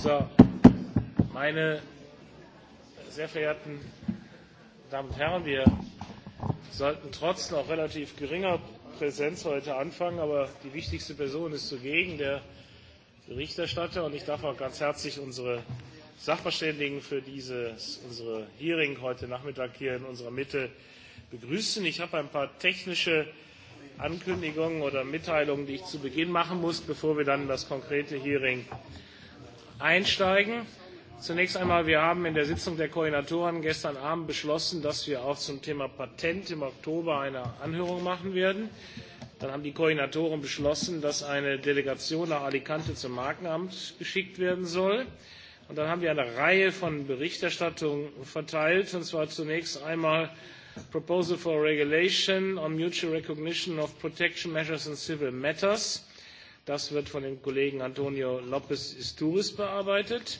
So, meine sehr verehrten Damen und Herren, wir sollten trotz noch relativ geringer Präsenz heute anfangen, aber die wichtigste Person ist zugegen, der Berichterstatter. Und ich darf auch ganz herzlich unsere Sachverständigen für dieses, unsere Hearing heute Nachmittag hier in unserer Mitte begrüßen. Ich habe ein paar technische Ankündigungen oder Mitteilungen, die ich zu Beginn machen muss, bevor wir dann in das konkrete Hearing einsteigen. Zunächst einmal, wir haben in der Sitzung der Koordinatoren gestern Abend beschlossen, dass wir auch zum Thema Patent im Oktober eine Anhörung machen werden. Dann haben die Koordinatoren beschlossen, dass eine Delegation nach Alicante zum Markenamt geschickt werden soll. Und dann haben wir eine Reihe von Berichterstattungen verteilt, und zwar zunächst einmal Proposal for Regulation on Mutual Recognition of Protection Measures in Civil Matters Das wird von dem Kollegen Antonio Lopez Isturis bearbeitet.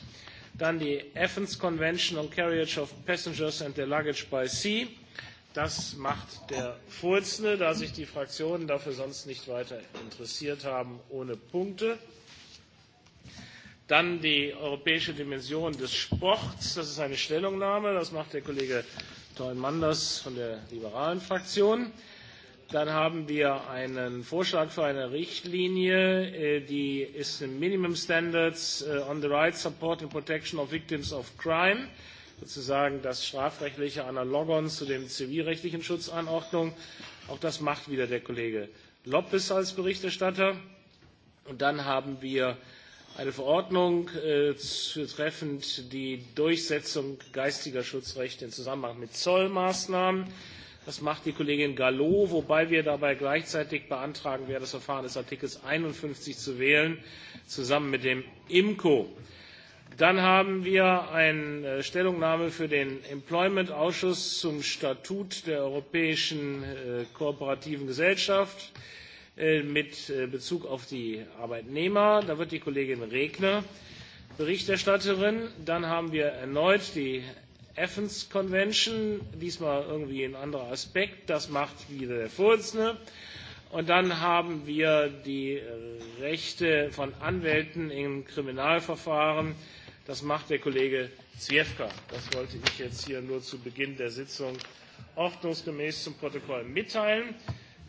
Dann die Athens Convention on Carriage of Passengers and their Luggage by Sea. Das macht der Vorsitzende, da sich die Fraktionen dafür sonst nicht weiter interessiert haben, ohne Punkte. Dann die europäische Dimension des Sports. Das ist eine Stellungnahme. Das macht der Kollege Toin Manders von der liberalen Fraktion. Dann haben wir einen Vorschlag für eine Richtlinie, die ist Minimum Standards on the Right Support and Protection of Victims of Crime, sozusagen das strafrechtliche Analogon zu dem zivilrechtlichen Schutzanordnung. Auch das macht wieder der Kollege Lopes als Berichterstatter. Und dann haben wir eine Verordnung betreffend die Durchsetzung geistiger Schutzrechte in Zusammenhang mit Zollmaßnahmen. Das macht die Kollegin Gallo, wobei wir dabei gleichzeitig beantragen, wer das Verfahren des Artikels 51 zu wählen, zusammen mit dem IMCO. Dann haben wir eine Stellungnahme für den Employment-Ausschuss zum Statut der Europäischen Kooperativen Gesellschaft mit Bezug auf die Arbeitnehmer. Da wird die Kollegin Regner Berichterstatterin. Dann haben wir erneut die Athens Convention, diesmal irgendwie ein anderer Aspekt, das macht wieder der Vorsitzende. Und dann haben wir die Rechte von Anwälten im Kriminalverfahren, das macht der Kollege Zwiefka. Das wollte ich jetzt hier nur zu Beginn der Sitzung ordnungsgemäß zum Protokoll mitteilen.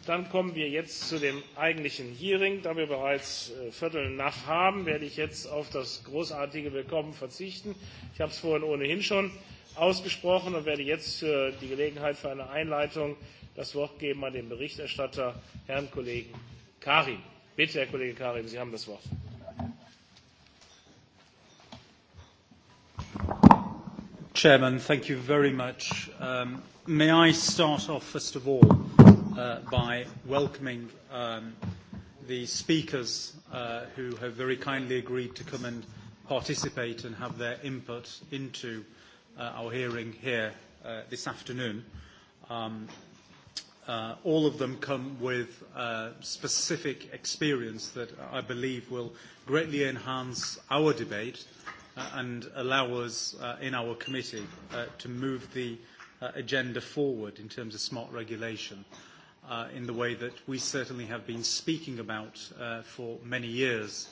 Dann kommen wir jetzt zu dem eigentlichen Hearing. Da wir bereits Viertel nach haben, werde ich jetzt auf das großartige Willkommen verzichten. Ich habe es vorhin ohnehin schon ausgesprochen und werde jetzt die Gelegenheit für eine Einleitung das Wort geben an den Berichterstatter, Herrn Kollegen Karim. Bitte, Herr Kollege Karim, Sie haben das Wort. Chairman, thank you very much. Um, may I start off, first of all, uh, by welcoming um, the speakers uh, who have very kindly agreed to come and participate and have their input into uh, our hearing here this afternoon, all of them come with specific experience that I believe will greatly enhance our debate and allow us in our committee to move the agenda forward in terms of smart regulation in the way that we certainly have been speaking about for many years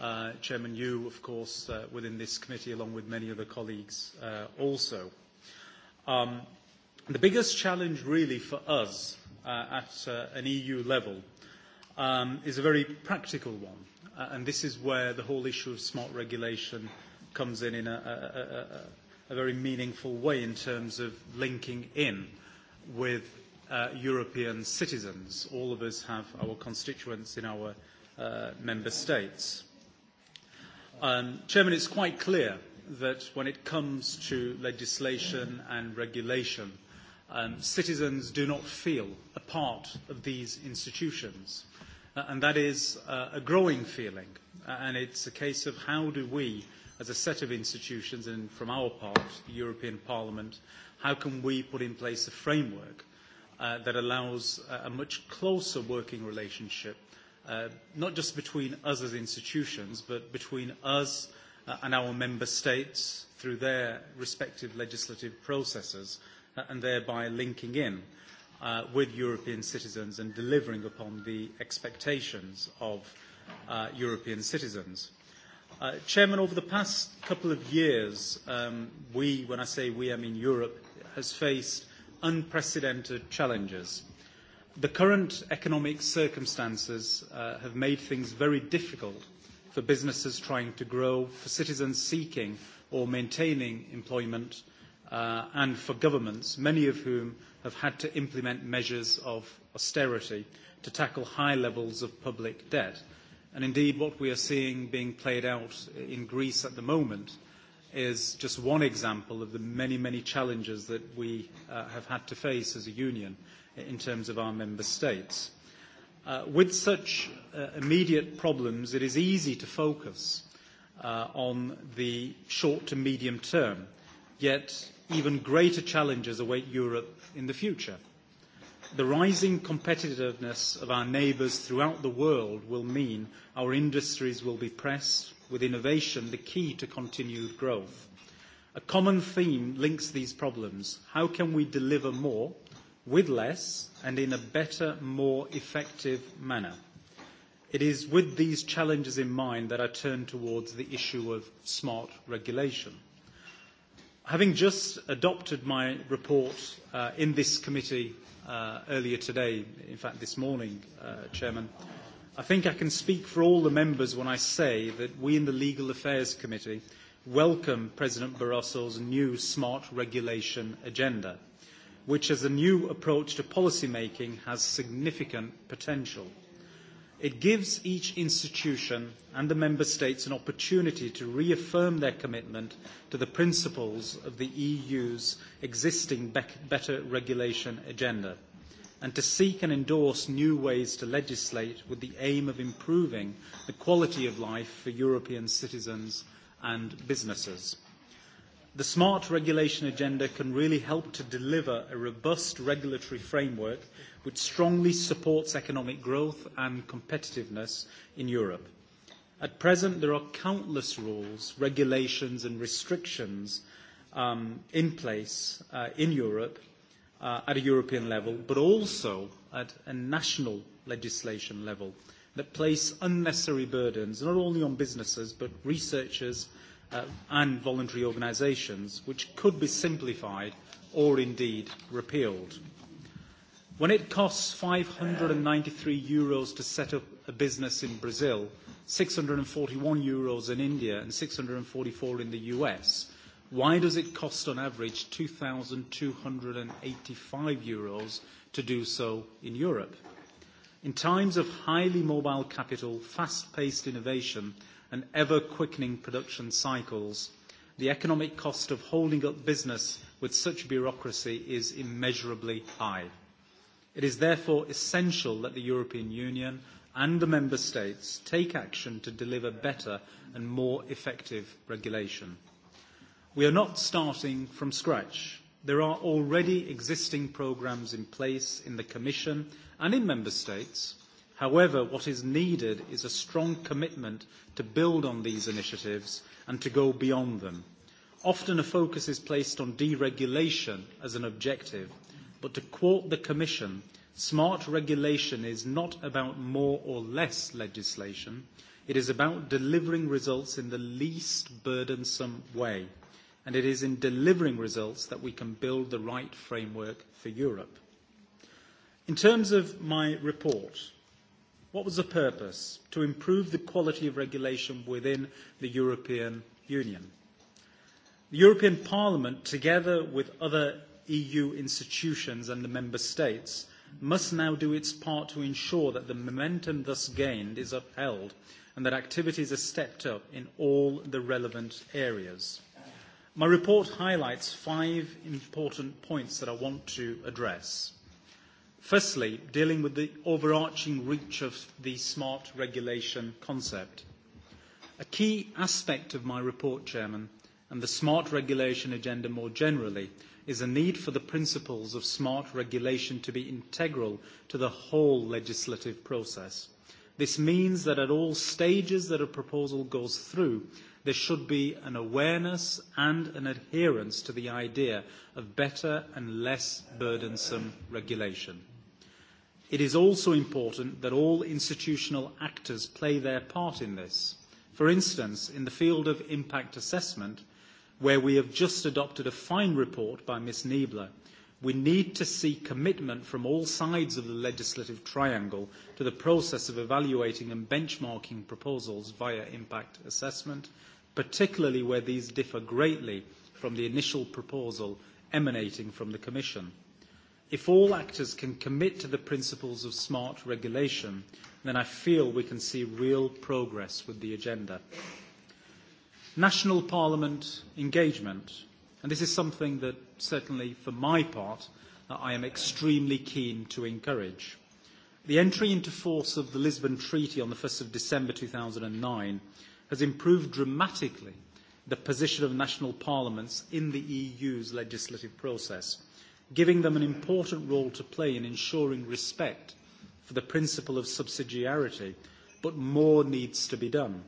Uh, Chairman Yu, of course, uh, within this committee, along with many other colleagues uh, also. Um, the biggest challenge, really, for us uh, at uh, an EU level um, is a very practical one. Uh, and this is where the whole issue of smart regulation comes in in a, a, a, a very meaningful way in terms of linking in with uh, European citizens. All of us have our constituents in our uh, member states. Um, Chairman, it's quite clear that when it comes to legislation and regulation, um, citizens do not feel a part of these institutions. Uh, and that is uh, a growing feeling. Uh, and it's a case of how do we, as a set of institutions, and from our part, the European Parliament, how can we put in place a framework uh, that allows a, a much closer working relationship uh, not just between us as institutions, but between us uh, and our member states through their respective legislative processes, uh, and thereby linking in uh, with European citizens and delivering upon the expectations of uh, European citizens. Uh, Chairman, over the past couple of years, um, we, when I say we, I mean Europe, has faced unprecedented challenges The current economic circumstances have made things very difficult for businesses trying to grow, for citizens seeking or maintaining employment, uh, and for governments, many of whom have had to implement measures of austerity to tackle high levels of public debt. And indeed, what we are seeing being played out in Greece at the moment is just one example of the many, many challenges that we uh, have had to face as a union in terms of our member states. Uh, with such uh, immediate problems, it is easy to focus uh, on the short to medium term, yet even greater challenges await Europe in the future. The rising competitiveness of our neighbours throughout the world will mean our industries will be pressed, with innovation the key to continued growth. A common theme links these problems. How can we deliver more with less and in a better, more effective manner? It is with these challenges in mind that I turn towards the issue of smart regulation. Having just adopted my report in this committee earlier today, in fact this morning, Chairman, I think I can speak for all the members when I say that we in the Legal Affairs Committee welcome President Barroso's new smart regulation agenda, which as a new approach to policy making has significant potential. It gives each institution and the Member States an opportunity to reaffirm their commitment to the principles of the EU's existing better regulation agenda – and to seek and endorse new ways to legislate with the aim of improving the quality of life for European citizens and businesses. The smart regulation agenda can really help to deliver a robust regulatory framework which strongly supports economic growth and competitiveness in Europe. At present, there are countless rules, regulations, and restrictions in place in Europe uh, at a European level, but also at a national legislation level that place unnecessary burdens not only on businesses but researchers uh, and voluntary organisations, which could be simplified or indeed repealed. When it costs ninety Euros to set up a business in Brazil, forty Euros in India and four in the US, Why does it cost on average 2,285 euros to do so in Europe? In times of highly mobile capital, fast-paced innovation, and ever-quickening production cycles, the economic cost of holding up business with such bureaucracy is immeasurably high. It is therefore essential that the European Union and the Member States take action to deliver better and more effective regulation. We are not starting from scratch. There are already existing programmes in place in the Commission and in Member States. However, what is needed is a strong commitment to build on these initiatives and to go beyond them. Often a focus is placed on deregulation as an objective, but to quote the Commission, smart regulation is not about more or less legislation. It is about delivering results in the least burdensome way and it is in delivering results that we can build the right framework for Europe. In terms of my report, what was the purpose? To improve the quality of regulation within the European Union. The European Parliament, together with other EU institutions and the Member States, must now do its part to ensure that the momentum thus gained is upheld and that activities are stepped up in all the relevant areas. My report highlights five important points that I want to address. Firstly, dealing with the overarching reach of the smart regulation concept. A key aspect of my report, Chairman, and the smart regulation agenda more generally, is a need for the principles of smart regulation to be integral to the whole legislative process. This means that at all stages that a proposal goes through, There should be an awareness and an adherence to the idea of better and less burdensome regulation. It is also important that all institutional actors play their part in this. For instance, in the field of impact assessment, where we have just adopted a fine report by Ms Niebler, we need to see commitment from all sides of the legislative triangle to the process of evaluating and benchmarking proposals via impact assessment particularly where these differ greatly from the initial proposal emanating from the Commission. If all actors can commit to the principles of smart regulation, then I feel we can see real progress with the agenda. National Parliament engagement, and this is something that certainly for my part I am extremely keen to encourage. The entry into force of the Lisbon Treaty on the 1st of December 2009 has improved dramatically the position of national parliaments in the EU's legislative process, giving them an important role to play in ensuring respect for the principle of subsidiarity, but more needs to be done.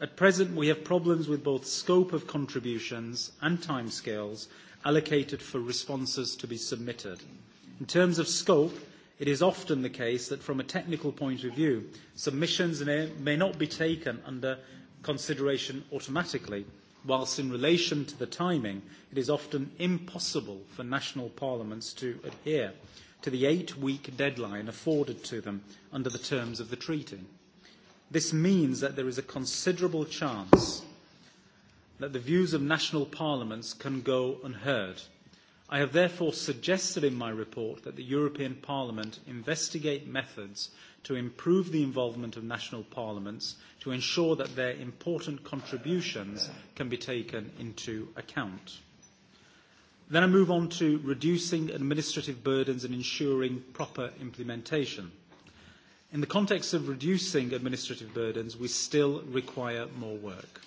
At present, we have problems with both scope of contributions and timescales allocated for responses to be submitted. In terms of scope, it is often the case that from a technical point of view, submissions may not be taken under consideration automatically, whilst in relation to the timing, it is often impossible for national parliaments to adhere to the eight-week deadline afforded to them under the terms of the treaty. This means that there is a considerable chance that the views of national parliaments can go unheard – I have therefore suggested in my report that the European Parliament investigate methods to improve the involvement of national parliaments to ensure that their important contributions can be taken into account. Then I move on to reducing administrative burdens and ensuring proper implementation. In the context of reducing administrative burdens, we still require more work.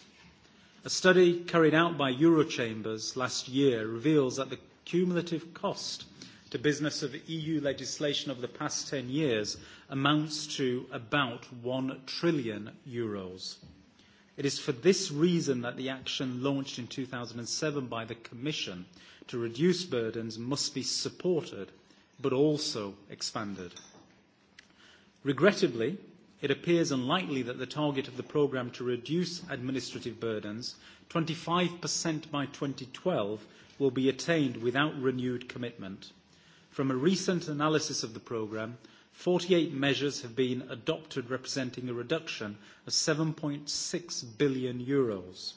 A study carried out by Eurochambers last year reveals that the cumulative cost to business of EU legislation over the past 10 years amounts to about 1 trillion euros. It is for this reason that the action launched in 2007 by the Commission to reduce burdens must be supported but also expanded. Regrettably, it appears unlikely that the target of the programme to reduce administrative burdens 25% by 2012 will be attained without renewed commitment. From a recent analysis of the programme, 48 measures have been adopted representing a reduction of 7.6 billion euros,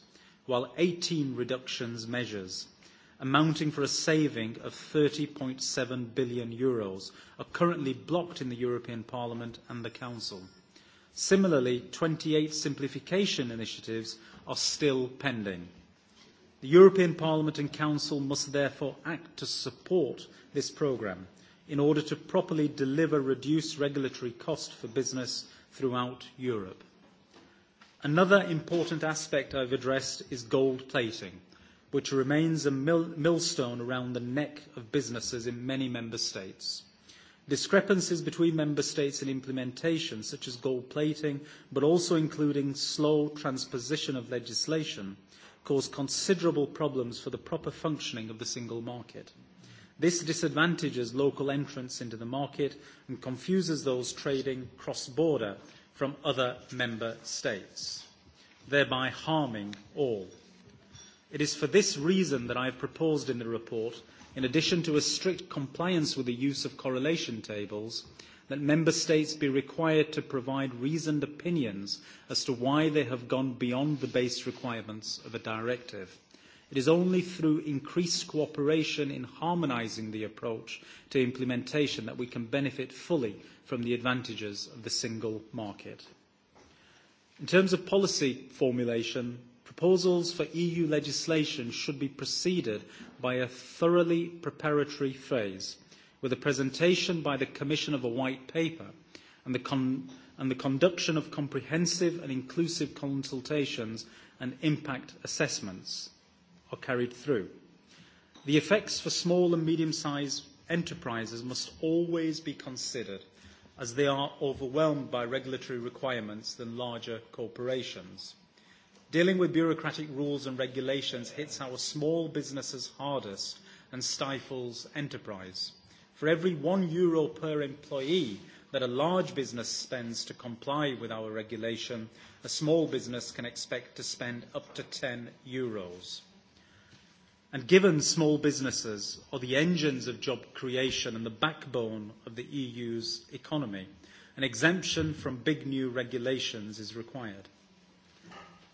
while 18 reductions measures amounting for a saving of 30.7 billion euros are currently blocked in the European Parliament and the Council. Similarly, 28 simplification initiatives are still pending. The European Parliament and Council must therefore act to support this programme in order to properly deliver reduced regulatory cost for business throughout Europe. Another important aspect I've addressed is gold plating, which remains a millstone around the neck of businesses in many member states. Discrepancies between member states in implementation, such as gold plating, but also including slow transposition of legislation – cause considerable problems for the proper functioning of the single market. This disadvantages local entrants into the market and confuses those trading cross-border from other member states, thereby harming all. It is for this reason that I have proposed in the report, in addition to a strict compliance with the use of correlation tables, that member states be required to provide reasoned opinions as to why they have gone beyond the base requirements of a directive. It is only through increased cooperation in harmonising the approach to implementation that we can benefit fully from the advantages of the single market. In terms of policy formulation, proposals for EU legislation should be preceded by a thoroughly preparatory phase with a presentation by the Commission of a white paper and the, con- and the conduction of comprehensive and inclusive consultations and impact assessments are carried through. The effects for small and medium-sized enterprises must always be considered as they are overwhelmed by regulatory requirements than larger corporations. Dealing with bureaucratic rules and regulations hits our small businesses hardest and stifles enterprise. For every one euro per employee that a large business spends to comply with our regulation, a small business can expect to spend up to 10 euros. And given small businesses are the engines of job creation and the backbone of the EU's economy, an exemption from big new regulations is required.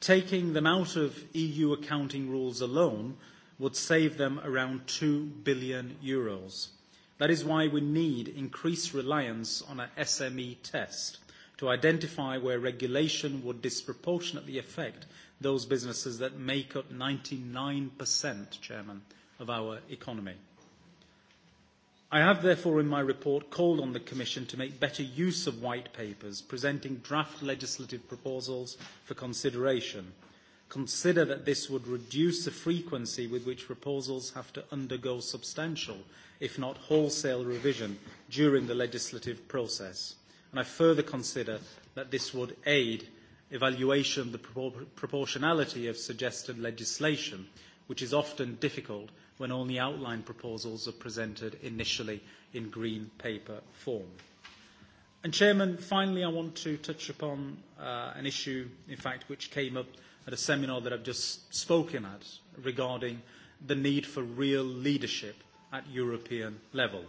Taking them out of EU accounting rules alone would save them around 2 billion euros. That is why we need increased reliance on an SME test to identify where regulation would disproportionately affect those businesses that make up 99%, Chairman, of our economy. I have therefore in my report called on the Commission to make better use of white papers, presenting draft legislative proposals for consideration – consider that this would reduce the frequency with which proposals have to undergo substantial, if not wholesale, revision during the legislative process. And I further consider that this would aid evaluation of the proportionality of suggested legislation, which is often difficult when only outline proposals are presented initially in green paper form. And Chairman, finally, I want to touch upon uh, an issue, in fact, which came up at a seminar that I've just spoken at regarding the need for real leadership at European level.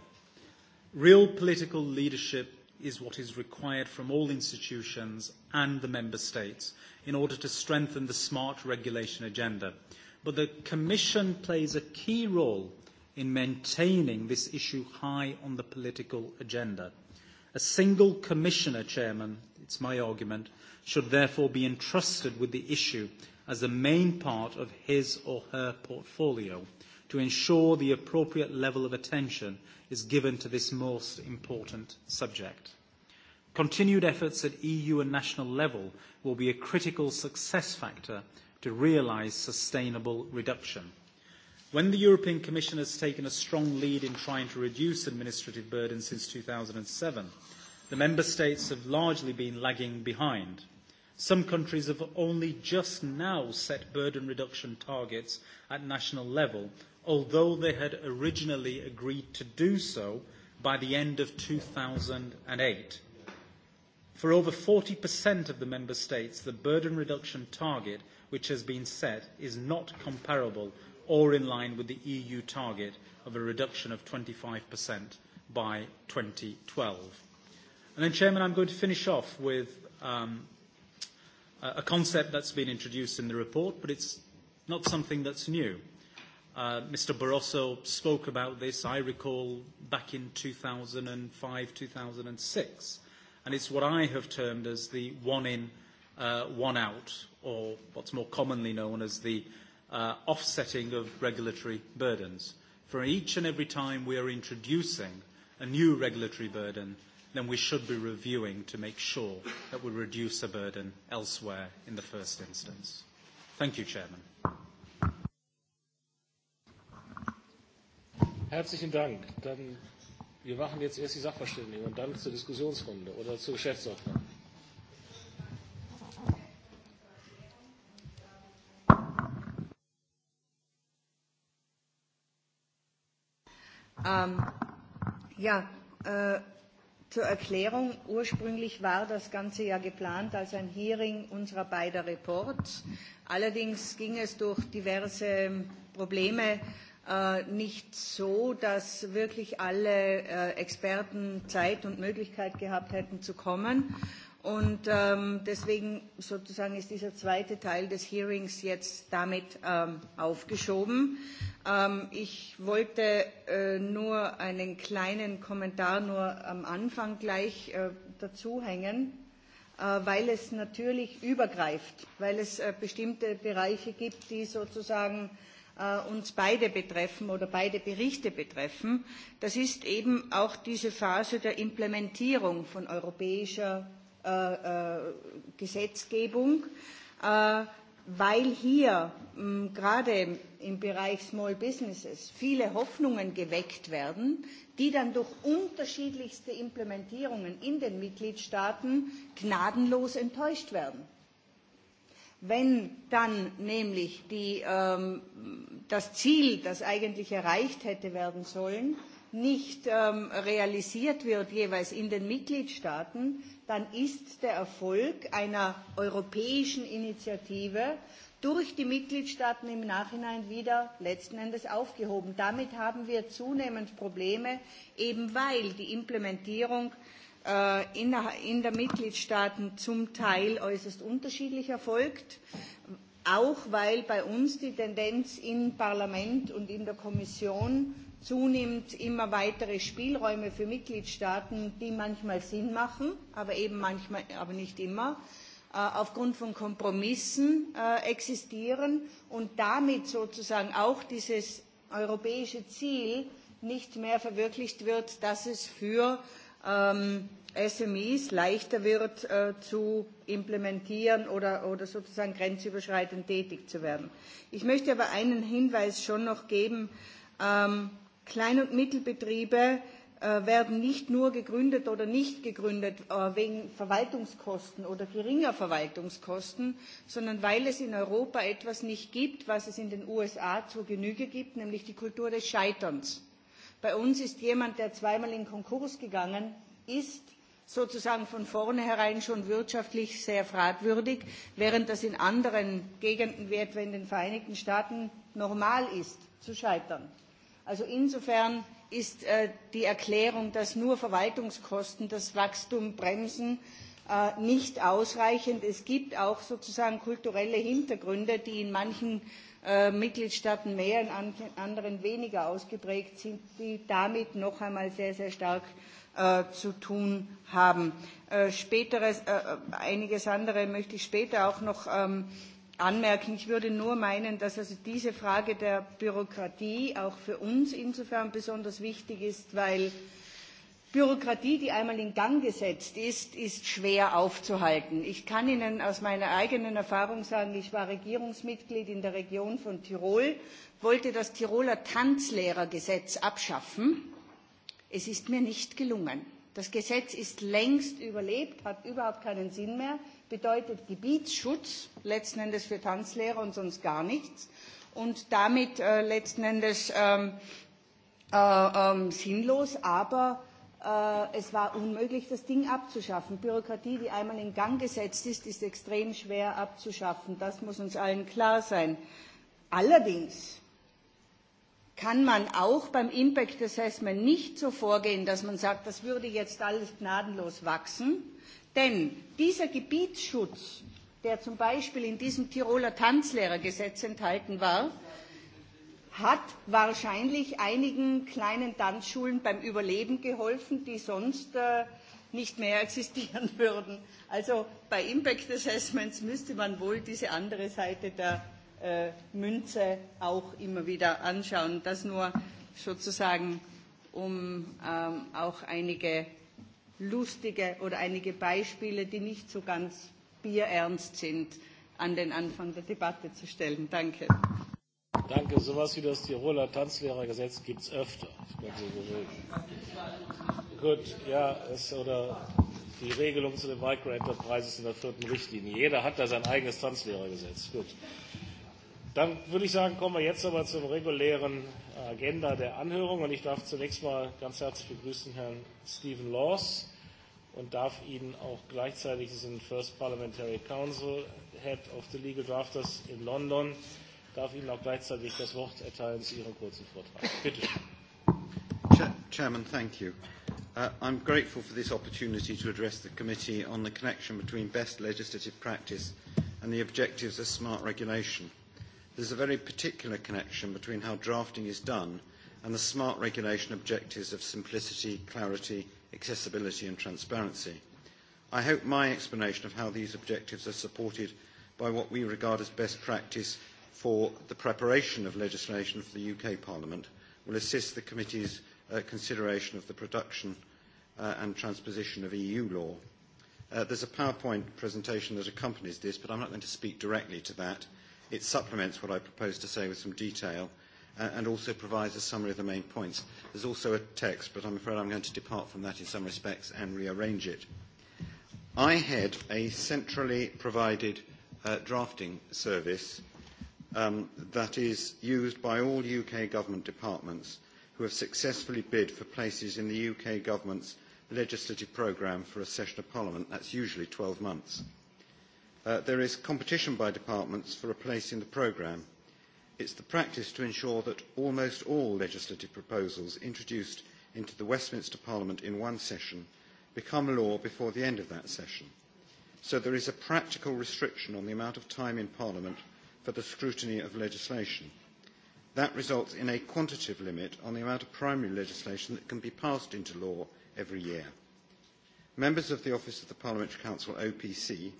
Real political leadership is what is required from all institutions and the member states in order to strengthen the smart regulation agenda. But the Commission plays a key role in maintaining this issue high on the political agenda. A single commissioner chairman, it's my argument, should therefore be entrusted with the issue as a main part of his or her portfolio to ensure the appropriate level of attention is given to this most important subject. Continued efforts at EU and national level will be a critical success factor to realise sustainable reduction. When the European Commission has taken a strong lead in trying to reduce administrative burden since two thousand seven, the member states have largely been lagging behind. Some countries have only just now set burden reduction targets at national level, although they had originally agreed to do so by the end of 2008. For over 40% of the member states, the burden reduction target which has been set is not comparable or in line with the EU target of a reduction of 25% by 2012. And then, Chairman, I'm going to finish off with um, a concept that's been introduced in the report, but it's not something that's new. Uh, Mr. Barroso spoke about this, I recall, back in 2005, 2006. And it's what I have termed as the one in, uh, one out, or what's more commonly known as the uh, offsetting of regulatory burdens. For each and every time we are introducing a new regulatory burden, then we should be reviewing to make sure that we reduce a burden elsewhere in the first instance. Thank you, Chairman. Herzlichen Dank. Dann, wir machen jetzt erst die Sachverständigen und dann zur Diskussionsrunde oder zur Geschäftsordnung. ja, äh, Zur Erklärung. Ursprünglich war das Ganze ja geplant als ein Hearing unserer beiden Reports. Allerdings ging es durch diverse Probleme nicht so, dass wirklich alle Experten Zeit und Möglichkeit gehabt hätten zu kommen. Und ähm, deswegen sozusagen ist dieser zweite Teil des Hearings jetzt damit ähm, aufgeschoben. Ähm, ich wollte äh, nur einen kleinen Kommentar nur am Anfang gleich äh, dazuhängen, äh, weil es natürlich übergreift, weil es äh, bestimmte Bereiche gibt, die sozusagen uns beide betreffen oder beide Berichte betreffen. Das ist eben auch diese Phase der Implementierung von europäischer Gesetzgebung, weil hier gerade im Bereich Small Businesses viele Hoffnungen geweckt werden, die dann durch unterschiedlichste Implementierungen in den Mitgliedstaaten gnadenlos enttäuscht werden. Wenn dann nämlich die, ähm, das Ziel, das eigentlich erreicht hätte werden sollen, nicht realisiert wird, jeweils in den Mitgliedstaaten, dann ist der Erfolg einer europäischen Initiative durch die Mitgliedstaaten im Nachhinein wieder letzten Endes aufgehoben. Damit haben wir zunehmend Probleme, eben weil die Implementierung in der Mitgliedstaaten zum Teil äußerst unterschiedlich erfolgt, auch weil bei uns die Tendenz im Parlament und in der Kommission zunehmend immer weitere Spielräume für Mitgliedstaaten, die manchmal Sinn machen, aber eben manchmal, aber nicht immer, aufgrund von Kompromissen existieren und damit sozusagen auch dieses europäische Ziel nicht mehr verwirklicht wird, dass es für SMEs leichter wird, zu implementieren oder, sozusagen grenzüberschreitend tätig zu werden. Ich möchte aber einen Hinweis schon noch geben, Klein- und Mittelbetriebe werden nicht nur gegründet oder nicht gegründet wegen Verwaltungskosten oder geringer Verwaltungskosten, sondern weil es in Europa etwas nicht gibt, was es in den USA zur Genüge gibt, nämlich die Kultur des Scheiterns. Bei uns ist jemand, der zweimal in Konkurs gegangen ist, sozusagen von vornherein schon wirtschaftlich sehr fragwürdig, während das in anderen Gegenden, wie etwa in den Vereinigten Staaten, normal ist, zu scheitern. Also insofern ist die Erklärung, dass nur Verwaltungskosten das Wachstum bremsen, nicht ausreichend. Es gibt auch sozusagen kulturelle Hintergründe, die in manchen Mitgliedstaaten mehr, in anderen weniger ausgeprägt sind, die damit noch einmal sehr, sehr stark zu tun haben. einiges andere möchte ich später auch noch anmerken. Ich würde nur meinen, dass also diese Frage der Bürokratie auch für uns insofern besonders wichtig ist, weil Bürokratie, die einmal in Gang gesetzt ist, ist schwer aufzuhalten. Ich kann Ihnen aus meiner eigenen Erfahrung sagen, ich war Regierungsmitglied in der Region von Tirol, wollte das Tiroler Tanzlehrergesetz abschaffen. Es ist mir nicht gelungen. Das Gesetz ist längst überlebt, hat überhaupt keinen Sinn mehr bedeutet Gebietsschutz, letzten Endes für Tanzlehrer und sonst gar nichts. Und damit letzten Endes sinnlos, aber es war unmöglich, das Ding abzuschaffen. Bürokratie, die einmal in Gang gesetzt ist, ist extrem schwer abzuschaffen. Das muss uns allen klar sein. Allerdings kann man auch beim Impact Assessment nicht so vorgehen, dass man sagt, das würde jetzt alles gnadenlos wachsen, Denn dieser Gebietsschutz, der zum Beispiel in diesem Tiroler Tanzlehrergesetz enthalten war, hat wahrscheinlich einigen kleinen Tanzschulen beim Überleben geholfen, die sonst nicht mehr existieren würden. Also bei Impact Assessments müsste man wohl diese andere Seite der Münze auch immer wieder anschauen. Das nur sozusagen, um auch einige lustige oder einige Beispiele, die nicht so ganz bierernst sind, an den Anfang der Debatte zu stellen. Danke. Danke. So etwas wie das Tiroler Tanzlehrergesetz gibt es öfter. Gut, ja, es, oder die Regelung zu den Microenterprises in der vierten Richtlinie. Jeder hat da sein eigenes Tanzlehrergesetz. Gut. Dann würde ich sagen, kommen wir jetzt aber zur regulären Agenda der Anhörung. Und ich darf zunächst mal ganz herzlich begrüßen Herrn Stephen Laws und darf Ihnen auch gleichzeitig sind First Parliamentary Council Head of the Legal Drafters in London, darf Ihnen auch gleichzeitig das Wort erteilen zu Ihrem kurzen Vortrag. Bitte schön. Chairman, thank you. Uh, I'm grateful for this opportunity to address the committee on the connection between best legislative practice and the objectives of smart regulation there is a very particular connection between how drafting is done and the smart regulation objectives of simplicity, clarity, accessibility and transparency. I hope my explanation of how these objectives are supported by what we regard as best practice for the preparation of legislation for the UK Parliament will assist the committee's consideration of the production and transposition of EU law. There is a PowerPoint presentation that accompanies this, but I am not going to speak directly to that. It supplements what I propose to say with some detail and also provides a summary of the main points. There's also a text, but I'm afraid I'm going to depart from that in some respects and rearrange it. I head a centrally provided uh, drafting service um, that is used by all UK government departments who have successfully bid for places in the UK government's legislative programme for a session of parliament. That's usually 12 months there is competition by departments for a place in the programme. It is the practice to ensure that almost all legislative proposals introduced into the Westminster Parliament in one session become law before the end of that session. So there is a practical restriction on the amount of time in Parliament for the scrutiny of legislation. That results in a quantitative limit on the amount of primary legislation that can be passed into law every year. Members of the Office of the Parliamentary Council, OPC,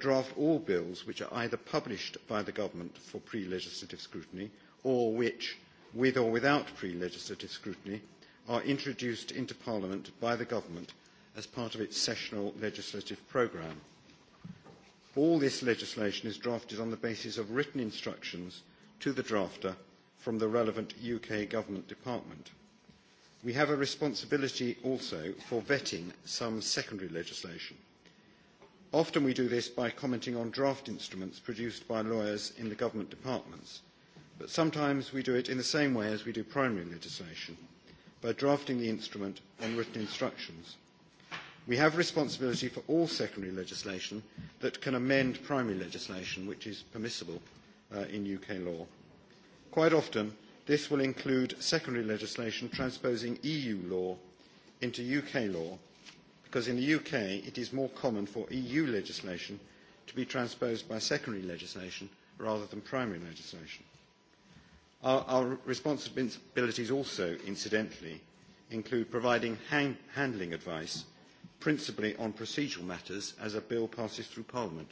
draft all bills which are either published by the government for pre-legislative scrutiny or which, with or without pre-legislative scrutiny, are introduced into Parliament by the government as part of its sessional legislative programme. All this legislation is drafted on the basis of written instructions to the drafter from the relevant UK government department. We have a responsibility also for vetting some secondary legislation Often we do this by commenting on draft instruments produced by lawyers in the government departments, but sometimes we do it in the same way as we do primary legislation, by drafting the instrument on written instructions. We have responsibility for all secondary legislation that can amend primary legislation, which is permissible in UK law. Quite often, this will include secondary legislation transposing EU law into UK law because in the UK it is more common for EU legislation to be transposed by secondary legislation rather than primary legislation. Our, our responsibilities also, incidentally, include providing handling advice, principally on procedural matters as a bill passes through Parliament.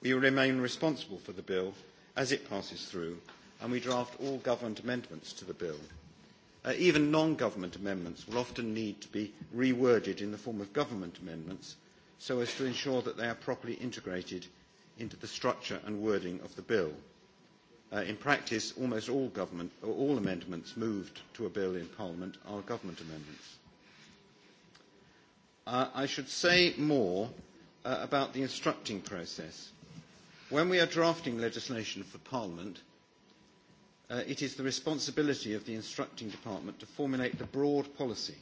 We remain responsible for the bill as it passes through, and we draft all government amendments to the bill even non-government amendments will often need to be reworded in the form of government amendments so as to ensure that they are properly integrated into the structure and wording of the bill. in practice, almost all, government, or all amendments moved to a bill in Parliament are government amendments. I should say more about the instructing process. When we are drafting legislation for Parliament, it is the responsibility of the instructing department to formulate the broad policy.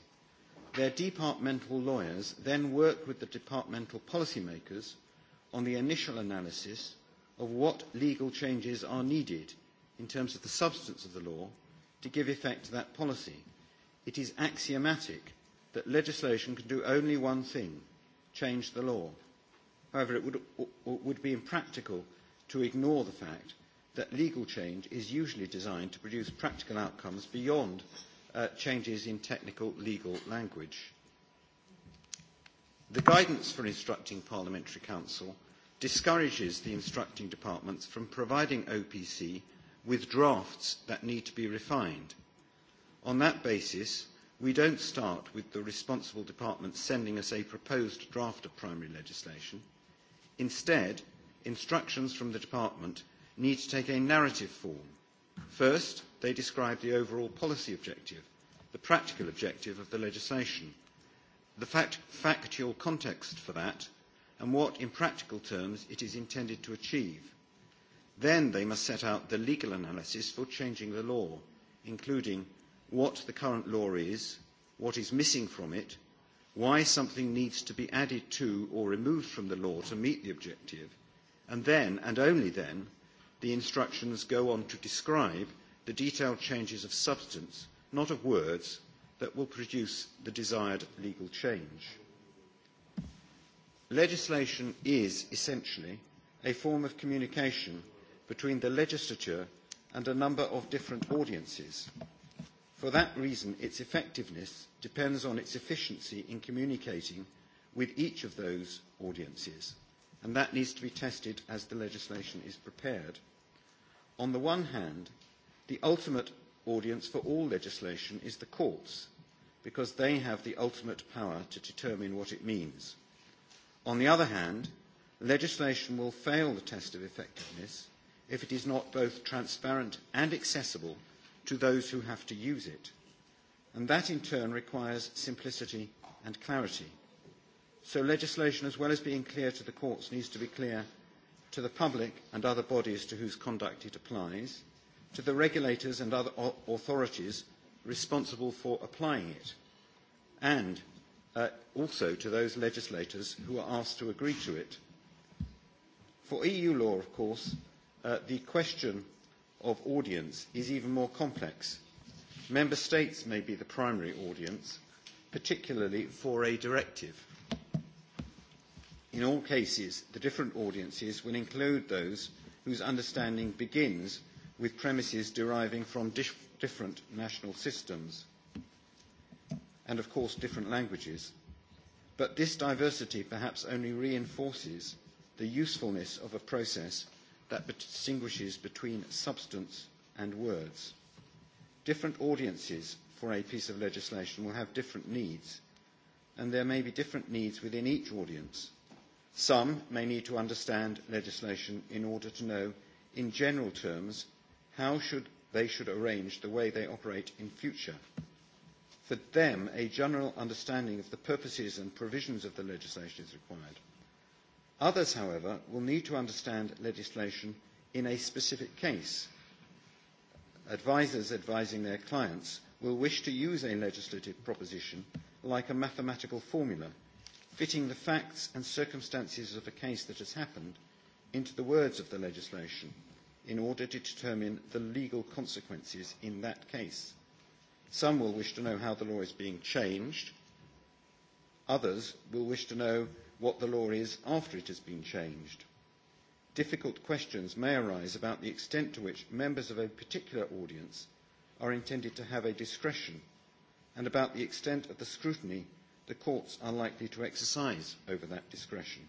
Their departmental lawyers then work with the departmental policymakers on the initial analysis of what legal changes are needed in terms of the substance of the law to give effect to that policy. It is axiomatic that legislation can do only one thing, change the law. However, it would, would be impractical to ignore the fact that legal change is usually designed to produce practical outcomes beyond changes in technical legal language. The guidance for instructing Parliamentary Council discourages the instructing departments from providing OPC with drafts that need to be refined. On that basis, we don't start with the responsible department sending us a proposed draft of primary legislation. Instead, instructions from the department need to take a narrative form. First, they describe the overall policy objective, the practical objective of the legislation, the fact, factual context for that, and what, in practical terms, it is intended to achieve. Then they must set out the legal analysis for changing the law, including what the current law is, what is missing from it, why something needs to be added to or removed from the law to meet the objective, and then, and only then, the instructions go on to describe the detailed changes of substance, not of words, that will produce the desired legal change. Legislation is essentially a form of communication between the legislature and a number of different audiences. For that reason, its effectiveness depends on its efficiency in communicating with each of those audiences, and that needs to be tested as the legislation is prepared on the one hand, the ultimate audience for all legislation is the courts, because they have the ultimate power to determine what it means. On the other hand, legislation will fail the test of effectiveness if it is not both transparent and accessible to those who have to use it. And that in turn requires simplicity and clarity. So legislation, as well as being clear to the courts, needs to be clear to the public and other bodies to whose conduct it applies, to the regulators and other authorities responsible for applying it, and also to those legislators who are asked to agree to it. For EU law, of course, the question of audience is even more complex. Member states may be the primary audience, particularly for a directive. In all cases, the different audiences will include those whose understanding begins with premises deriving from dif- different national systems and, of course, different languages. But this diversity perhaps only reinforces the usefulness of a process that distinguishes between substance and words. Different audiences for a piece of legislation will have different needs, and there may be different needs within each audience – Some may need to understand legislation in order to know, in general terms, how should they should arrange the way they operate in future. For them, a general understanding of the purposes and provisions of the legislation is required. Others, however, will need to understand legislation in a specific case. Advisers advising their clients will wish to use a legislative proposition like a mathematical formula fitting the facts and circumstances of a case that has happened into the words of the legislation in order to determine the legal consequences in that case. Some will wish to know how the law is being changed. Others will wish to know what the law is after it has been changed. Difficult questions may arise about the extent to which members of a particular audience are intended to have a discretion and about the extent of the scrutiny the courts are likely to exercise over that discretion.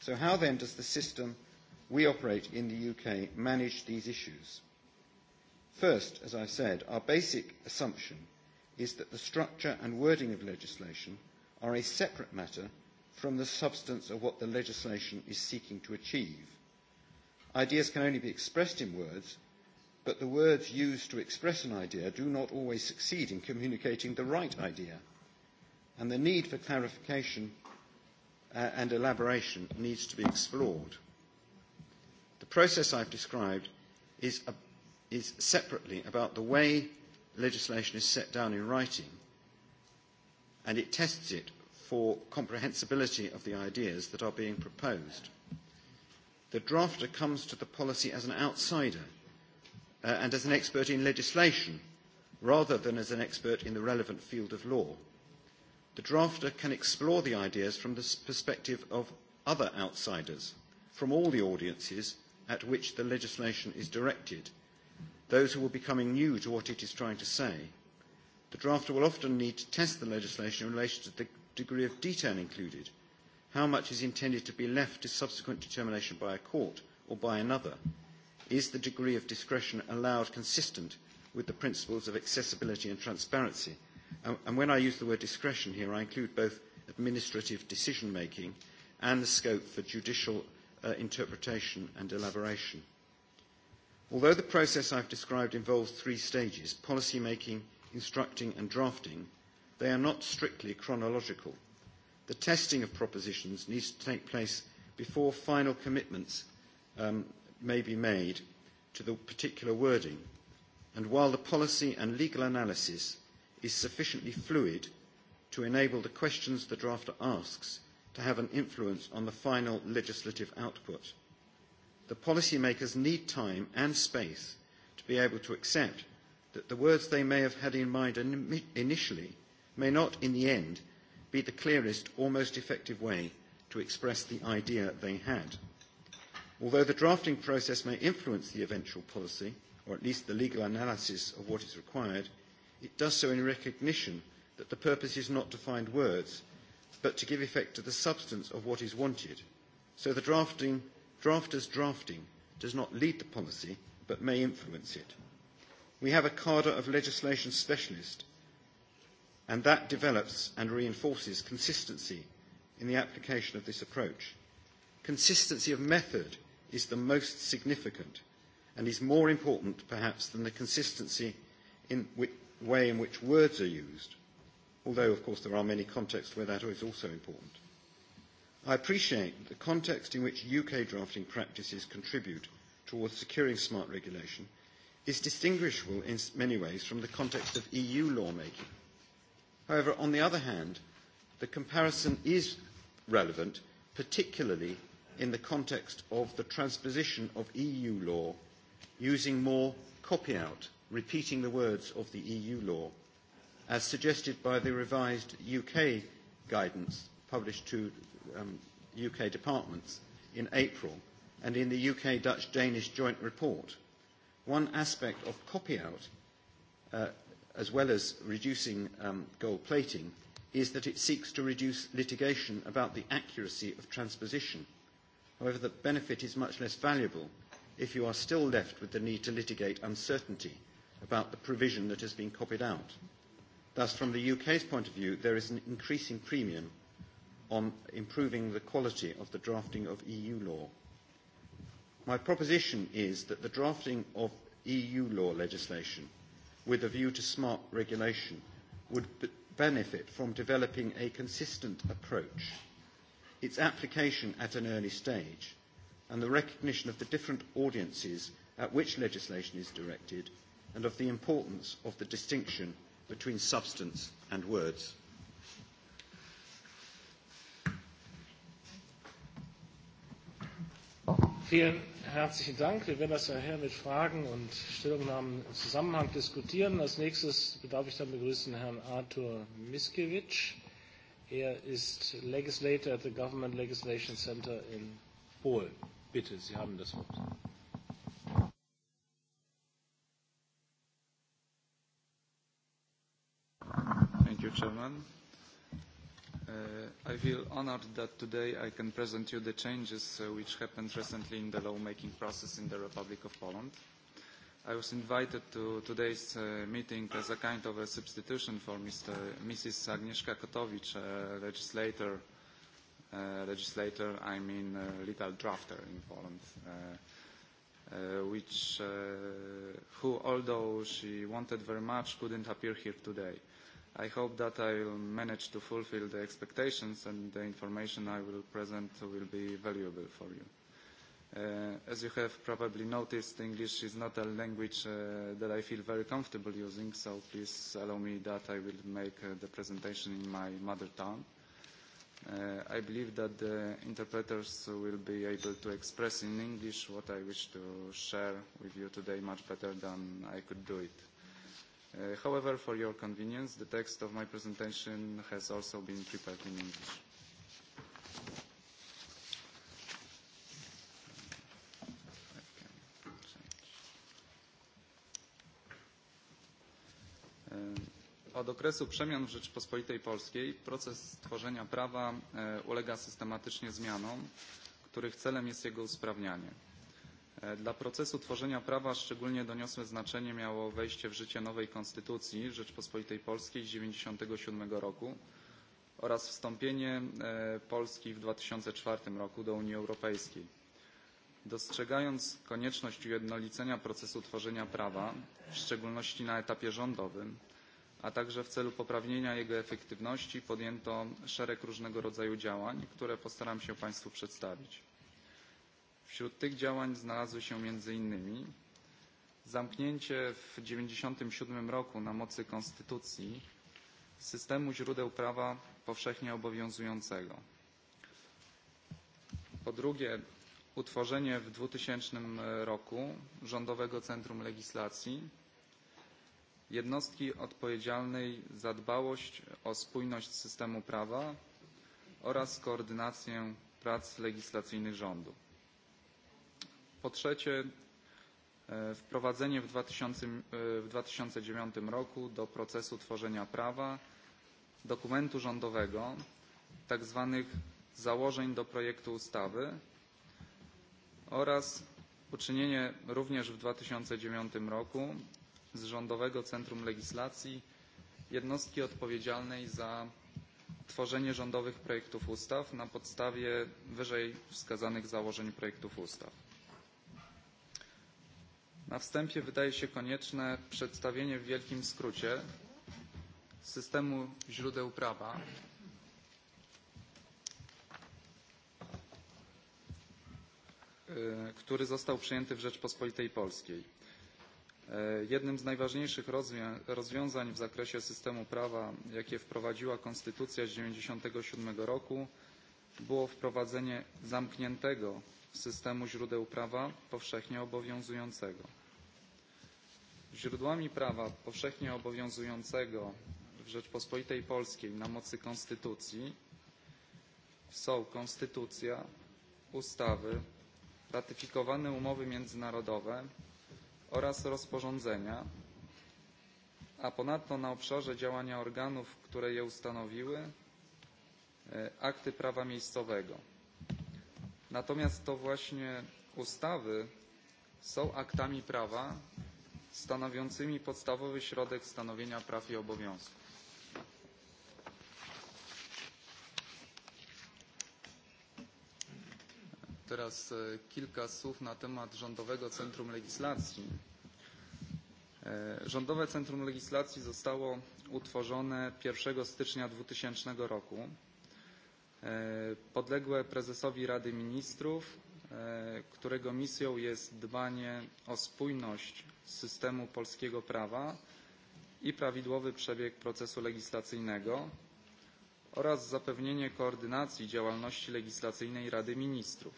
So how then does the system we operate in the UK manage these issues? First, as I said, our basic assumption is that the structure and wording of legislation are a separate matter from the substance of what the legislation is seeking to achieve. Ideas can only be expressed in words, but the words used to express an idea do not always succeed in communicating the right idea and the need for clarification uh, and elaboration needs to be explored. The process I've described is, a, is separately about the way legislation is set down in writing and it tests it for comprehensibility of the ideas that are being proposed. The drafter comes to the policy as an outsider uh, and as an expert in legislation rather than as an expert in the relevant field of law the drafter can explore the ideas from the perspective of other outsiders, from all the audiences at which the legislation is directed, those who will be coming new to what it is trying to say. The drafter will often need to test the legislation in relation to the degree of detail included, how much is intended to be left to subsequent determination by a court or by another, is the degree of discretion allowed consistent with the principles of accessibility and transparency, And when I use the word discretion here, I include both administrative decision-making and the scope for judicial uh, interpretation and elaboration. Although the process I've described involves three stages, policy making, instructing and drafting, they are not strictly chronological. The testing of propositions needs to take place before final commitments um, may be made to the particular wording. And while the policy and legal analysis is sufficiently fluid to enable the questions the drafter asks to have an influence on the final legislative output. The policymakers need time and space to be able to accept that the words they may have had in mind initially may not, in the end, be the clearest or most effective way to express the idea they had. Although the drafting process may influence the eventual policy, or at least the legal analysis of what is required, It does so in recognition that the purpose is not to find words, but to give effect to the substance of what is wanted. So the drafting, drafter's drafting does not lead the policy, but may influence it. We have a cadre of legislation specialists, and that develops and reinforces consistency in the application of this approach. Consistency of method is the most significant and is more important, perhaps, than the consistency in, way in which words are used, although, of course, there are many contexts where that is also important. I appreciate the context in which UK drafting practices contribute towards securing smart regulation is distinguishable in many ways from the context of EU lawmaking. However, on the other hand, the comparison is relevant, particularly in the context of the transposition of EU law using more copy-out repeating the words of the EU law, as suggested by the revised UK guidance published to um, UK departments in April and in the UK Dutch Danish joint report. One aspect of copy out, uh, as well as reducing um, gold plating, is that it seeks to reduce litigation about the accuracy of transposition. However, the benefit is much less valuable if you are still left with the need to litigate uncertainty about the provision that has been copied out. Thus, from the UK's point of view, there is an increasing premium on improving the quality of the drafting of EU law. My proposition is that the drafting of EU law legislation with a view to smart regulation would benefit from developing a consistent approach, its application at an early stage, and the recognition of the different audiences at which legislation is directed and of the importance of the distinction between substance and words. Vielen herzlichen Dank. Wir werden das nachher mit Fragen und Stellungnahmen im Zusammenhang diskutieren. Als nächstes bedarf ich dann begrüßen Herrn Arthur Miskiewicz. Er ist Legislator at the Government Legislation Center in Polen. Bitte, Sie haben das Wort. you, Chairman. I feel honoured that today I can present you the changes which happened recently in the lawmaking process in the Republic of Poland. I was invited to today's meeting as a kind of a substitution for Mr. Mrs. Agnieszka Kotowicz, a legislator, legislator I mean legal drafter in Poland, which, who although she wanted very much, couldn't appear here today. I hope that I will manage to fulfill the expectations and the information I will present will be valuable for you. Uh, as you have probably noticed, English is not a language uh, that I feel very comfortable using, so please allow me that I will make uh, the presentation in my mother tongue. Uh, I believe that the interpreters will be able to express in English what I wish to share with you today much better than I could do it. Uh, However, for your convenience, the text of my presentation has also been prepared in English. Od okresu przemian w Rzeczypospolitej Polskiej proces tworzenia prawa ulega systematycznie zmianom, których celem jest jego usprawnianie. Dla procesu tworzenia prawa szczególnie doniosłe znaczenie miało wejście w życie nowej Konstytucji Rzeczpospolitej Polskiej z 1997 roku oraz wstąpienie Polski w 2004 roku do Unii Europejskiej. Dostrzegając konieczność ujednolicenia procesu tworzenia prawa, w szczególności na etapie rządowym, a także w celu poprawienia jego efektywności podjęto szereg różnego rodzaju działań, które postaram się Państwu przedstawić. Wśród tych działań znalazły się między innymi zamknięcie w 1997 roku na mocy konstytucji systemu źródeł prawa powszechnie obowiązującego. Po drugie, utworzenie w 2000 roku Rządowego Centrum Legislacji, jednostki odpowiedzialnej za dbałość o spójność systemu prawa oraz koordynację prac legislacyjnych rządu. Po trzecie, wprowadzenie w, 2000, w 2009 roku do procesu tworzenia prawa dokumentu rządowego, tak zwanych założeń do projektu ustawy oraz uczynienie również w 2009 roku z Rządowego Centrum Legislacji jednostki odpowiedzialnej za tworzenie rządowych projektów ustaw na podstawie wyżej wskazanych założeń projektów ustaw. Na wstępie wydaje się konieczne przedstawienie w wielkim skrócie systemu źródeł prawa. który został przyjęty w Rzeczpospolitej Polskiej. Jednym z najważniejszych rozwiązań w zakresie systemu prawa, jakie wprowadziła Konstytucja z 1997 roku, było wprowadzenie zamkniętego systemu źródeł prawa powszechnie obowiązującego. Źródłami prawa powszechnie obowiązującego w Rzeczpospolitej Polskiej na mocy Konstytucji są konstytucja, ustawy, ratyfikowane umowy międzynarodowe oraz rozporządzenia, a ponadto na obszarze działania organów, które je ustanowiły, akty prawa miejscowego. Natomiast to właśnie ustawy są aktami prawa stanowiącymi podstawowy środek stanowienia praw i obowiązków. Teraz kilka słów na temat Rządowego Centrum Legislacji. Rządowe Centrum Legislacji zostało utworzone 1 stycznia 2000 roku podległe prezesowi Rady Ministrów, którego misją jest dbanie o spójność systemu polskiego prawa i prawidłowy przebieg procesu legislacyjnego oraz zapewnienie koordynacji działalności legislacyjnej Rady Ministrów,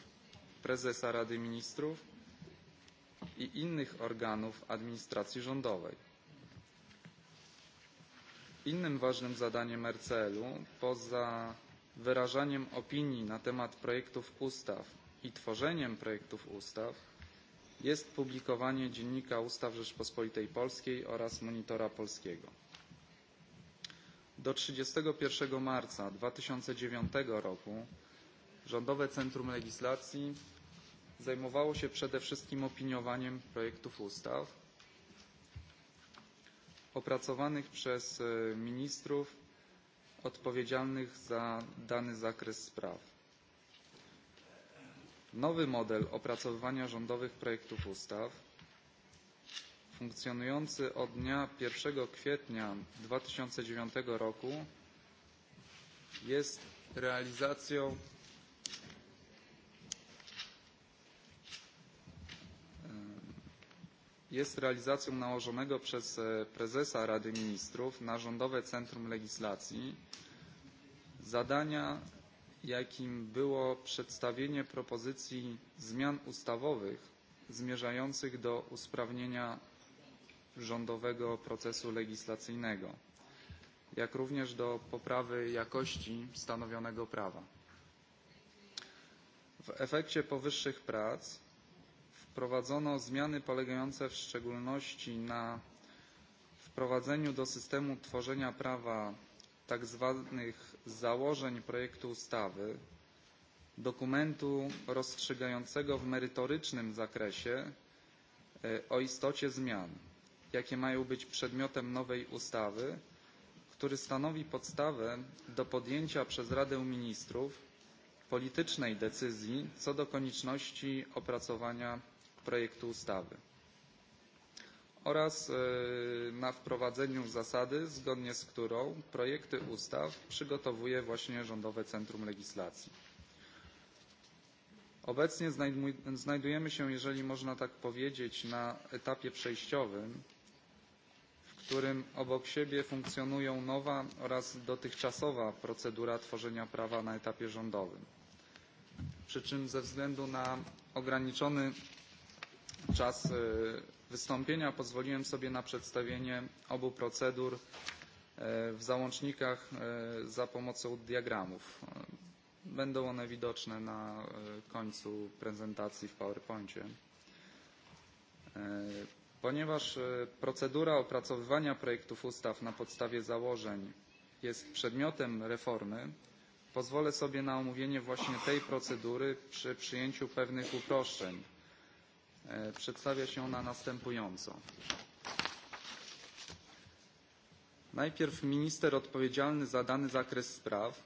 prezesa Rady Ministrów i innych organów administracji rządowej. Innym ważnym zadaniem RCL-u poza wyrażaniem opinii na temat projektów ustaw i tworzeniem projektów ustaw jest publikowanie Dziennika Ustaw Rzeczpospolitej Polskiej oraz Monitora Polskiego. Do 31 marca 2009 roku Rządowe Centrum Legislacji zajmowało się przede wszystkim opiniowaniem projektów ustaw opracowanych przez ministrów odpowiedzialnych za dany zakres spraw. Nowy model opracowywania rządowych projektów ustaw funkcjonujący od dnia 1 kwietnia 2009 roku jest realizacją jest realizacją nałożonego przez prezesa Rady Ministrów na Rządowe Centrum Legislacji zadania, jakim było przedstawienie propozycji zmian ustawowych zmierzających do usprawnienia rządowego procesu legislacyjnego, jak również do poprawy jakości stanowionego prawa. W efekcie powyższych prac wprowadzono zmiany polegające w szczególności na wprowadzeniu do systemu tworzenia prawa tak zwanych założeń projektu ustawy, dokumentu rozstrzygającego w merytorycznym zakresie o istocie zmian, jakie mają być przedmiotem nowej ustawy, który stanowi podstawę do podjęcia przez Radę Ministrów politycznej decyzji co do konieczności opracowania projektu ustawy oraz na wprowadzeniu zasady, zgodnie z którą projekty ustaw przygotowuje właśnie Rządowe Centrum Legislacji. Obecnie znajdujemy się, jeżeli można tak powiedzieć, na etapie przejściowym, w którym obok siebie funkcjonują nowa oraz dotychczasowa procedura tworzenia prawa na etapie rządowym. Przy czym ze względu na ograniczony czas wystąpienia pozwoliłem sobie na przedstawienie obu procedur w załącznikach za pomocą diagramów. Będą one widoczne na końcu prezentacji w PowerPoincie. Ponieważ procedura opracowywania projektów ustaw na podstawie założeń jest przedmiotem reformy, pozwolę sobie na omówienie właśnie tej procedury przy przyjęciu pewnych uproszczeń Przedstawia się ona następująco. Najpierw minister odpowiedzialny za dany zakres spraw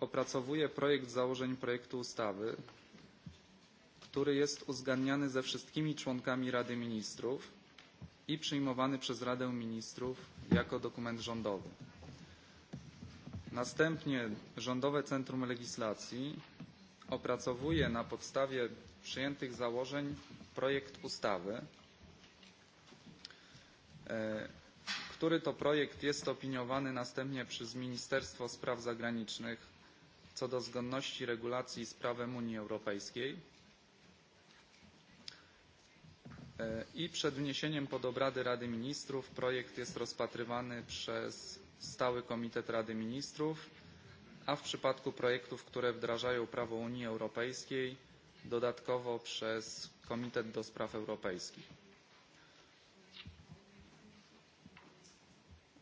opracowuje projekt założeń projektu ustawy, który jest uzgadniany ze wszystkimi członkami Rady Ministrów i przyjmowany przez Radę Ministrów jako dokument rządowy. Następnie Rządowe Centrum Legislacji opracowuje na podstawie przyjętych założeń projekt ustawy, który to projekt jest opiniowany następnie przez Ministerstwo Spraw Zagranicznych co do zgodności regulacji z prawem Unii Europejskiej i przed wniesieniem pod obrady Rady Ministrów projekt jest rozpatrywany przez Stały Komitet Rady Ministrów, a w przypadku projektów, które wdrażają prawo Unii Europejskiej dodatkowo przez Komitet do Spraw Europejskich.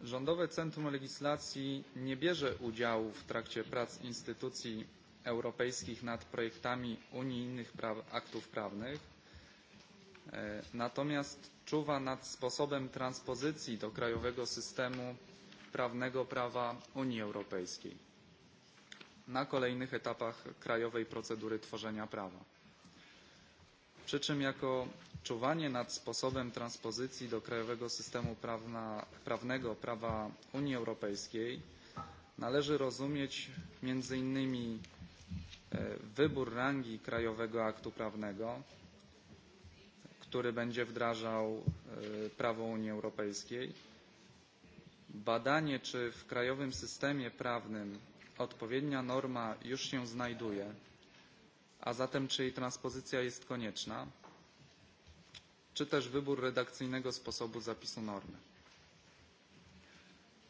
Rządowe Centrum Legislacji nie bierze udziału w trakcie prac instytucji europejskich nad projektami unijnych aktów prawnych, natomiast czuwa nad sposobem transpozycji do krajowego systemu prawnego prawa Unii Europejskiej na kolejnych etapach krajowej procedury tworzenia prawa. Przy czym jako czuwanie nad sposobem transpozycji do krajowego systemu prawnego prawa Unii Europejskiej należy rozumieć między innymi wybór rangi krajowego aktu prawnego, który będzie wdrażał prawo Unii Europejskiej, badanie, czy w krajowym systemie prawnym odpowiednia norma już się znajduje, a zatem czy jej transpozycja jest konieczna, czy też wybór redakcyjnego sposobu zapisu normy.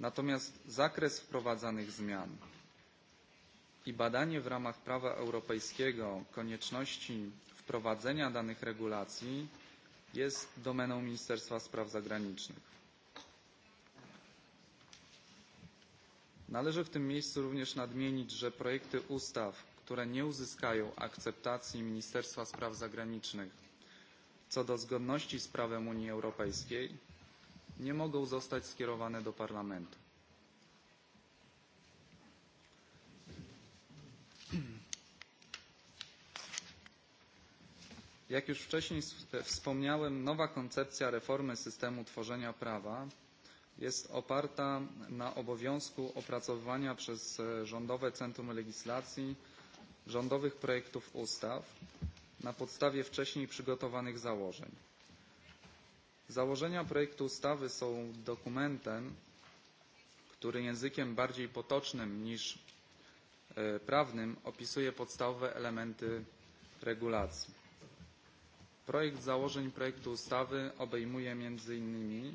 Natomiast zakres wprowadzanych zmian i badanie w ramach prawa europejskiego konieczności wprowadzenia danych regulacji jest domeną Ministerstwa Spraw Zagranicznych. Należy w tym miejscu również nadmienić, że projekty ustaw, które nie uzyskają akceptacji Ministerstwa Spraw Zagranicznych co do zgodności z prawem Unii Europejskiej, nie mogą zostać skierowane do Parlamentu. Jak już wcześniej wspomniałem, nowa koncepcja reformy systemu tworzenia prawa jest oparta na obowiązku opracowywania przez Rządowe Centrum Legislacji rządowych projektów ustaw na podstawie wcześniej przygotowanych założeń. Założenia projektu ustawy są dokumentem, który językiem bardziej potocznym niż prawnym opisuje podstawowe elementy regulacji. Projekt założeń projektu ustawy obejmuje między innymi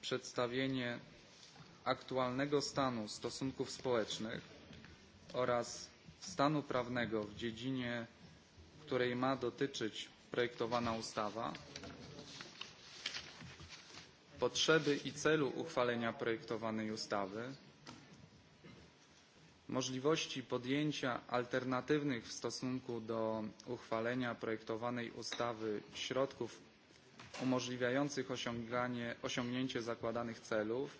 przedstawienie aktualnego stanu stosunków społecznych oraz stanu prawnego w dziedzinie, której ma dotyczyć projektowana ustawa, potrzeby i celu uchwalenia projektowanej ustawy, możliwości podjęcia alternatywnych w stosunku do uchwalenia projektowanej ustawy środków umożliwiających osiągnięcie zakładanych celów,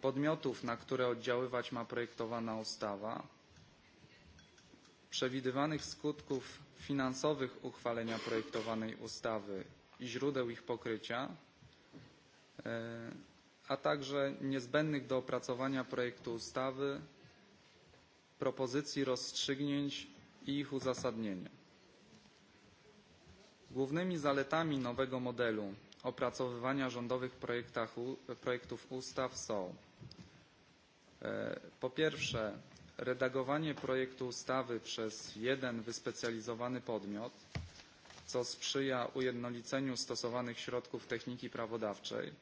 podmiotów, na które oddziaływać ma projektowana ustawa, przewidywanych skutków finansowych uchwalenia projektowanej ustawy i źródeł ich pokrycia, a także niezbędnych do opracowania projektu ustawy propozycji rozstrzygnięć i ich uzasadnienia. Głównymi zaletami nowego modelu opracowywania rządowych projektów ustaw są po pierwsze redagowanie projektu ustawy przez jeden wyspecjalizowany podmiot, co sprzyja ujednoliceniu stosowanych środków techniki prawodawczej,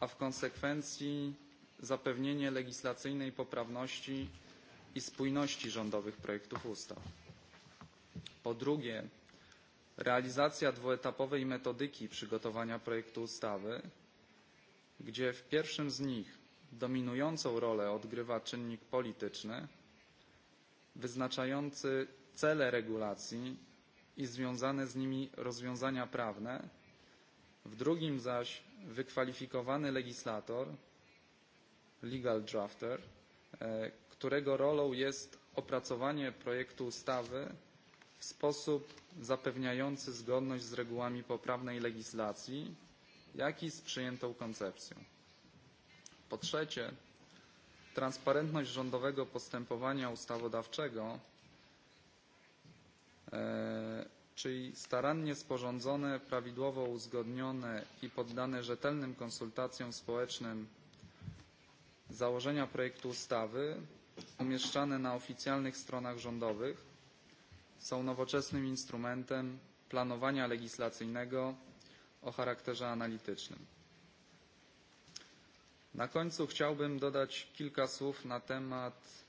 a w konsekwencji zapewnienie legislacyjnej poprawności i spójności rządowych projektów ustaw. Po drugie, realizacja dwuetapowej metodyki przygotowania projektu ustawy, gdzie w pierwszym z nich dominującą rolę odgrywa czynnik polityczny, wyznaczający cele regulacji i związane z nimi rozwiązania prawne, w drugim zaś wykwalifikowany legislator, legal drafter, którego rolą jest opracowanie projektu ustawy w sposób zapewniający zgodność z regułami poprawnej legislacji, jak i z przyjętą koncepcją. Po trzecie, transparentność rządowego postępowania ustawodawczego, czyli starannie sporządzone, prawidłowo uzgodnione i poddane rzetelnym konsultacjom społecznym założenia projektu ustawy umieszczane na oficjalnych stronach rządowych są nowoczesnym instrumentem planowania legislacyjnego o charakterze analitycznym. Na końcu chciałbym dodać kilka słów na temat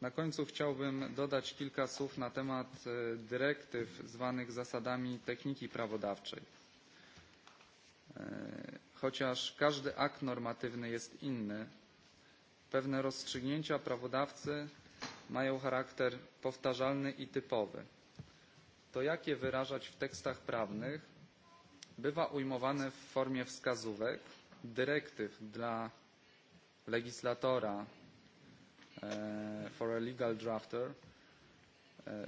Na końcu chciałbym dodać kilka słów na temat dyrektyw zwanych zasadami techniki prawodawczej. Chociaż każdy akt normatywny jest inny, pewne rozstrzygnięcia prawodawcy mają charakter powtarzalny i typowy. To, jak je wyrażać w tekstach prawnych, bywa ujmowane w formie wskazówek, dyrektyw dla legislatora for a legal drafter.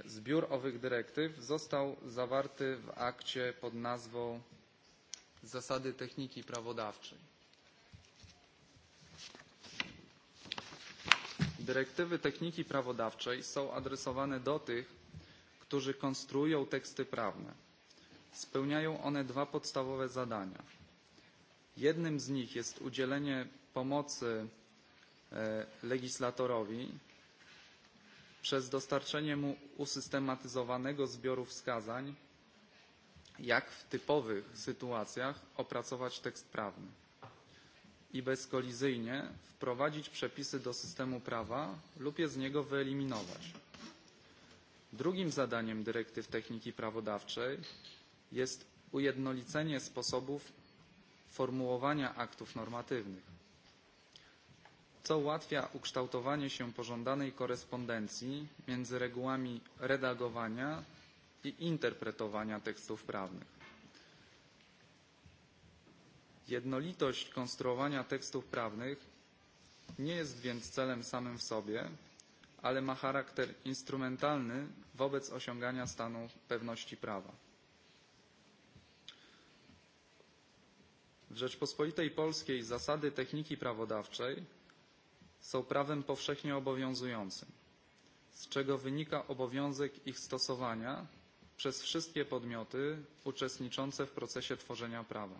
Zbiór owych dyrektyw został zawarty w akcie pod nazwą zasady techniki prawodawczej. Dyrektywy techniki prawodawczej są adresowane do tych, którzy konstruują teksty prawne. Spełniają one dwa podstawowe zadania. Jednym z nich jest udzielenie pomocy legislatorowi przez dostarczenie mu usystematyzowanego zbioru wskazań jak w typowych sytuacjach opracować tekst prawny i bezkolizyjnie wprowadzić przepisy do systemu prawa lub je z niego wyeliminować. Drugim zadaniem dyrektyw techniki prawodawczej jest ujednolicenie sposobów formułowania aktów normatywnych, co ułatwia ukształtowanie się pożądanej korespondencji między regułami redagowania i interpretowania tekstów prawnych. Jednolitość konstruowania tekstów prawnych nie jest więc celem samym w sobie, ale ma charakter instrumentalny wobec osiągania stanu pewności prawa. W Rzeczpospolitej Polskiej zasady techniki prawodawczej są prawem powszechnie obowiązującym, z czego wynika obowiązek ich stosowania przez wszystkie podmioty uczestniczące w procesie tworzenia prawa.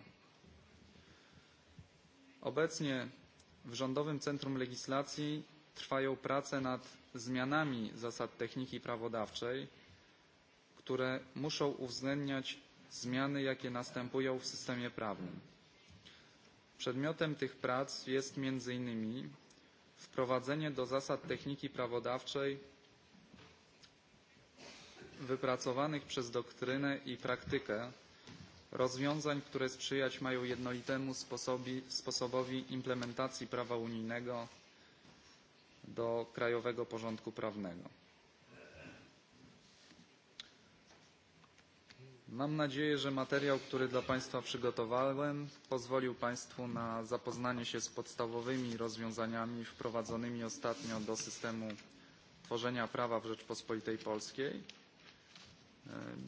Obecnie w Rządowym Centrum Legislacji trwają prace nad zmianami zasad techniki prawodawczej, które muszą uwzględniać zmiany, jakie następują w systemie prawnym. Przedmiotem tych prac jest między innymi wprowadzenie do zasad techniki prawodawczej wypracowanych przez doktrynę i praktykę rozwiązań, które sprzyjać mają jednolitemu sposobowi implementacji prawa unijnego do krajowego porządku prawnego. Mam nadzieję, że materiał, który dla Państwa przygotowałem, pozwolił Państwu na zapoznanie się z podstawowymi rozwiązaniami wprowadzonymi ostatnio do systemu tworzenia prawa w Rzeczpospolitej Polskiej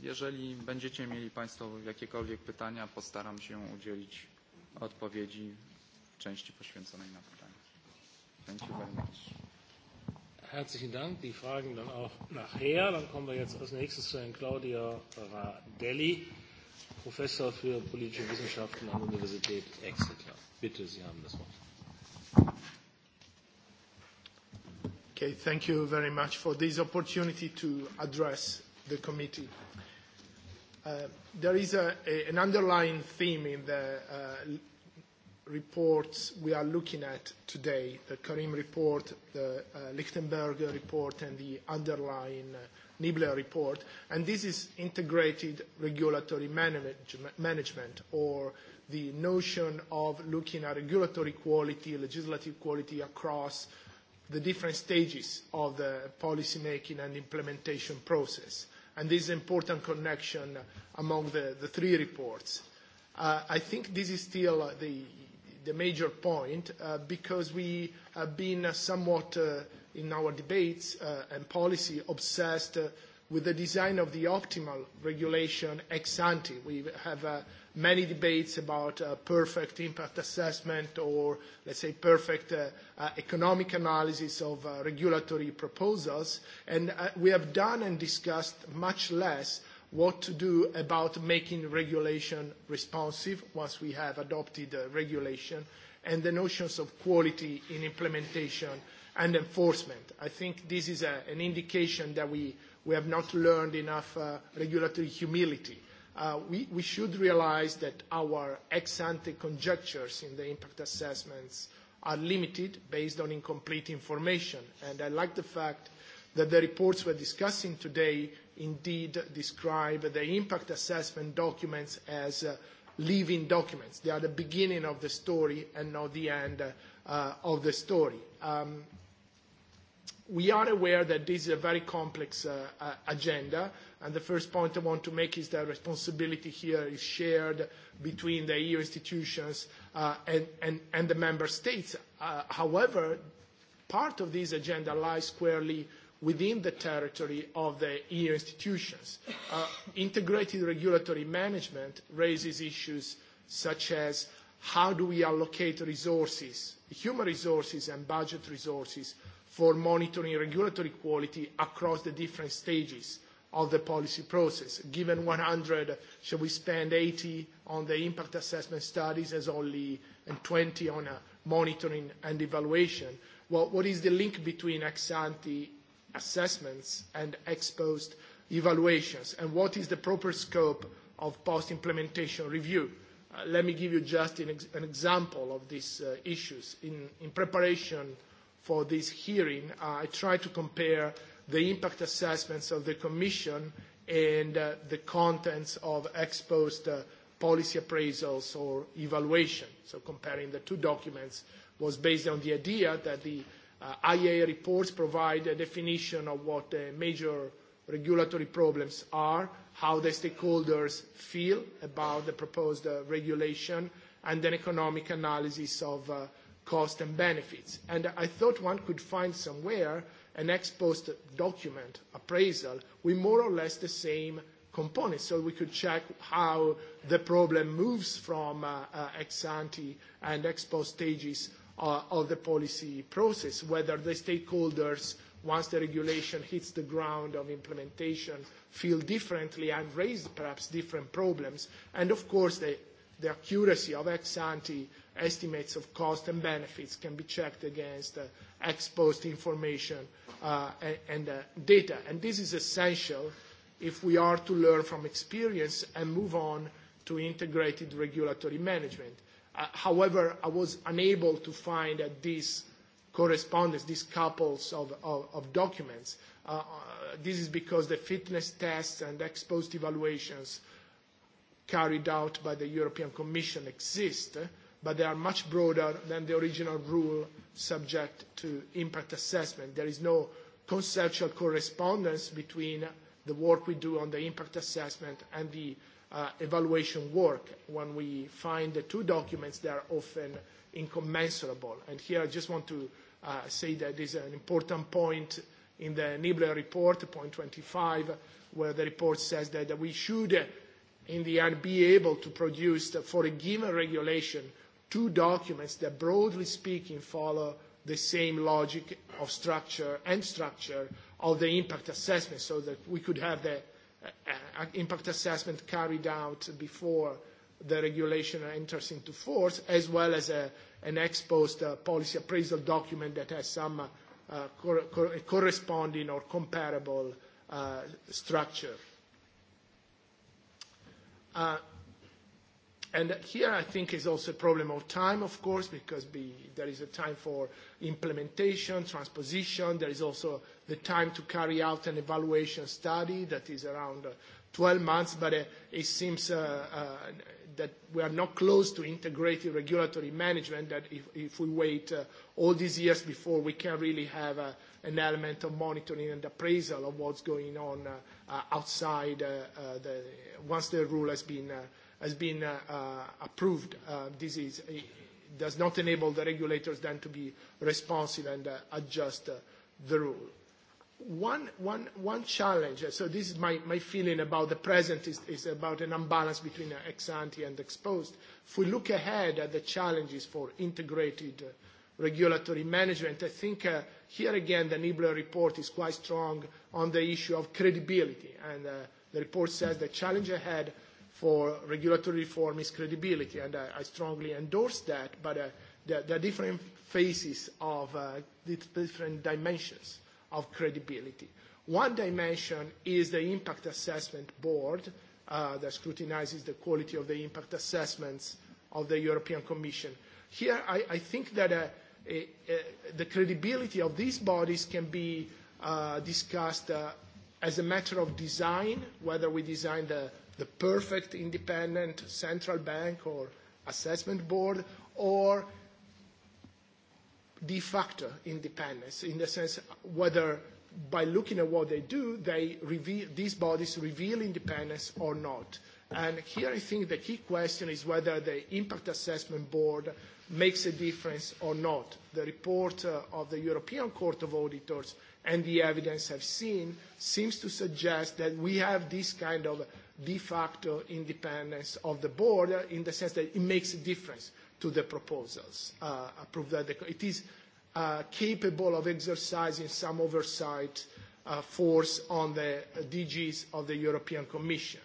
Jeżeli będziecie mieli Państwo jakiekolwiek pytania, postaram się udzielić odpowiedzi w części poświęconej na pytania. Thank you very much. Herzlichen Dank. Die Fragen dann auch nachher. Dann kommen wir jetzt als nächstes zu Herrn Claudio Radelli, Professor für politische Wissenschaften an der Universität Exeter. Bitte, Sie haben das Wort. Okay, thank you very much for this opportunity to address the committee. Uh, there is a, a, an underlying theme in the uh, reports we are looking at today, the Karim report, the uh, Lichtenberger report, and the underlying uh, Nibler report, and this is integrated regulatory management or the notion of looking at regulatory quality, legislative quality across the different stages of the policy making and implementation process and this important connection among the, the three reports. Uh, I think this is still the, the major point uh, because we have been somewhat uh, in our debates uh, and policy obsessed uh, with the design of the optimal regulation ex ante. We have a, many debates about uh, perfect impact assessment or, let's say, perfect uh, uh, economic analysis of uh, regulatory proposals. And uh, we have done and discussed much less what to do about making regulation responsive once we have adopted the regulation and the notions of quality in implementation and enforcement. I think this is a, an indication that we, we have not learned enough uh, regulatory humility we, we should realize that our ex-ante conjectures in the impact assessments are limited based on incomplete information. And I like the fact that the reports we're discussing today indeed describe the impact assessment documents as living documents. They are the beginning of the story and not the end of the story. we are aware that this is a very complex agenda And the first point I want to make is that responsibility here is shared between the EU institutions and, the member states. however, part of this agenda lies squarely within the territory of the EU institutions. integrated regulatory management raises issues such as how do we allocate resources, human resources and budget resources for monitoring regulatory quality across the different stages – of the policy process. Given 100, shall we spend 80 on the impact assessment studies as only, and 20 on a monitoring and evaluation? Well, what is the link between ex-ante assessments and ex-post evaluations, and what is the proper scope of post-implementation review? Uh, let me give you just an, ex- an example of these uh, issues. In, in preparation for this hearing, uh, I tried to compare the impact assessments of the Commission and uh, the contents of ex post uh, policy appraisals or evaluation. So comparing the two documents was based on the idea that the uh, reports provide a definition of what the major regulatory problems are, how the stakeholders feel about the proposed uh, regulation, and an economic analysis of uh, cost and benefits. And I thought one could find somewhere – an ex post document appraisal with more or less the same components. So we could check how the problem moves from uh, uh, ex ante and ex post stages uh, of the policy process, whether the stakeholders, once the regulation hits the ground of implementation, feel differently and raise perhaps different problems. And of course, the, the accuracy of ex ante estimates of cost and benefits can be checked against uh, information uh, and, uh, data. And this is essential if we are to learn from experience and move on to integrated regulatory management. Uh, however, I was unable to find uh, this correspondence, these couples of, of, of documents. Uh, this is because the fitness tests and exposed evaluations carried out by the European Commission exist. Uh, but they are much broader than the original rule subject to impact assessment. There is no conceptual correspondence between the work we do on the impact assessment and the uh, evaluation work when we find the two documents they are often incommensurable. And here I just want to uh, say that is an important point in the Nibler report, point 25, where the report says that we should, in the end, be able to produce, for a given regulation, two documents that, broadly speaking, follow the same logic of structure and structure of the impact assessment so that we could have the impact assessment carried out before the regulation enters into force, as well as a, an ex post uh, policy appraisal document that has some uh, cor- cor- corresponding or comparable uh, structure. Uh, And here I think is also a problem of time, of course, because be, there is a time for implementation, transposition. There is also the time to carry out an evaluation study that is around 12 months, but uh, it seems uh, uh, that we are not close to integrated regulatory management, that if, if we wait uh, all these years before we can really have uh, an element of monitoring and appraisal of what's going on uh, uh, outside uh, uh, the, once the rule has been uh, has been approved, this is, it does not enable the regulators then to be responsive and adjust the rule. One, one, one challenge, so this is my, my feeling about the present, is, is about an imbalance between ex ante and exposed. If we look ahead at the challenges for integrated regulatory management. I think uh, here again the Niebler report is quite strong on the issue of credibility, and uh, the report says the challenge ahead for regulatory reform is credibility, and I, I strongly endorse that, but uh, there, there are different phases of uh, different dimensions of credibility. One dimension is the impact assessment board uh, that scrutinizes the quality of the impact assessments of the European Commission. Here, I, I think that uh, uh the credibility of these bodies can be uh, discussed uh, as a matter of design, whether we design the the perfect independent central bank or assessment board or de facto independence in the sense whether by looking at what they do, they reveal, these bodies reveal independence or not. And here I think the key question is whether the impact assessment board makes a difference or not. The report uh, of the European Court of Auditors and the evidence I've seen seems to suggest that we have this kind of de facto independence of the board in the sense that it makes a difference to the proposals uh, approved at the. It is uh, capable of exercising some oversight uh, force on the DGs of the European Commission.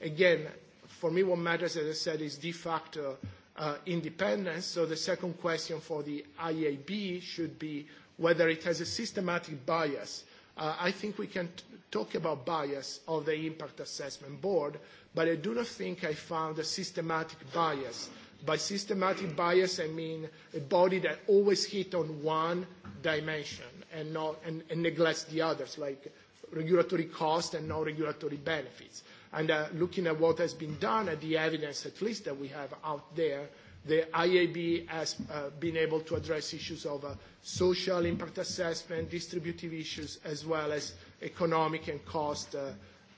Again, for me, what matters, as I said, is de facto uh, independence. So the second question for the IAB should be whether it has a systematic bias I think we can talk about bias of the impact assessment board, but I do not think I found a systematic bias. By systematic bias, I mean a body that always hits on one dimension and, not, and, and neglects the others, like regulatory cost and non-regulatory benefits. And uh, looking at what has been done and the evidence, at least that we have out there, The IAB has been able to address issues of social impact assessment, distributive issues, as well as economic and cost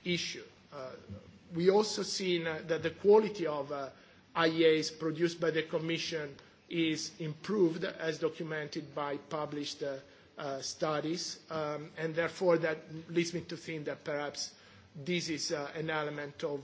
issues. We also seen that the quality of IEAs produced by the Commission is improved, as documented by published studies. And therefore, that leads me to think that perhaps this is an element of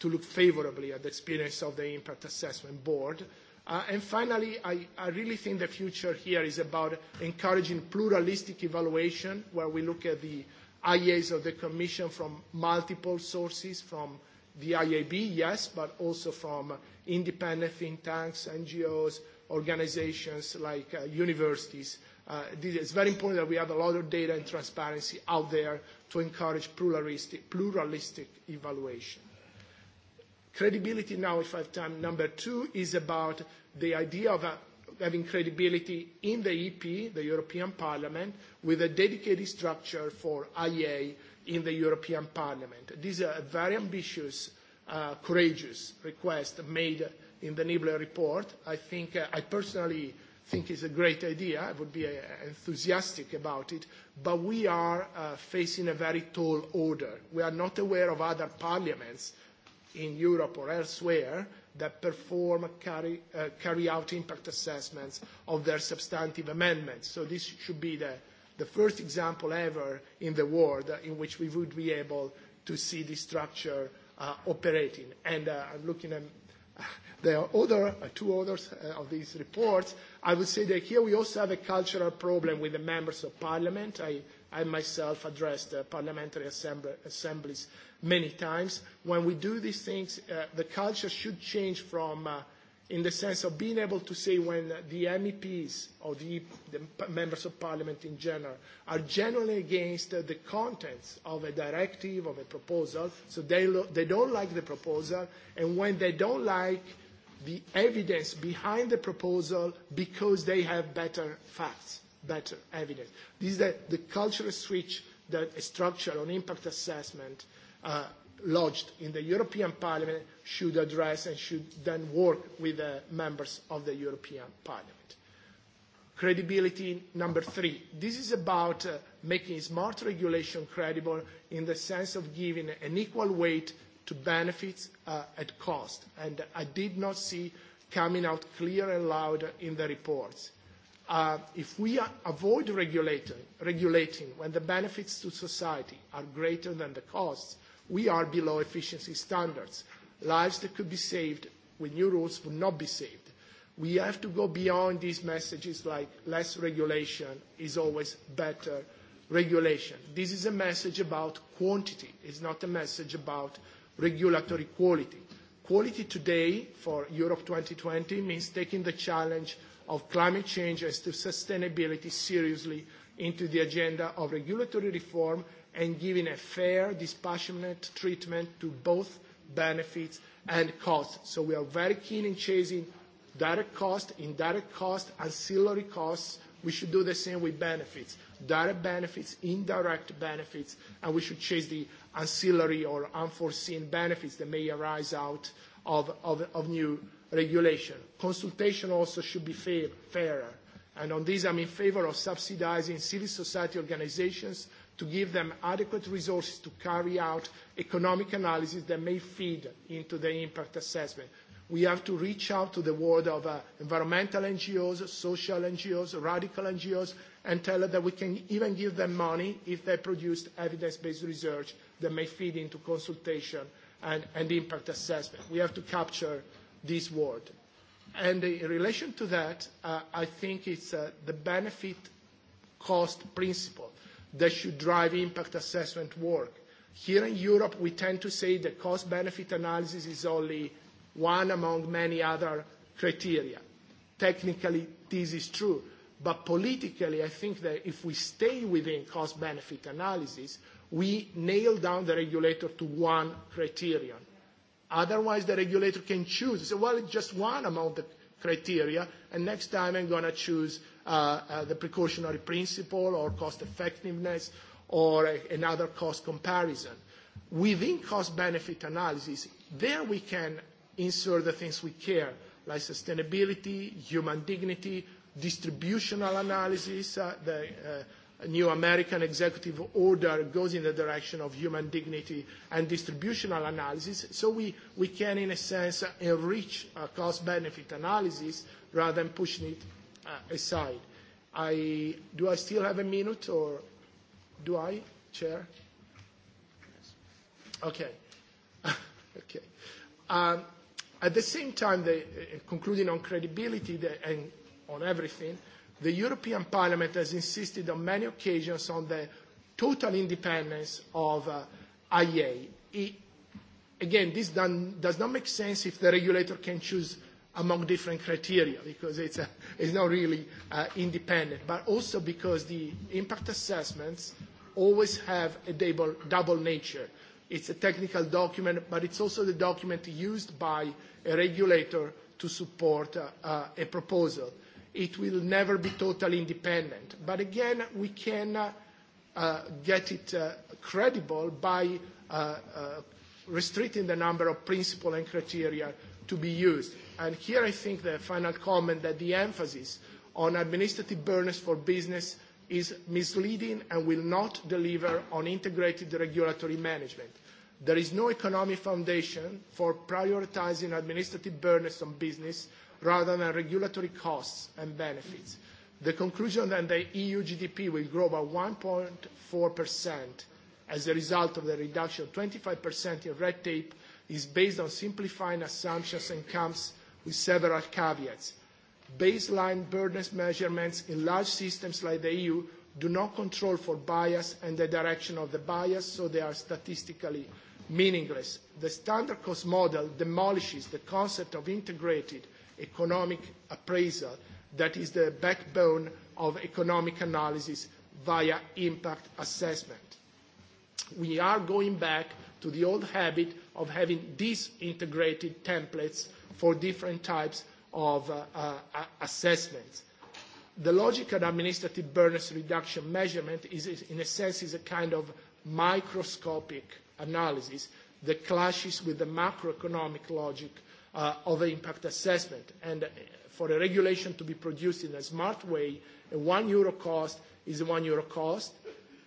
to look favorably at the experience of the impact assessment board. Uh, and finally, I, I really think the future here is about encouraging pluralistic evaluation, where we look at the IAs of the Commission from multiple sources, from the IAB, yes, but also from independent think tanks, NGOs, organizations like uh, universities. Uh, it's very important that we have a lot of data and transparency out there to encourage pluralistic, pluralistic evaluation. Credibility now, if I have time, number two is about the idea of a, having credibility in the EP, the European Parliament, with a dedicated structure for IA in the European Parliament. This is a very ambitious, uh, courageous request made in the Nibler report. I think uh, I personally think is a great idea. I would be enthusiastic about it, but we are uh, facing a very tall order. We are not aware of other parliaments in Europe or elsewhere that perform carry, uh, carry out impact assessments of their substantive amendments. So this should be the, the first example ever in the world in which we would be able to see this structure uh, operating. And uh, I'm looking at There are other, two others of these reports. I would say that here we also have a cultural problem with the members of parliament. I, I myself addressed uh, parliamentary assembl assemblies many times. When we do these things, uh, the culture should change from uh, – in the sense of being able to say when the MEPs or the, the members of parliament in general are generally against the contents of a directive, of a proposal, so they, lo- they don't like the proposal, and when they don't like the evidence behind the proposal because they have better facts, better evidence. This is the, the cultural switch that a structure on impact assessment uh, lodged in the European Parliament should address and should then work with the members of the European Parliament. Credibility number three. This is about uh, making smart regulation credible in the sense of giving an equal weight to benefits uh, at cost. And I did not see coming out clear and loud in the reports. Uh, if we avoid regulating, regulating when the benefits to society are greater than the costs, We are below efficiency standards. Lives that could be saved with new rules would not be saved. We have to go beyond these messages like less regulation is always better regulation. This is a message about quantity. It's not a message about regulatory quality. Quality today for Europe 2020 means taking the challenge of climate change as to sustainability seriously into the agenda of regulatory reform and giving a fair, dispassionate treatment to both benefits and costs. So we are very keen in chasing direct cost, indirect cost, ancillary costs. We should do the same with benefits, direct benefits, indirect benefits, and we should chase the ancillary or unforeseen benefits that may arise out of, of, of new regulation. Consultation also should be fair, fairer. And on this, I'm in favor of subsidizing civil society organizations to give them adequate resources to carry out economic analysis that may feed into the impact assessment. We have to reach out to the world of uh, environmental NGOs, social NGOs, radical NGOs, and tell them that we can even give them money if they produce evidence-based research that may feed into consultation and, and impact assessment. We have to capture this world. And in relation to that, uh, I think it's uh, the benefit cost principle that should drive impact assessment work. Here in Europe, we tend to say that cost-benefit analysis is only one among many other criteria. Technically, this is true, but politically, I think that if we stay within cost-benefit analysis, we nail down the regulator to one criterion. Otherwise, the regulator can choose. Say, well, it's just one among the criteria, and next time I'm going to choose the precautionary principle or cost effectiveness or another cost comparison. Within cost-benefit analysis, there we can insert the things we care, like sustainability, human dignity, distributional analysis. The new American executive order goes in the direction of human dignity and distributional analysis. So we we can, in a sense, enrich cost-benefit analysis rather than pushing it aside, I, do I still have a minute or do I, Chair? Okay. okay. Um, at the same time, the, uh, concluding on credibility the, and on everything, the European Parliament has insisted on many occasions on the total independence of uh, IA. It, again, this done, does not make sense if the regulator can choose among different criteria because it's, a, it's not really uh, independent, but also because the impact assessments always have a double, double nature. It's a technical document, but it's also the document used by a regulator to support uh, uh, a proposal. It will never be totally independent. But again, we can uh, uh, get it uh, credible by uh, uh, restricting the number of principles and criteria to be used and here I think the final comment that the emphasis on administrative burdens for business is misleading and will not deliver on integrated regulatory management. There is no economic foundation for prioritizing administrative burdens on business rather than regulatory costs and benefits. The conclusion that the EU GDP will grow by 1.4% as a result of the reduction of 25% in red tape is based on simplifying assumptions and comes with several caveats. Baseline burdens measurements in large systems like the EU do not control for bias and the direction of the bias, so they are statistically meaningless. The standard cost model demolishes the concept of integrated economic appraisal that is the backbone of economic analysis via impact assessment. We are going back to the old habit of having disintegrated templates for different types of assessments. The logical administrative burden reduction measurement is, in a sense, is a kind of microscopic analysis that clashes with the macroeconomic logic of the impact assessment. And for a regulation to be produced in a smart way, a one euro cost is a one euro cost,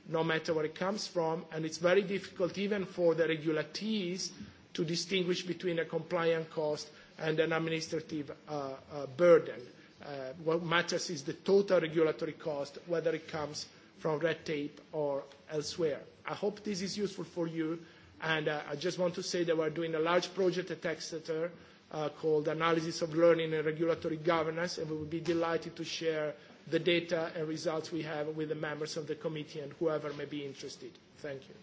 no matter where it comes from, and it's very difficult even for the regulatees to distinguish between a compliant cost and an administrative uh, uh, burden. Uh, what matters is the total regulatory cost, whether it comes from red tape or elsewhere. I hope this is useful for you, and uh, I just want to say that we're doing a large project at Exeter uh, called Analysis of Learning and Regulatory Governance, and we will be delighted to share the data and results we have with the members of the committee and whoever may be interested. Thank you.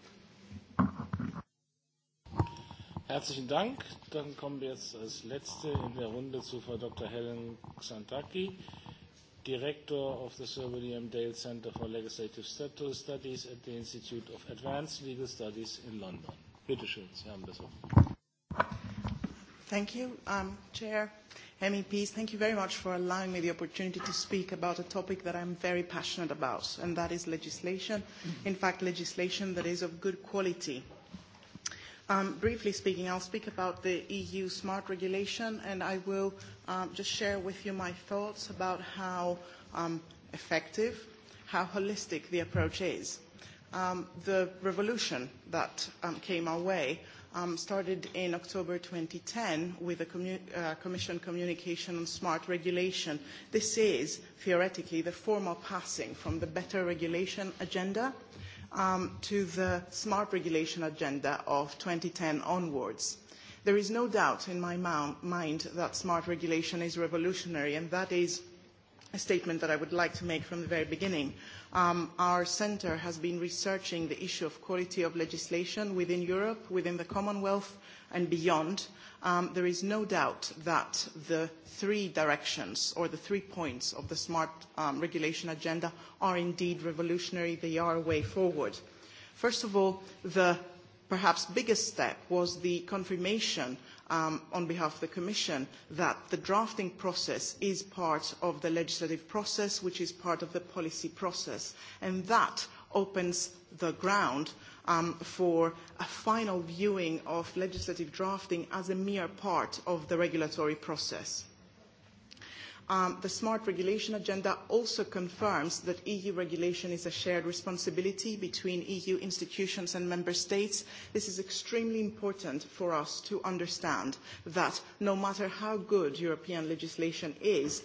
Herzlichen Dank. Dann kommen wir jetzt als Letzte in der Runde zu Frau Dr. Helen Xantaki, Director of the Sir William Dale Center for Legislative Studies at the Institute of Advanced Legal Studies in London. Bitte schön, Sie haben das Wort. Thank you, um, Chair, MEPs. Thank you very much for allowing me the opportunity to speak about a topic that I'm very passionate about, and that is legislation. In fact, legislation that is of good quality. Um, briefly speaking, I'll speak about the EU smart regulation, and I will um, just share with you my thoughts about how um, effective, how holistic the approach is. Um, the revolution that um, came our way um, started in October 2010 with a commu- uh, Commission communication on smart regulation. This is, theoretically, the formal passing from the better regulation agenda um, to the smart regulation agenda of 2010 onwards. There is no doubt in my mind that smart regulation is revolutionary, and that is – a statement that I would like to make from the very beginning. our centre has been researching the issue of quality of legislation within Europe, within the Commonwealth, and beyond. there is no doubt that the three directions or the three points of the smart regulation agenda are indeed revolutionary. They are a way forward. First of all, the perhaps biggest step was the confirmation on behalf of the Commission that the drafting process is part of the legislative process, which is part of the policy process. And that opens the ground for a final viewing of legislative drafting as a mere part of the regulatory process the smart regulation agenda also confirms that EU regulation is a shared responsibility between EU institutions and member states. This is extremely important for us to understand that no matter how good European legislation is,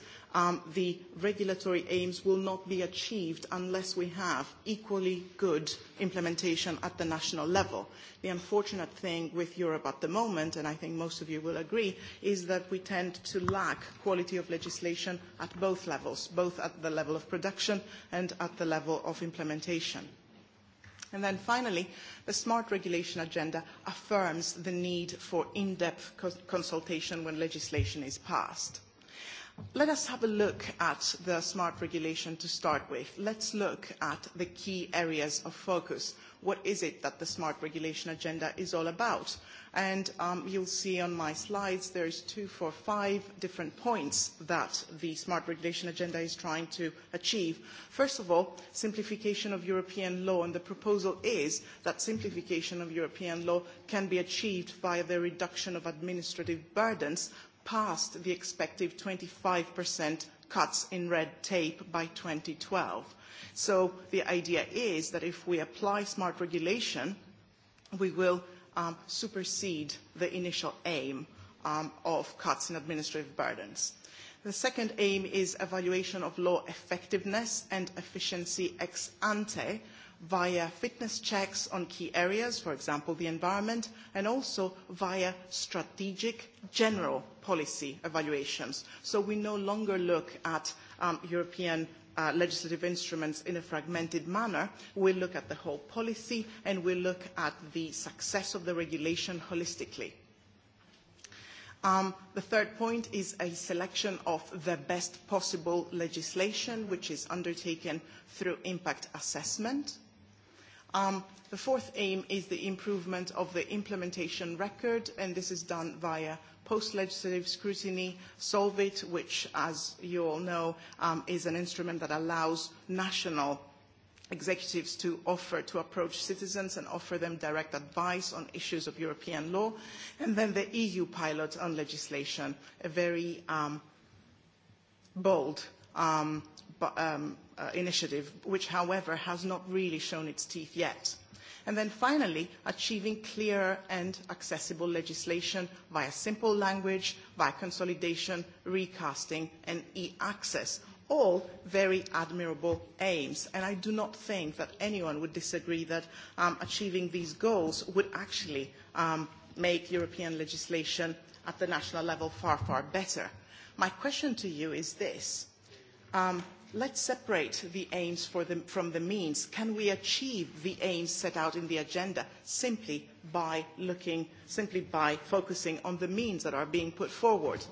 the regulatory aims will not be achieved unless we have equally good implementation at the national level. The unfortunate thing with Europe at the moment, and I think most of you will agree, is that we tend to lack quality of legislation at both levels, both at the level of production and at the level of implementation. And then finally, the smart regulation agenda affirms the need for in-depth consultation when legislation is passed Let us have a look at the smart regulation to start with. Let's look at the key areas of focus. What is it that the smart regulation agenda is all about? And um, you'll see on my slides there's two, four, five different points that the smart regulation agenda is trying to achieve. First of all, simplification of European law. And the proposal is that simplification of European law can be achieved via the reduction of administrative burdens passed the expected 25% cuts in red tape by twelve. So the idea is that if we apply smart regulation, we will supersede the initial aim of cuts in administrative burdens. The second aim is evaluation of law effectiveness and efficiency ex ante via fitness checks on key areas, for example, the environment, and also via strategic general policy evaluations. So we no longer look at European legislative instruments in a fragmented manner. We look at the whole policy and we look at the success of the regulation holistically. the third point is a selection of the best possible legislation, which is undertaken through impact assessment Um, the fourth aim is the improvement of the implementation record, and this is done via post-legislative scrutiny, SOLVIT, which, as you all know, um, is an instrument that allows national executives to offer to approach citizens and offer them direct advice on issues of European law, and then the EU pilot on legislation, a very um, bold um, initiative, which, however, has not really shown its teeth yet. And then finally, achieving clear and accessible legislation via simple language, via consolidation, recasting, and e-access, all very admirable aims. And I do not think that anyone would disagree that achieving these goals would actually make European legislation at the national level far, far better. My question to you is this let's separate the aims from the means. Can we achieve the aims set out in the agenda simply by looking, simply by focusing on the means that are being put forward?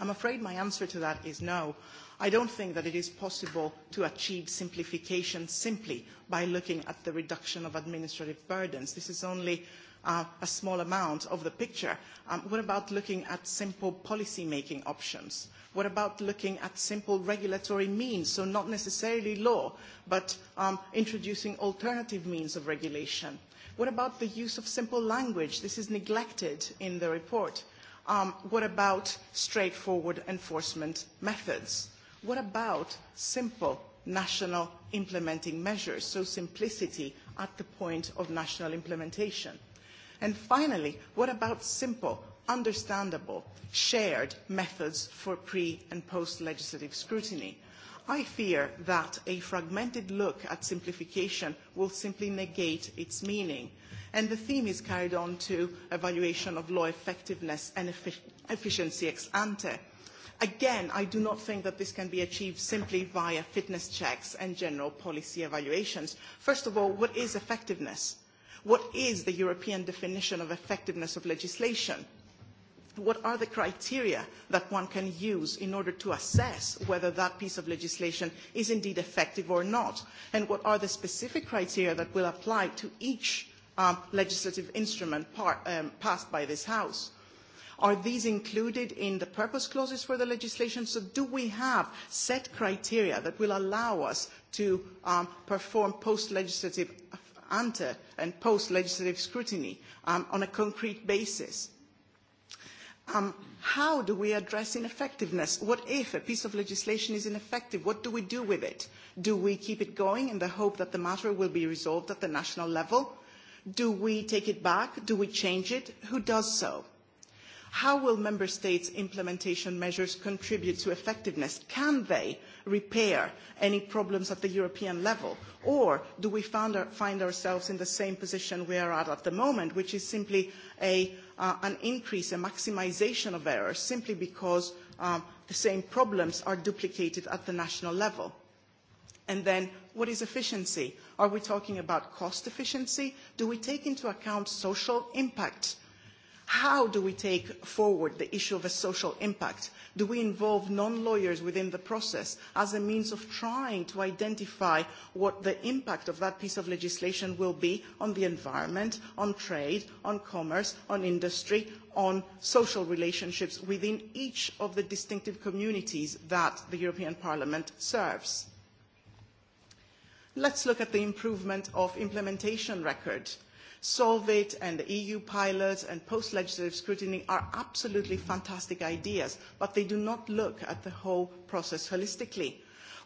I'm afraid my answer to that is no. I don't think that it is possible to achieve simplification simply by looking at the reduction of administrative burdens. This is only uh, a small amount of the picture. Um, what about looking at simple policy-making options? What about looking at simple regulatory means, so not necessarily law, but introducing alternative means of regulation? What about the use of simple language? This is neglected in the report. what about straightforward enforcement methods? What about simple national implementing measures, so simplicity at the point of national implementation? And finally, what about simple understandable, shared methods for pre- and post-legislative scrutiny. I fear that a fragmented look at simplification will simply negate its meaning, and the theme is carried on to evaluation of law effectiveness and efficiency ex ante. Again, I do not think that this can be achieved simply via fitness checks and general policy evaluations. First of all, what is effectiveness? What is the European definition of effectiveness of legislation? what are the criteria that one can use in order to assess whether that piece of legislation is indeed effective or not, and what are the specific criteria that will apply to each legislative instrument passed by this House. Are these included in the purpose clauses for the legislation? So do we have set criteria that will allow us to perform post-legislative ante and post-legislative scrutiny on a concrete basis? um, how do we address ineffectiveness? What if a piece of legislation is ineffective? What do we do with it? Do we keep it going in the hope that the matter will be resolved at the national level? Do we take it back? Do we change it? Who does so? How will member states' implementation measures contribute to effectiveness? Can they repair any problems at the European level? Or do we find, ourselves in the same position we are at at the moment, which is simply an increase, a maximisation of errors, simply because the same problems are duplicated at the national level? And then what is efficiency? Are we talking about cost efficiency? Do we take into account social impact? How do we take forward the issue of a social impact? Do we involve non-lawyers within the process as a means of trying to identify what the impact of that piece of legislation will be on the environment, on trade, on commerce, on industry, on social relationships within each of the distinctive communities that the European Parliament serves? Let's look at the improvement of implementation records Solvit and the EU pilots and post-legislative scrutiny are absolutely fantastic ideas, but they do not look at the whole process holistically.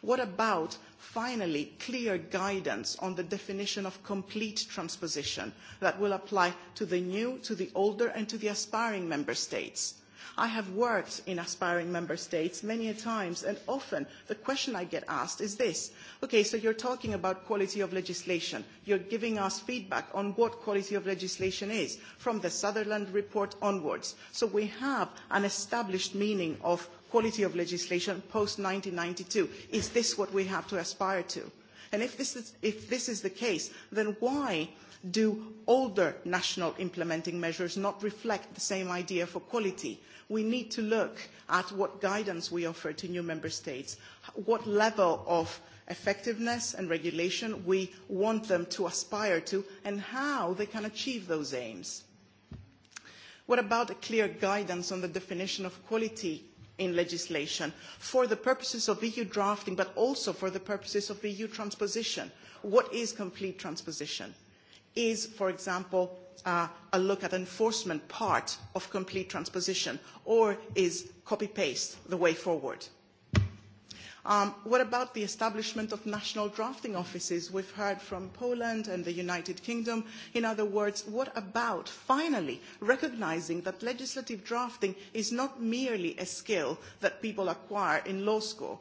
What about, finally, clear guidance on the definition of complete transposition that will apply to the new, to the older, and to the aspiring member states? I have worked in aspiring member states many a times, and often the question I get asked is this, okay, so you're talking about quality of legislation. You're giving us feedback on what quality of legislation is from the Sutherland report onwards. So we have an established meaning of quality of legislation post ninety two. Is this what we have to aspire to? And if this is, if this is the case, then why do older national implementing measures not reflect the same idea for quality? We need to look at what guidance we offer to new member states, what level of effectiveness and regulation we want them to aspire to, and how they can achieve those aims. What about a clear guidance on the definition of quality in legislation for the purposes of EU drafting, but also for the purposes of EU transposition? What is complete transposition? is, for example, uh, a look at enforcement part of complete transposition, or is copy-paste the way forward? Um, what about the establishment of national drafting offices? We've heard from Poland and the United Kingdom. In other words, what about finally recognizing that legislative drafting is not merely a skill that people acquire in law school,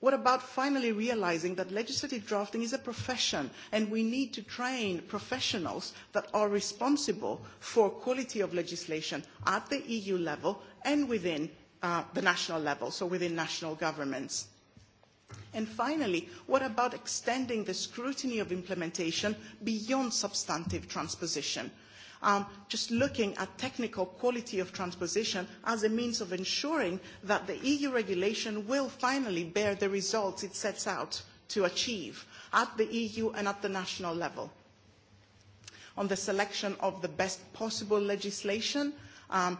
What about finally realizing that legislative drafting is a profession and we need to train professionals that are responsible for quality of legislation at the EU level and within uh, the national level, so within national governments? And finally, what about extending the scrutiny of implementation beyond substantive transposition? um, just looking at technical quality of transposition as a means of ensuring that the EU regulation will finally bear the results it sets out to achieve at the EU and at the national level. On the selection of the best possible legislation, um,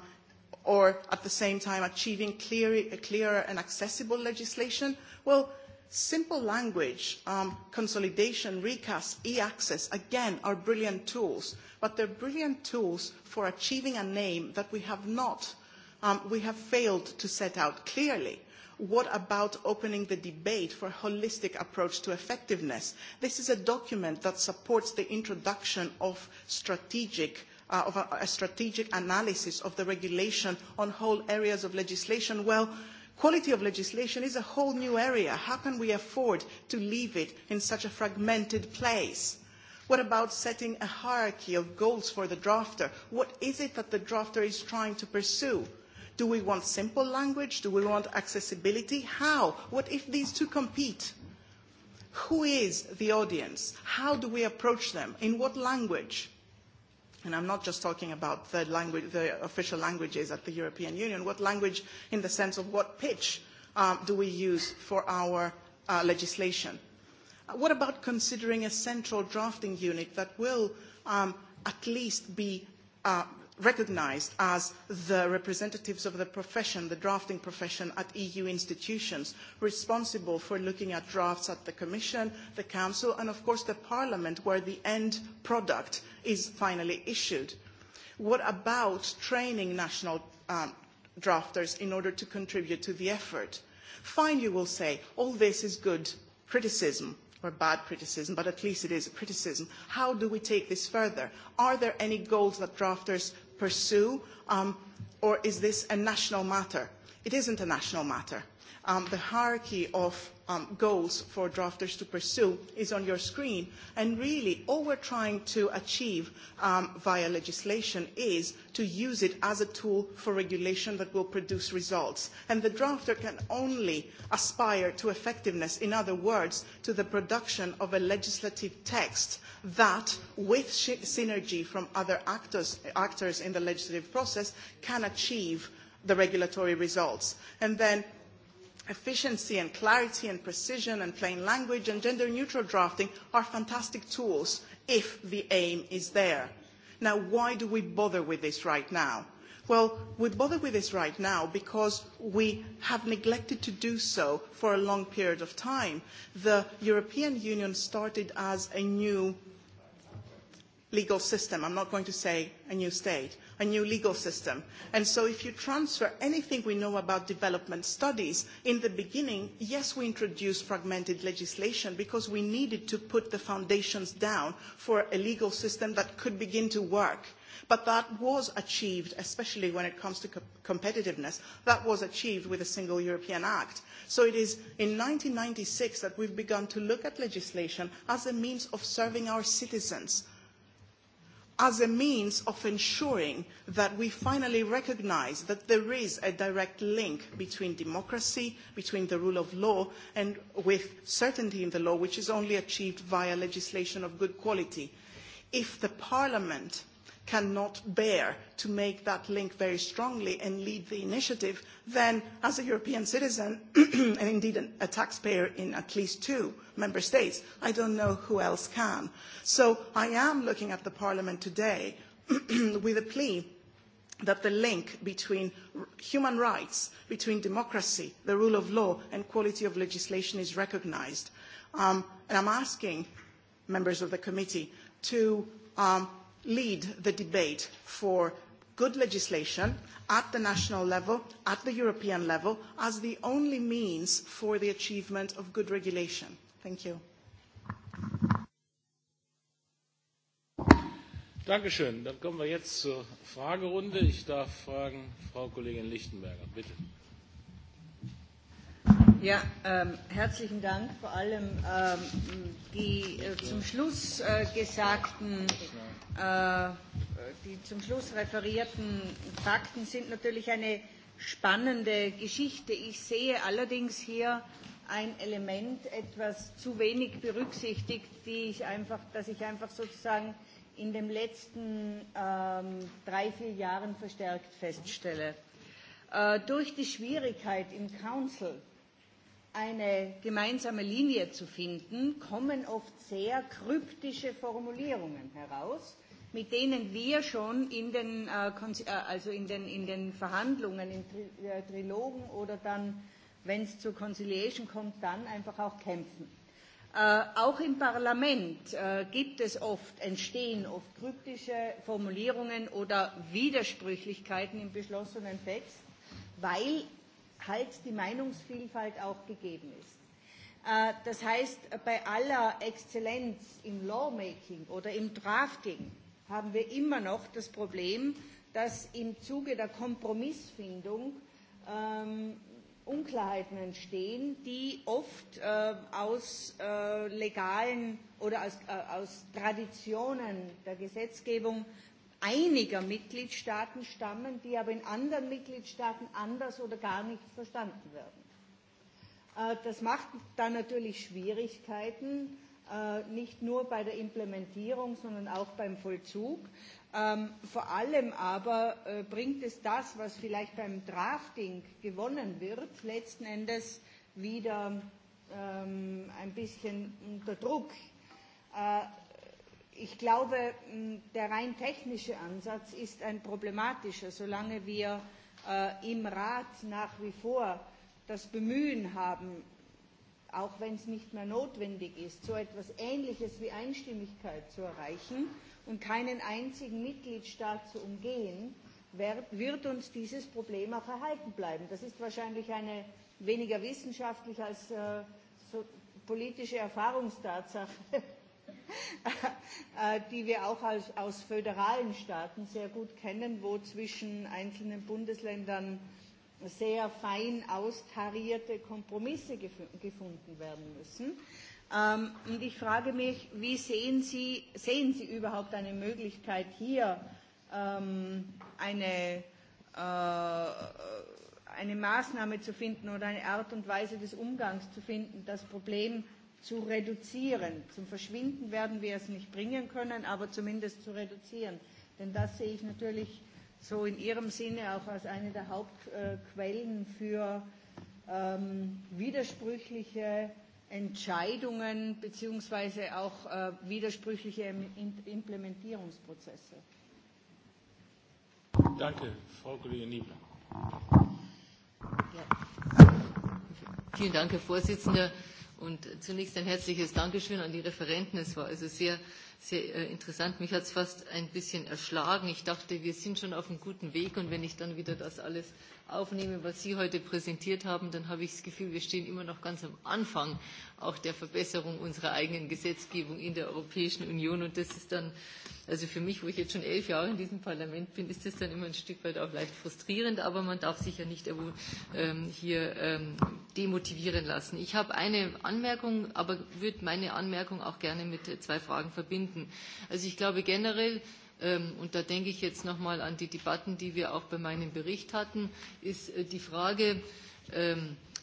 or at the same time achieving clear, clearer and accessible legislation, well, Simple language, um, consolidation, recast, e-access, again, are brilliant tools, but they're brilliant tools for achieving a name that we have not, um, we have failed to set out clearly. What about opening the debate for a holistic approach to effectiveness? This is a document that supports the introduction of strategic of a, strategic analysis of the regulation on whole areas of legislation. Well, Quality of legislation is a whole new area. How can we afford to leave it in such a fragmented place? What about setting a hierarchy of goals for the drafter? What is it that the drafter is trying to pursue? Do we want simple language? Do we want accessibility? How? What if these two compete? Who is the audience? How do we approach them? In what language? And I'm not just talking about the language, the official languages at the European Union. What language in the sense of what pitch um, do we use for our uh, legislation? What about considering a central drafting unit that will um, at least be uh, recognised as the representatives of the profession, the drafting profession at EU institutions, responsible for looking at drafts at the Commission, the Council, and of course the Parliament, where the end product is finally issued. What about training national drafters in order to contribute to the effort? Fine, you will say, all this is good criticism or bad criticism, but at least it is a criticism. How do we take this further? Are there any goals that drafters pursue, um, or is this a national matter? It isn't a national matter. Um, the hierarchy of um, goals for drafters to pursue is on your screen. And really, all we're trying to achieve um, via legislation is to use it as a tool for regulation that will produce results. And the drafter can only aspire to effectiveness, in other words, to the production of a legislative text that, with synergy from other actors, actors in the legislative process, can achieve the regulatory results. And then efficiency and clarity and precision and plain language and gender neutral drafting are fantastic tools if the aim is there. Now, why do we bother with this right now? Well, we bother with this right now because we have neglected to do so for a long period of time. The European Union started as a new legal system. I'm not going to say a new state, a new legal system. And so if you transfer anything we know about development studies, in the beginning, yes, we introduced fragmented legislation because we needed to put the foundations down for a legal system that could begin to work. But that was achieved, especially when it comes to competitiveness, that was achieved with a single European Act. So it is in ninety six that we have begun to look at legislation as a means of serving our citizens, as a means of ensuring that we finally recognise that there is a direct link between democracy, between the rule of law, and with certainty in the law, which is only achieved via legislation of good quality. If the Parliament cannot bear to make that link very strongly and lead the initiative, then as a European citizen, and indeed a taxpayer in at least two member states, I don't know who else can. So I am looking at the Parliament today with a plea that the link between human rights, between democracy, the rule of law, and quality of legislation is recognised. and I am asking members of the committee to lead the debate for good legislation at the national level, at the European level, as the only means for the achievement of good regulation. Thank you. Dankeschön. Dann kommen wir jetzt zur Fragerunde. Ich darf fragen, Frau Kollegin Lichtenberger, bitte. Ja, ähm, herzlichen Dank. Vor allem ähm, die äh, zum Schluss äh, gesagten, äh, die zum Schluss referierten Fakten sind natürlich eine spannende Geschichte. Ich sehe allerdings hier ein Element etwas zu wenig berücksichtigt, die ich einfach, das ich einfach sozusagen in den letzten ähm, drei, vier Jahren verstärkt feststelle. Äh, durch die Schwierigkeit im Council eine gemeinsame Linie zu finden, kommen oft sehr kryptische Formulierungen heraus, mit denen wir schon in den, also in den, in den Verhandlungen, in Trilogen oder dann, wenn es zur Conciliation kommt, dann einfach auch kämpfen. Auch im Parlament gibt es oft, entstehen oft kryptische Formulierungen oder Widersprüchlichkeiten im beschlossenen Text, weil halt die Meinungsvielfalt auch gegeben ist. Das heißt, bei aller Exzellenz im Lawmaking oder im Drafting haben wir immer noch das Problem, dass im Zuge der Kompromissfindung Unklarheiten entstehen, die oft aus legalen oder aus, Traditionen der Gesetzgebung einiger Mitgliedstaaten stammen, die aber in anderen Mitgliedstaaten anders oder gar nicht verstanden werden. Das macht dann natürlich Schwierigkeiten, nicht nur bei der Implementierung, sondern auch beim Vollzug. Vor allem aber bringt es das, was vielleicht beim Drafting gewonnen wird, letzten Endes wieder ein bisschen unter Druck ich glaube, der rein technische Ansatz ist ein problematischer, solange wir im Rat nach wie vor das Bemühen haben, auch wenn es nicht mehr notwendig ist, so etwas Ähnliches wie Einstimmigkeit zu erreichen und keinen einzigen Mitgliedstaat zu umgehen, wird uns dieses Problem auch erhalten bleiben. Das ist wahrscheinlich eine weniger wissenschaftliche als politische Erfahrungstatsache die wir auch als, aus föderalen Staaten sehr gut kennen, wo zwischen einzelnen Bundesländern sehr fein austarierte Kompromisse gefunden werden müssen. Ähm, und ich frage mich, wie sehen Sie, sehen Sie überhaupt eine Möglichkeit hier ähm, eine, äh, eine Maßnahme zu finden oder eine Art und Weise des Umgangs zu finden, das Problem zu reduzieren. Zum Verschwinden werden wir es nicht bringen können, aber zumindest zu reduzieren. Denn das sehe ich natürlich so in Ihrem Sinne auch als eine der Hauptquellen für ähm, widersprüchliche Entscheidungen bzw. auch äh, widersprüchliche Implementierungsprozesse. Danke, Frau Kollegin Niebler. Ja. Vielen Dank, Herr Vorsitzender. Und zunächst ein herzliches Dankeschön an die Referenten. Es war also sehr sehr interessant. Mich hat es fast ein bisschen erschlagen. Ich dachte, wir sind schon auf einem guten Weg. Und wenn ich dann wieder das alles aufnehme, was Sie heute präsentiert haben, dann habe ich das Gefühl, wir stehen immer noch ganz am Anfang auch der Verbesserung unserer eigenen Gesetzgebung in der Europäischen Union. Und das ist dann, also für mich, wo ich jetzt schon elf Jahre in diesem Parlament bin, ist das dann immer ein Stück weit auch leicht frustrierend. Aber man darf sich ja nicht hier demotivieren lassen. Ich habe eine Anmerkung, aber würde meine Anmerkung auch gerne mit zwei Fragen verbinden finden. Also ich glaube generell, und da denke ich jetzt nochmal an die Debatten, die wir auch bei meinem Bericht hatten, ist die Frage,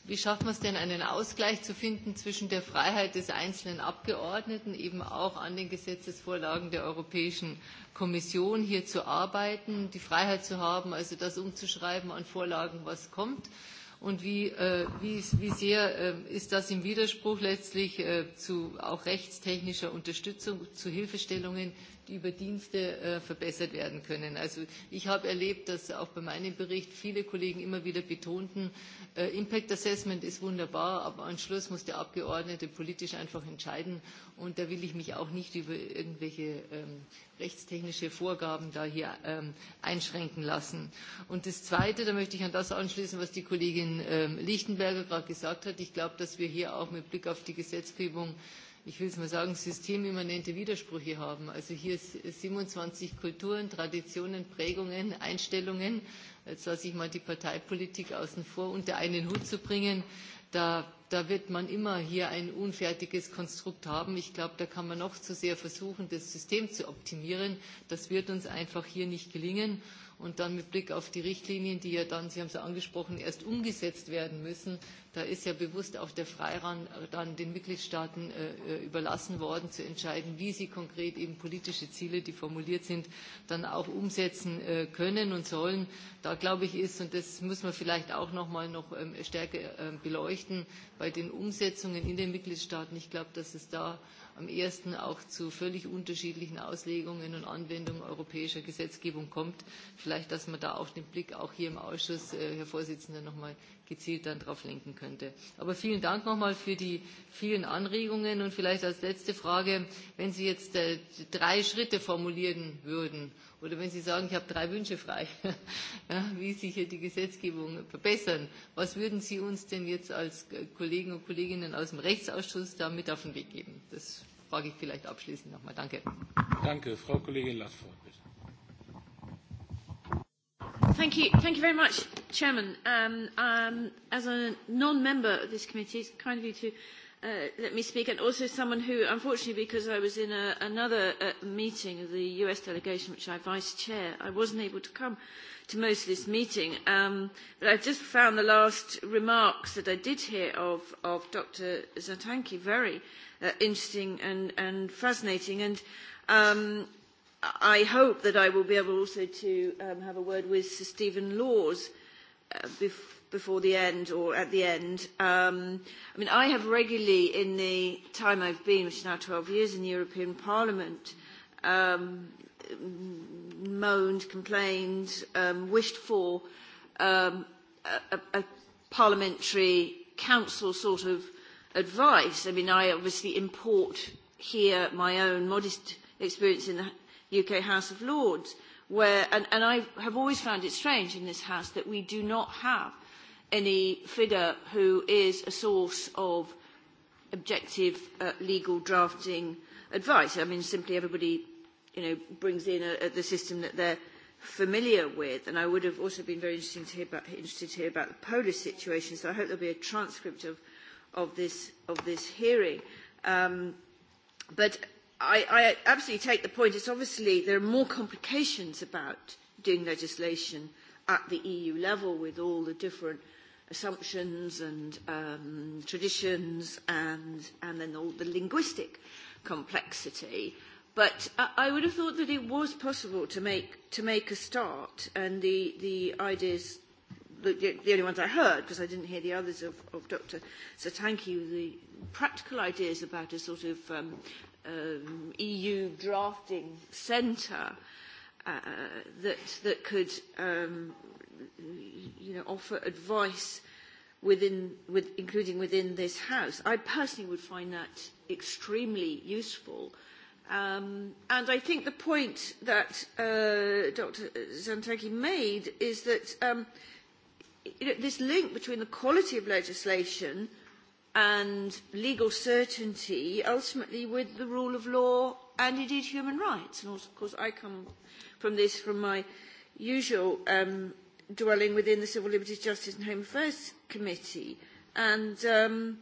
wie schaffen wir es denn, einen Ausgleich zu finden zwischen der Freiheit des einzelnen Abgeordneten, eben auch an den Gesetzesvorlagen der Europäischen Kommission hier zu arbeiten, die Freiheit zu haben, also das umzuschreiben an Vorlagen, was kommt, und wie, wie, wie sehr ist das im Widerspruch letztlich zu auch rechtstechnischer Unterstützung, zu Hilfestellungen, über Dienste verbessert werden können. Also ich habe erlebt, dass auch bei meinem Bericht viele Kollegen immer wieder betonten, Impact Assessment ist wunderbar, aber am Schluss muss der Abgeordnete politisch einfach entscheiden. Und da will ich mich auch nicht über irgendwelche rechtstechnische Vorgaben da hier einschränken lassen. Und das Zweite, da möchte ich an das anschließen, was die Kollegin Lichtenberger gerade gesagt hat. Ich glaube, dass wir hier auch mit Blick auf die Gesetzgebung ich will es mal sagen, systemimmanente Widersprüche haben. Also hier 27 Kulturen, Traditionen, Prägungen, Einstellungen. Jetzt lasse ich mal die Parteipolitik außen vor, unter einen Hut zu bringen. Da, da wird man immer hier ein unfertiges Konstrukt haben. Ich glaube, da kann man noch zu sehr versuchen, das System zu optimieren. Das wird uns einfach hier nicht gelingen und dann mit Blick auf die Richtlinien, die ja dann, Sie haben es angesprochen, erst umgesetzt werden müssen, da ist ja bewusst auch der Freiraum dann den Mitgliedstaaten überlassen worden, zu entscheiden, wie sie konkret eben politische Ziele, die formuliert sind, dann auch umsetzen können und sollen. Da glaube ich ist, und das muss man vielleicht auch noch mal noch stärker beleuchten, bei den Umsetzungen in den Mitgliedstaaten, ich glaube, dass es da am ersten auch zu völlig unterschiedlichen Auslegungen und Anwendungen europäischer Gesetzgebung kommt. Vielleicht, dass man da auch den Blick auch hier im Ausschuss, Herr Vorsitzender, noch mal gezielt dann darauf lenken könnte. Aber vielen Dank nochmal für die vielen Anregungen. Und vielleicht als letzte Frage, wenn Sie jetzt drei Schritte formulieren würden, Oder wenn Sie sagen, ich habe drei Wünsche frei, ja, wie Sie hier die Gesetzgebung verbessern, was würden Sie uns denn jetzt als Kollegen und Kolleginnen aus dem Rechtsausschuss da mit auf den Weg geben? Das frage ich vielleicht abschließend nochmal. Danke. Danke. Frau Kollegin Lassford, Thank you, thank you very much, Chairman. Um, um, as a non-member of this committee, it's kind of you to let me speak, and also someone who, unfortunately, because I was in a, another uh, meeting of the US delegation, which I vice chair, I wasn't able to come to most of this meeting. Um, but I've just found the last remarks that I did hear of, of Dr. Zatanki very uh, interesting and, and fascinating. And um, I hope that I will be able also to um, have a word with Sir Stephen Laws uh, before before the end or at the end. Um, I mean, I have regularly, in the time I've been, which is now 12 years in the European Parliament, um, moaned, complained, um, wished for um, a, a parliamentary council sort of advice. I mean, I obviously import here my own modest experience in the UK House of Lords, where, and, and I have always found it strange in this House that we do not have any figure who is a source of objective uh, legal drafting advice. I mean, simply everybody you know, brings in a, a, the system that they're familiar with. And I would have also been very interesting to hear about, interested to hear about the Polish situation. So I hope there'll be a transcript of, of, this, of this hearing. Um, but I, I absolutely take the point. It's obviously there are more complications about doing legislation at the EU level with all the different – assumptions and um, traditions and, and then all the linguistic complexity. But I, I would have thought that it was possible to make, to make a start, and the, the ideas, the, the only ones I heard, because I didn't hear the others of, of Dr. Satanki, the practical ideas about a sort of um, um, EU drafting centre uh, that, that could um, you know, offer advice within, with, including within this House. I personally would find that extremely useful. Um, and I think the point that uh, Dr. Zantaki made is that um, you know, this link between the quality of legislation and legal certainty, ultimately with the rule of law and indeed human rights. And also, of course, I come from this from my usual um, dwelling within the Civil Liberties, Justice and Home Affairs Committee. And um,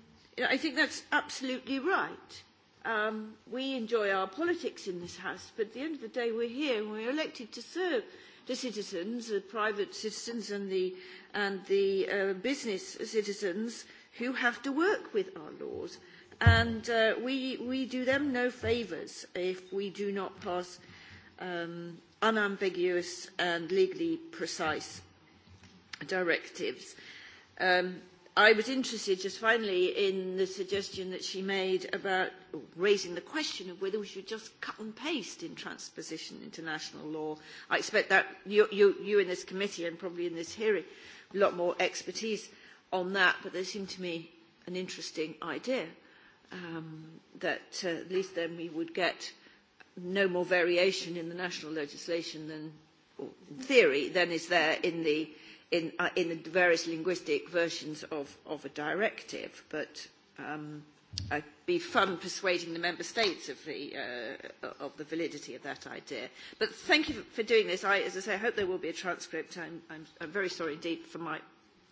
I think that's absolutely right. Um, we enjoy our politics in this House, but at the end of the day, we're here and we're elected to serve the citizens, the private citizens and the, and the uh, business citizens who have to work with our laws. And uh, we, we do them no favours if we do not pass um, unambiguous and legally precise directives. Um, I was interested just finally in the suggestion that she made about raising the question of whether we should just cut and paste in transposition international law. I expect that you, you, you in this committee and probably in this hearing a lot more expertise on that, but they seemed to me an interesting idea um, that uh, at least then we would get no more variation in the national legislation than, or in theory, than is there in the in, uh, in the various linguistic versions of, of a directive, but um, it'd be fun persuading the member states of the, uh, of the validity of that idea. But thank you for doing this. I, as I say, I hope there will be a transcript. I'm, I'm, I'm very sorry indeed for my,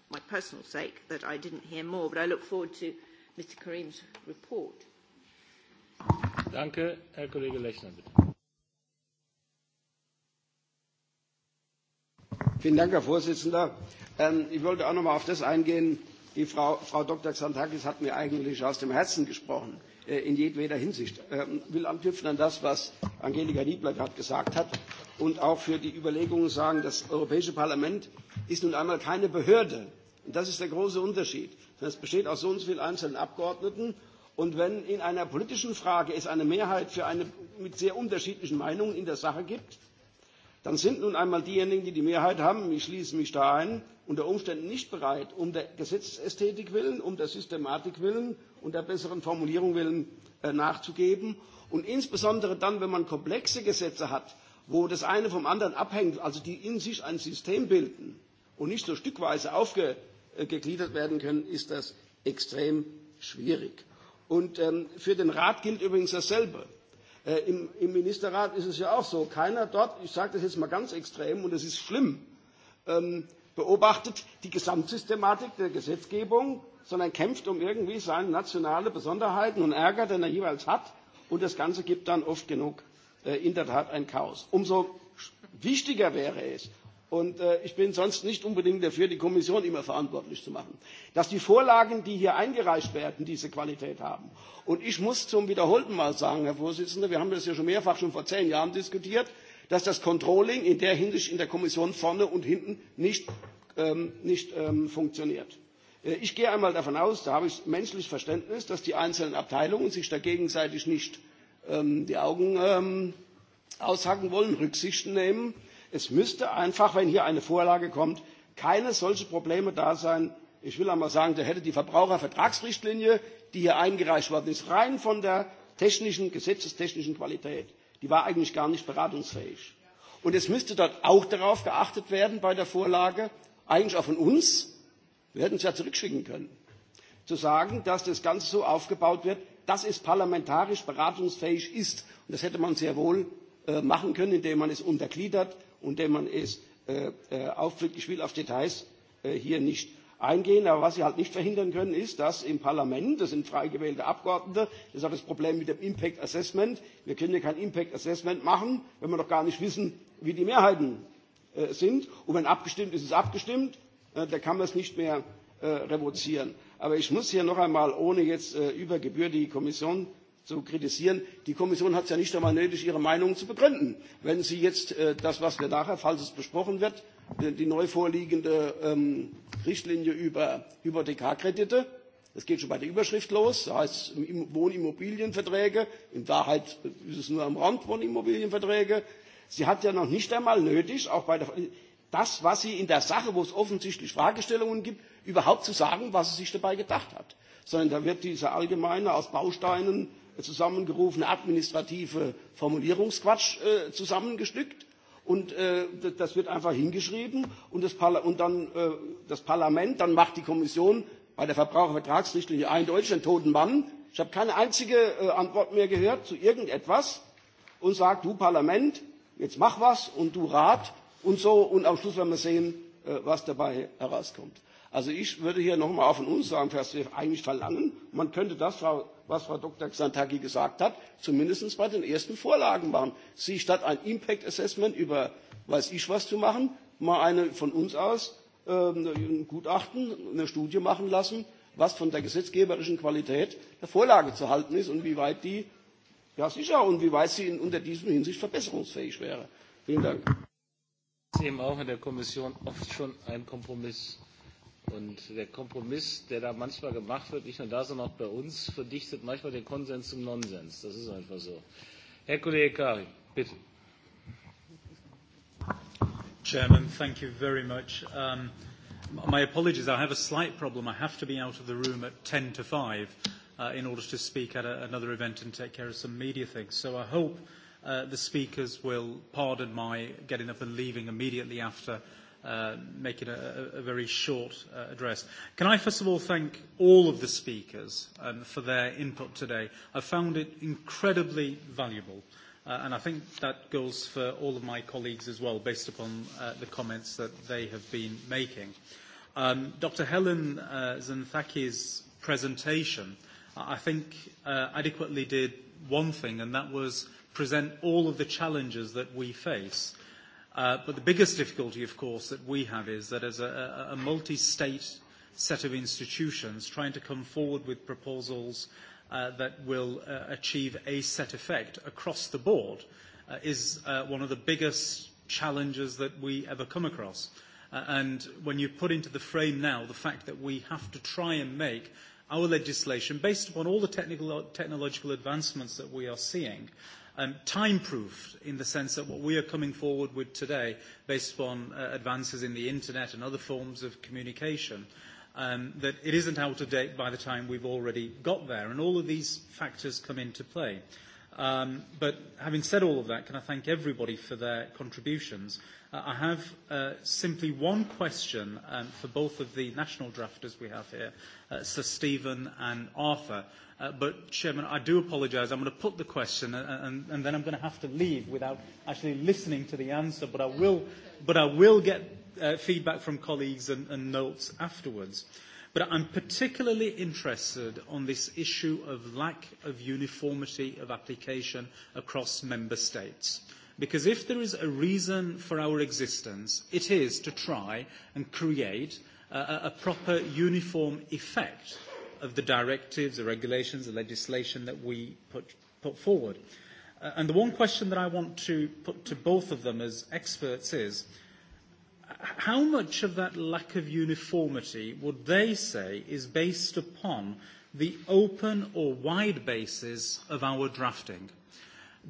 my personal sake that I didn't hear more, but I look forward to Mr. Karim's report. Danke, Herr Kollege Lechner, bitte. Herr Vorsitzender. Ich wollte auch noch mal auf das eingehen. Die Frau, Frau Dr. Xantakis hat mir eigentlich aus dem Herzen gesprochen, in jedweder Hinsicht. Ich will anknüpfen an das, was Angelika Niebler gerade gesagt hat und auch für die Überlegungen sagen, das Europäische Parlament ist nun einmal keine Behörde. Und das ist der große Unterschied. Es besteht aus so und so vielen einzelnen Abgeordneten. Und wenn in einer politischen Frage es eine Mehrheit für eine mit sehr unterschiedlichen Meinungen in der Sache gibt, dann sind nun einmal diejenigen, die die Mehrheit haben, ich schließe mich da ein, unter Umständen nicht bereit, um der Gesetzesästhetik willen, um der Systematik willen und der besseren Formulierung willen nachzugeben. Und insbesondere dann, wenn man komplexe Gesetze hat, wo das eine vom anderen abhängt, also die in sich ein System bilden und nicht so stückweise aufgegliedert werden können, ist das extrem schwierig. Und für den Rat gilt übrigens dasselbe im, Im Ministerrat ist es ja auch so. Keiner dort, ich sage das jetzt mal ganz extrem und es ist schlimm, ähm, beobachtet die Gesamtsystematik der Gesetzgebung, sondern kämpft um irgendwie seine nationale Besonderheiten und Ärger, den er jeweils hat. Und das Ganze gibt dann oft genug äh, in der Tat ein Chaos. Umso wichtiger wäre es, Und ich bin sonst nicht unbedingt dafür, die Kommission immer verantwortlich zu machen. Dass die Vorlagen, die hier eingereicht werden, diese Qualität haben. Und ich muss zum wiederholten Mal sagen, Herr Vorsitzender, wir haben das ja schon mehrfach, schon vor zehn Jahren diskutiert, dass das Controlling in der Hinsicht in der Kommission vorne und hinten nicht, funktioniert. Ich gehe einmal davon aus, da habe ich menschliches Verständnis, dass die einzelnen Abteilungen sich da gegenseitig nicht die Augen aushacken wollen, Rücksicht nehmen es müsste einfach, wenn hier eine Vorlage kommt, keine solchen Probleme da sein. Ich will einmal sagen, da hätte die Verbrauchervertragsrichtlinie, die hier eingereicht worden ist, rein von der technischen, gesetzestechnischen Qualität, die war eigentlich gar nicht beratungsfähig. Und es müsste dort auch darauf geachtet werden bei der Vorlage, eigentlich auch von uns, wir hätten es ja zurückschicken können, zu sagen, dass das Ganze so aufgebaut wird, dass es parlamentarisch beratungsfähig ist. Und das hätte man sehr wohl machen können, indem man es untergliedert und dem man es auftritt. Ich will auf Details hier nicht eingehen. Aber was Sie halt nicht verhindern können, ist, dass im Parlament, das sind frei gewählte Abgeordnete, das ist auch das Problem mit dem Impact Assessment. Wir können ja kein Impact Assessment machen, wenn wir noch gar nicht wissen, wie die Mehrheiten sind. Und wenn abgestimmt ist, ist abgestimmt. Da kann man es nicht mehr revozieren. Aber ich muss hier noch einmal, ohne jetzt über Gebühr die Kommission zu kritisieren. Die Kommission hat es ja nicht einmal nötig, ihre Meinung zu begründen. Wenn sie jetzt das, was wir nachher, falls es besprochen wird, die neu vorliegende Richtlinie über Hypothekarkredite, das geht schon bei der Überschrift los, da heißt es Wohnimmobilienverträge, in Wahrheit ist es nur am Rand Wohnimmobilienverträge. Sie hat ja noch nicht einmal nötig, auch bei der, das, was sie in der Sache, wo es offensichtlich Fragestellungen gibt, überhaupt zu sagen, was sie sich dabei gedacht hat. Sondern da wird diese allgemeine aus Bausteinen zusammengerufene administrative Formulierungsquatsch zusammengestückt. Und das wird einfach hingeschrieben und, das und dann das Parlament, dann macht die Kommission bei der Verbrauchervertragsrichtlinie eindeutig einen toten Mann. Ich habe keine einzige Antwort mehr gehört zu irgendetwas und sagt, du Parlament, jetzt mach was und du Rat und so und am Schluss werden wir sehen, was dabei herauskommt. Also ich würde hier nochmal auf ein Unsachperspektiv eigentlich verlangen, man könnte das, was Frau Dr. Xantaki gesagt hat, zumindest bei den ersten Vorlagen machen. Sie statt ein Impact Assessment über weiß ich was zu machen, mal eine von uns aus ein Gutachten, eine Studie machen lassen, was von der gesetzgeberischen Qualität der Vorlage zu halten ist und wie weit die, ja sicher, und wie weit sie in, unter diesem Hinsicht verbesserungsfähig wäre. Vielen Dank. Sie haben auch in der Kommission oft schon einen Kompromiss Und der Kompromiss, der da manchmal gemacht wird, nicht nur da, sondern auch bei uns, verdichtet manchmal den Konsens zum Nonsens. Das ist einfach so. Herr Kollege Kari, bitte. Chairman, thank you very much. Um, my apologies, I have a slight problem. I have to be out of the room at 10 to 5 uh, in order to speak at a, another event and take care of some media things. So I hope uh, the speakers will pardon my getting up and leaving immediately after make it a, a very short uh, address. Can I first of all thank all of the speakers um, for their input today? I found it incredibly valuable. Uh, and I think that goes for all of my colleagues as well, based upon uh, the comments that they have been making. Um, Dr. Helen uh, Zanthaki's presentation, I think, uh, adequately did one thing, and that was present all of the challenges that we face But the biggest difficulty, of course, that we have is that as a, a multi-state set of institutions trying to come forward with proposals that will achieve a set effect across the board is uh, one of the biggest challenges that we ever come across. and when you put into the frame now the fact that we have to try and make our legislation, based upon all the technical, technological advancements that we are seeing, um, time-proofed in the sense that what we are coming forward with today, based upon uh, advances in the internet and other forms of communication, um, that it isn't out of date by the time we've already got there. And all of these factors come into play. Um, but having said all of that, can I thank everybody for their contributions? Uh, I have uh, simply one question um, for both of the national drafters we have here, uh, Sir Stephen and Arthur. Uh, but, Chairman, I do apologise. I'm going to put the question, and, and then I'm going to have to leave without actually listening to the answer. But I will, but I will get uh, feedback from colleagues and, and notes afterwards. Uh, But I'm particularly interested on this issue of lack of uniformity of application across member states. Because if there is a reason for our existence, it is to try and create a, a proper uniform effect of the directives, the regulations, the legislation that we put, put forward. and the one question that I want to put to both of them as experts is, uh, how much of that lack of uniformity would they say is based upon the open or wide basis of our drafting?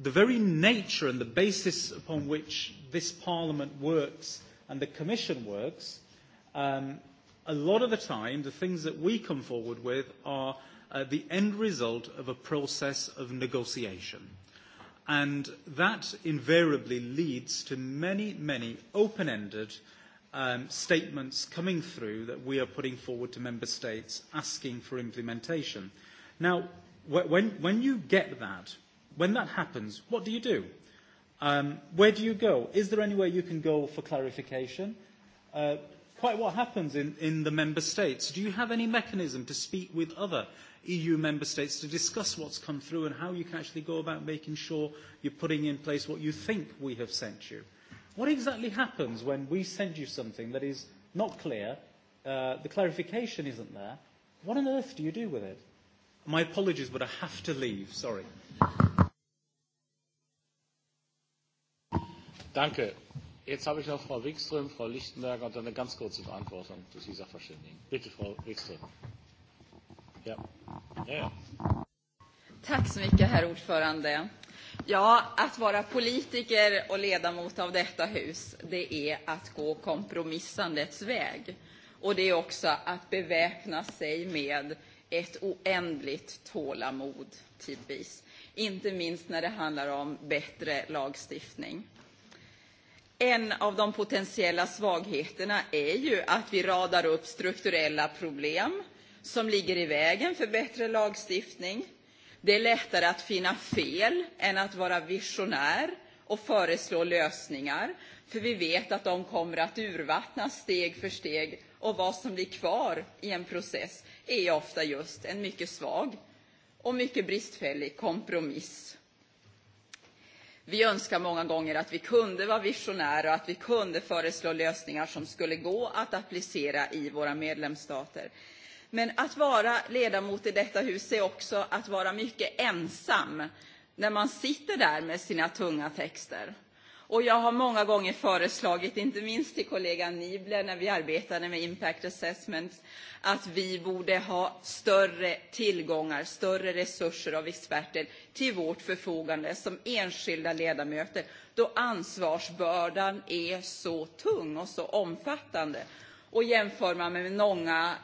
The very nature and the basis upon which this Parliament works and the Commission works, um, a lot of the time, the things that we come forward with are uh, the end result of a process of negotiation. And that invariably leads to many, many open ended um, statements coming through that we are putting forward to member states asking for implementation. Now, when, when you get that, when that happens, what do you do? Um, where do you go? Is there anywhere you can go for clarification? Uh, quite what happens in, in the member states? Do you have any mechanism to speak with other EU member states to discuss what's come through and how you can actually go about making sure you're putting in place what you think we have sent you. What exactly happens when we send you something that is not clear, uh, the clarification isn't there? What on earth do you do with it? My apologies, but I have to leave. Sorry. Danke. Jetzt habe ich noch Frau Wikström, Frau Lichtenberger und eine ganz kurze Beantwortung durch die Sachverständigen. Bitte, Frau Wikström. Tack så mycket, herr ordförande. Ja, att vara politiker och ledamot av detta hus, det är att gå kompromissandets väg. Och det är också att beväpna sig med ett oändligt tålamod tidvis. Inte minst när det handlar om bättre lagstiftning. En av de potentiella svagheterna är ju att vi radar upp strukturella problem som ligger i vägen för bättre lagstiftning. Det är lättare att finna fel än att vara visionär och föreslå lösningar, för vi vet att de kommer att urvattnas steg för steg och vad som blir kvar i en process är ofta just en mycket svag och mycket bristfällig kompromiss. Vi önskar många gånger att vi kunde vara visionära och att vi kunde föreslå lösningar som skulle gå att applicera i våra medlemsstater. Men att vara ledamot i detta hus är också att vara mycket ensam när man sitter där med sina tunga texter. Och jag har många gånger föreslagit, inte minst till kollegan Nibler när vi arbetade med impact assessments, att vi borde ha större tillgångar, större resurser av experter till vårt förfogande som enskilda ledamöter då ansvarsbördan är så tung och så omfattande. Och jämför man med många,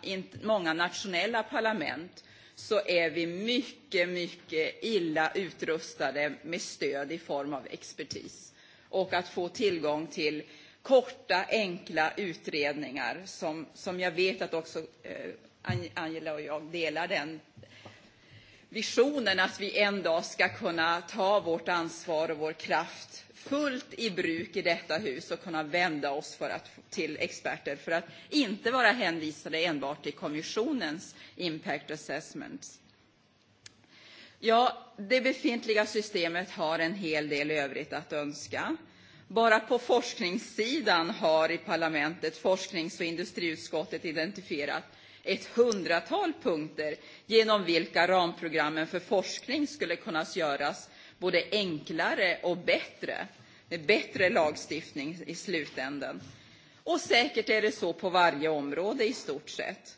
många nationella parlament så är vi mycket, mycket illa utrustade med stöd i form av expertis. Och att få tillgång till korta, enkla utredningar som, som jag vet att också Angela och jag delar den visionen att vi en dag ska kunna ta vårt ansvar och vår kraft fullt i bruk i detta hus och kunna vända oss för att, till experter för att inte vara hänvisade enbart till kommissionens impact assessments. Ja, det befintliga systemet har en hel del övrigt att önska. Bara på forskningssidan har i parlamentet forsknings och industriutskottet identifierat ett hundratal punkter genom vilka ramprogrammen för forskning skulle kunna göras både enklare och bättre, med bättre lagstiftning i slutändan. Och säkert är det så på varje område i stort sett.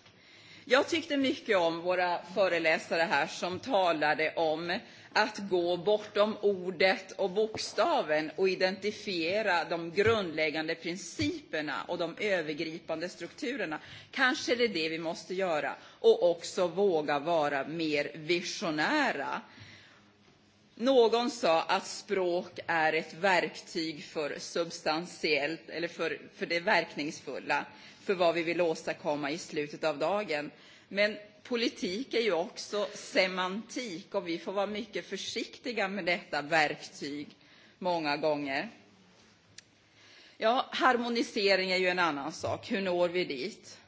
Jag tyckte mycket om våra föreläsare här som talade om att gå bortom ordet och bokstaven och identifiera de grundläggande principerna och de övergripande strukturerna. Kanske det är det vi måste göra och också våga vara mer visionära. Någon sa att språk är ett verktyg för substantiellt eller för, för det verkningsfulla, för vad vi vill åstadkomma i slutet av dagen. Men politik är ju också semantik och vi får vara mycket försiktiga med detta verktyg många gånger. Ja, harmonisering är ju en annan sak. Hur når vi dit?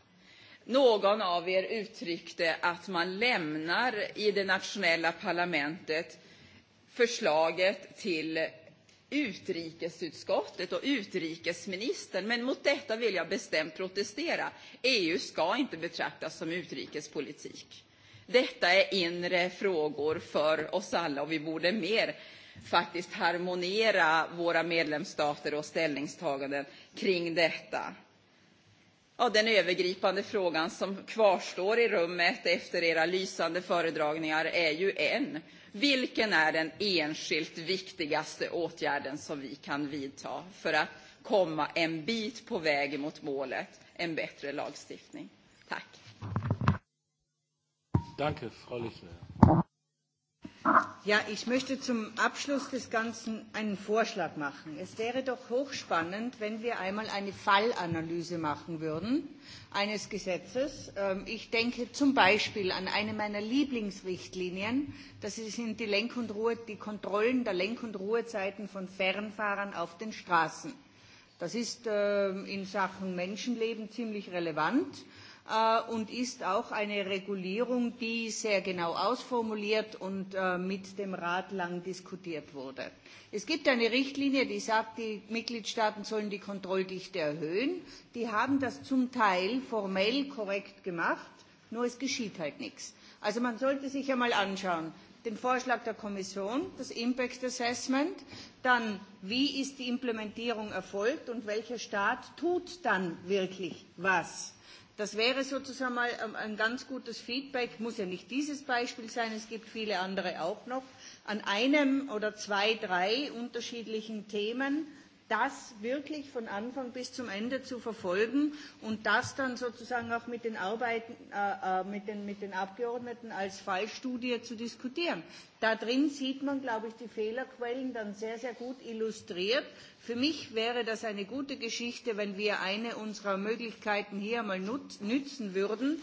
Någon av er uttryckte att man lämnar i det nationella parlamentet förslaget till utrikesutskottet och utrikesministern, men mot detta vill jag bestämt protestera. EU ska inte betraktas som utrikespolitik. Detta är inre frågor för oss alla och vi borde mer faktiskt harmonera våra medlemsstater och ställningstaganden kring detta. Ja, den övergripande frågan som kvarstår i rummet efter era lysande föredragningar är ju en. Vilken är den enskilt viktigaste åtgärden som vi kan vidta för att komma en bit på väg mot målet, en bättre lagstiftning? Tack. Danke, Frau Lichner. Ja, ich möchte zum Abschluss des Ganzen einen Vorschlag machen. Es wäre doch hochspannend, wenn wir einmal eine Fallanalyse machen würden eines Gesetzes. Ich denke zum Beispiel an eine meiner Lieblingsrichtlinien. Das sind die, Lenk und Ruhe, die Kontrollen der Lenk- und Ruhezeiten von Fernfahrern auf den Straßen. Das ist in Sachen Menschenleben ziemlich relevant und ist auch eine Regulierung, die sehr genau ausformuliert und mit dem Rat lang diskutiert wurde. Es gibt eine Richtlinie, die sagt, die Mitgliedstaaten sollen die Kontrolldichte erhöhen. Die haben das zum Teil formell korrekt gemacht, nur es geschieht halt nichts. Also man sollte sich einmal anschauen, den Vorschlag der Kommission, das Impact Assessment, dann wie ist die Implementierung erfolgt und welcher Staat tut dann wirklich was Das wäre sozusagen mal ein ganz gutes Feedback, muss ja nicht dieses Beispiel sein, es gibt viele andere auch noch, an einem oder zwei, drei unterschiedlichen Themen das wirklich von Anfang bis zum Ende zu verfolgen und das dann sozusagen auch mit den, Arbeiten, äh, mit den, mit den Abgeordneten als Fallstudie zu diskutieren. Da drin sieht man, glaube ich, die Fehlerquellen dann sehr, sehr gut illustriert. Für mich wäre das eine gute Geschichte, wenn wir eine unserer Möglichkeiten hier mal nützen würden,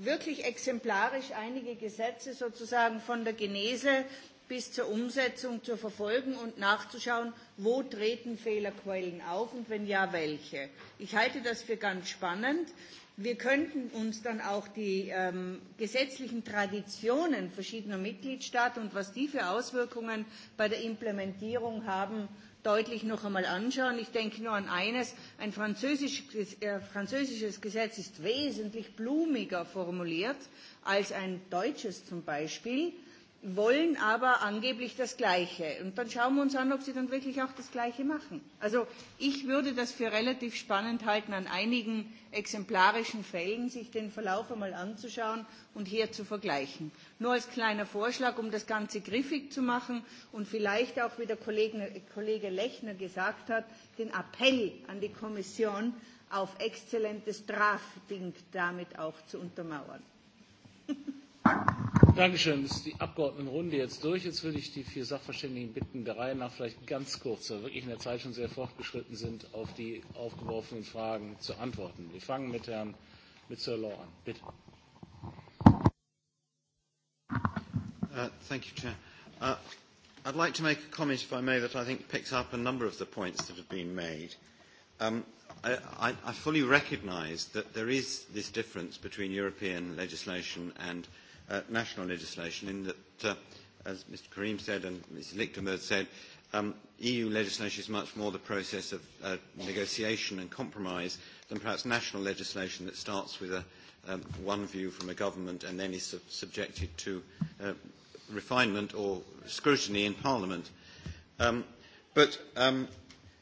wirklich exemplarisch einige Gesetze sozusagen von der Genese bis zur Umsetzung zu verfolgen und nachzuschauen, wo treten Fehlerquellen auf und wenn ja, welche. Ich halte das für ganz spannend. Wir könnten uns dann auch die ähm, gesetzlichen Traditionen verschiedener Mitgliedstaaten und was die für Auswirkungen bei der Implementierung haben, deutlich noch einmal anschauen. Ich denke nur an eines. Ein französisch, äh, französisches Gesetz ist wesentlich blumiger formuliert als ein deutsches zum Beispiel wollen aber angeblich das Gleiche. Und dann schauen wir uns an, ob sie dann wirklich auch das Gleiche machen. Also ich würde das für relativ spannend halten, an einigen exemplarischen Fällen sich den Verlauf einmal anzuschauen und hier zu vergleichen. Nur als kleiner Vorschlag, um das Ganze griffig zu machen und vielleicht auch, wie der Kollege Lechner gesagt hat, den Appell an die Kommission auf exzellentes Drafting damit auch zu untermauern. Thank you. Dankeschön. Ist die Abgeordnetenrunde jetzt durch? Jetzt würde ich die vier Sachverständigen bitten, der Reihe nach vielleicht ganz kurz, weil wir wirklich in der Zeit schon sehr fortgeschritten sind, auf die aufgeworfenen Fragen zu antworten. Wir fangen mit Herrn mit Sir Law an. Bitte. Uh, thank you, Chair. Uh, I'd like to make a comment, if I may, that I think picks up a number of the points that have been made. Um, I, I fully recognise that there is this difference between European legislation and national legislation in that, uh, as Mr Karim said and Ms Lichtenberg said, um, EU legislation is much more the process of uh, negotiation and compromise than perhaps national legislation that starts with a, um, one view from a government and then is sub subjected to uh, refinement or scrutiny in Parliament. Um, but um,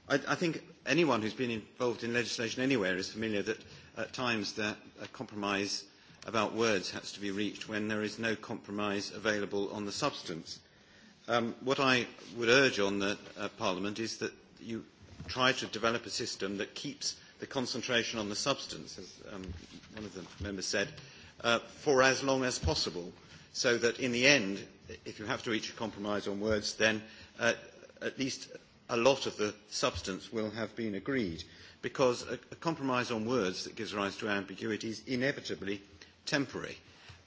I, I think anyone who's been involved in legislation anywhere is familiar that at times the a compromise uh, about words has to be reached when there is no compromise available on the substance. Um, what I would urge on the uh, Parliament is that you try to develop a system that keeps the concentration on the substance, as um, one of the members said, uh, for as long as possible, so that in the end, if you have to reach a compromise on words, then uh, at least a lot of the substance will have been agreed. Because a, a compromise on words that gives rise to ambiguity is inevitably temporary.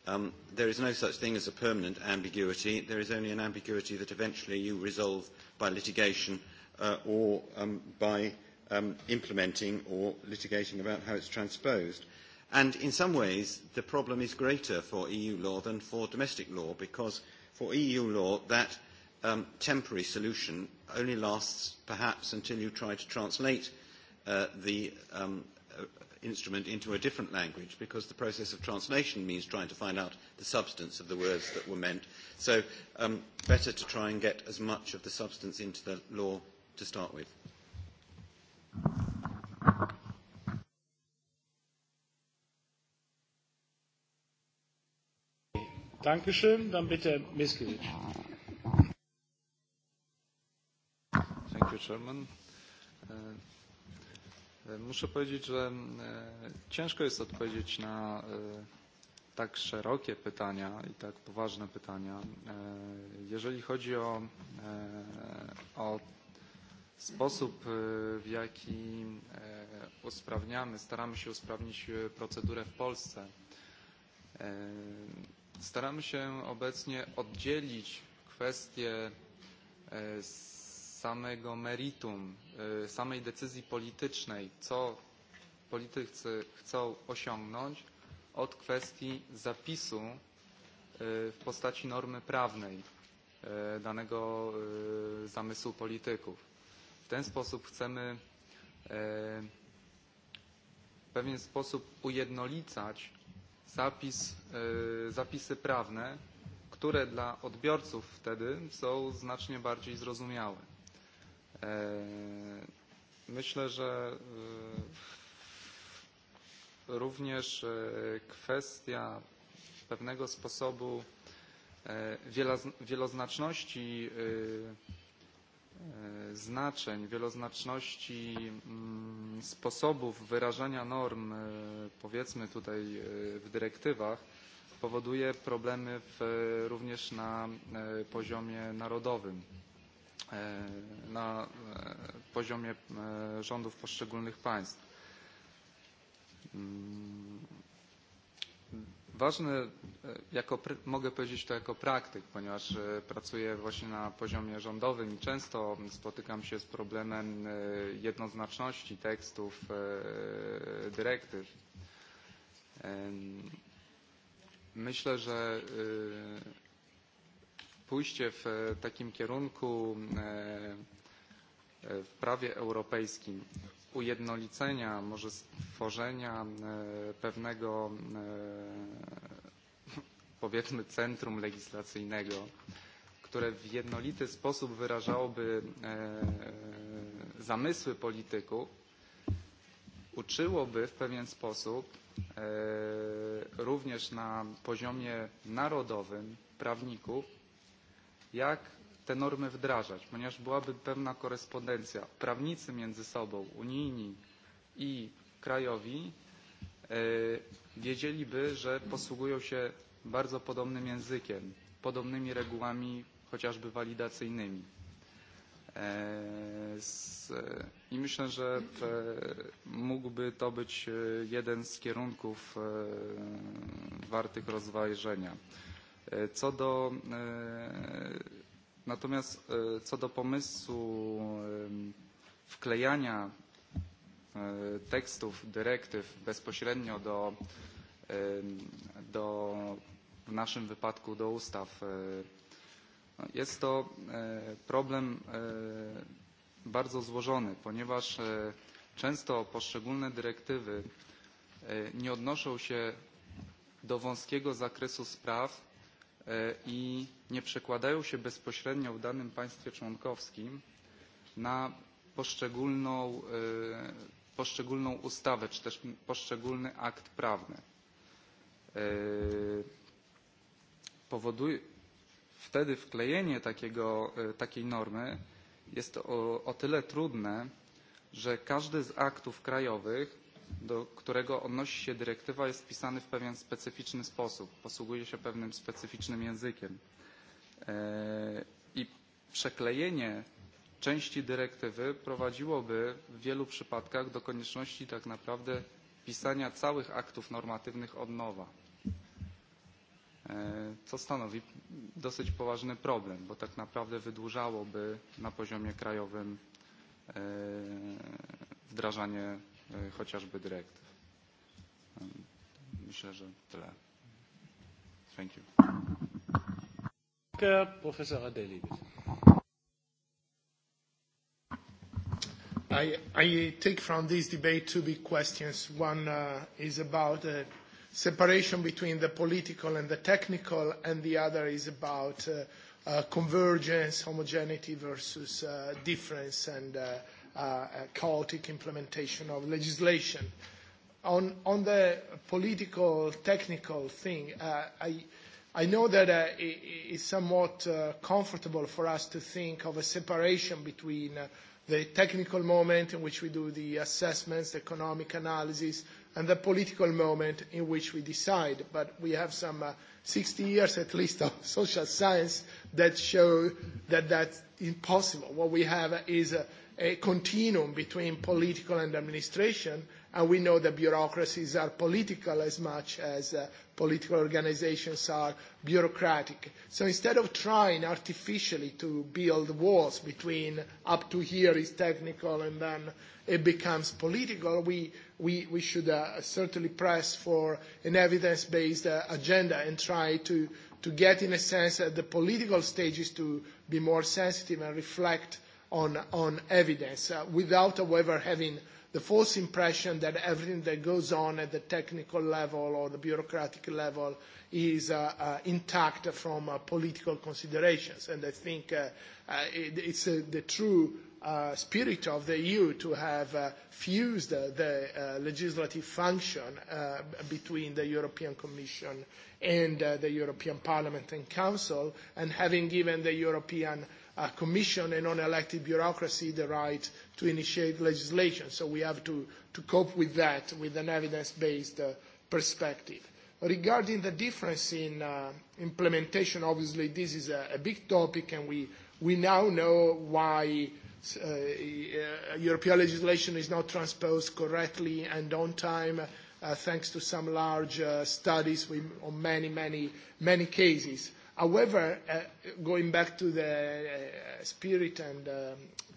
Um, there is no such thing as a permanent ambiguity. There is only an ambiguity that eventually you resolve by litigation uh, or um, by um, implementing or litigating about how it's transposed. And in some ways, the problem is greater for EU law than for domestic law because for EU law, that um, temporary solution only lasts perhaps until you try to translate uh, the um, instrument into a different language because the process of translation means trying to find out the substance of the words that were meant. So um, better to try and get as much of the substance into the law to start with. Dankeschön. Dann bitte Miskiewicz. Thank you, Chairman. Uh, Muszę powiedzieć, że ciężko jest odpowiedzieć na tak szerokie pytania i tak poważne pytania. Jeżeli chodzi o, o sposób, w jaki usprawniamy, staramy się usprawnić procedurę w Polsce, staramy się obecnie oddzielić kwestie z samego meritum, samej decyzji politycznej, co politycy chcą osiągnąć, od kwestii zapisu w postaci normy prawnej danego zamysłu polityków. W ten sposób chcemy w pewien sposób ujednolicać zapis, zapisy prawne, które dla odbiorców wtedy są znacznie bardziej zrozumiałe. Myślę, że również kwestia pewnego sposobu wieloznaczności znaczeń, wieloznaczności sposobów wyrażania norm, powiedzmy tutaj w dyrektywach, powoduje problemy również na poziomie narodowym na poziomie rządów poszczególnych państw. Ważne, jako, mogę powiedzieć to jako praktyk, ponieważ pracuję właśnie na poziomie rządowym i często spotykam się z problemem jednoznaczności tekstów dyrektyw. Myślę, że pójście w takim kierunku w prawie europejskim ujednolicenia, może stworzenia pewnego powiedzmy centrum legislacyjnego, które w jednolity sposób wyrażałoby zamysły polityków, uczyłoby w pewien sposób również na poziomie narodowym prawników jak te normy wdrażać, ponieważ byłaby pewna korespondencja. Prawnicy między sobą, unijni i krajowi, wiedzieliby, że posługują się bardzo podobnym językiem, podobnymi regułami, chociażby walidacyjnymi. I myślę, że mógłby to być jeden z kierunków wartych rozważenia. Co do, natomiast co do pomysłu wklejania tekstów dyrektyw bezpośrednio do, do w naszym wypadku do ustaw. Jest to problem bardzo złożony, ponieważ często poszczególne dyrektywy nie odnoszą się do wąskiego zakresu spraw, i nie przekładają się bezpośrednio w danym państwie członkowskim na poszczególną, poszczególną ustawę czy też poszczególny akt prawny. Powoduje, wtedy wklejenie takiego, takiej normy jest o, o tyle trudne, że każdy z aktów krajowych do którego odnosi się dyrektywa, jest pisany w pewien specyficzny sposób. Posługuje się pewnym specyficznym językiem. I przeklejenie części dyrektywy prowadziłoby w wielu przypadkach do konieczności tak naprawdę pisania całych aktów normatywnych od nowa, co stanowi dosyć poważny problem, bo tak naprawdę wydłużałoby na poziomie krajowym wdrażanie chociażby dyrektyw. Myślę, że tyle. Thank you. Professor Adeli. I, I take from this debate two big questions. One uh, is about uh, separation between the political and the technical, and the other is about uh, uh, convergence, homogeneity versus uh, difference, and uh, chaotic implementation of legislation. On, on the political, technical thing, uh, I, I know that uh, it, it's somewhat uh, comfortable for us to think of a separation between uh, the technical moment in which we do the assessments, the economic analysis, and the political moment in which we decide. But we have some uh, 60 years at least of social science that show that that's impossible. What we have is a, a continuum between political and administration, and we know that bureaucracies are political as much as uh, political organizations are bureaucratic. So instead of trying artificially to build walls between up to here is technical and then it becomes political, we, we, we should uh, certainly press for an evidence-based uh, agenda and try to, to get, in a sense, at the political stages to be more sensitive and reflect – on, on evidence uh, without, however, having the false impression that everything that goes on at the technical level or the bureaucratic level is uh, uh, intact from uh, political considerations. And I think uh, uh, it, it's uh, the true uh, spirit of the EU to have uh, fused the uh, legislative function uh, between the European Commission and uh, the European Parliament and Council, and having given the European uh, commission and non-elected bureaucracy the right to initiate legislation. So we have to, to cope with that with an evidence-based uh, perspective. Regarding the difference in uh, implementation, obviously this is a, a big topic and we, we now know why uh, European legislation is not transposed correctly and on time uh, thanks to some large uh, studies on many, many, many cases. However, uh, going back to the uh, spirit and um,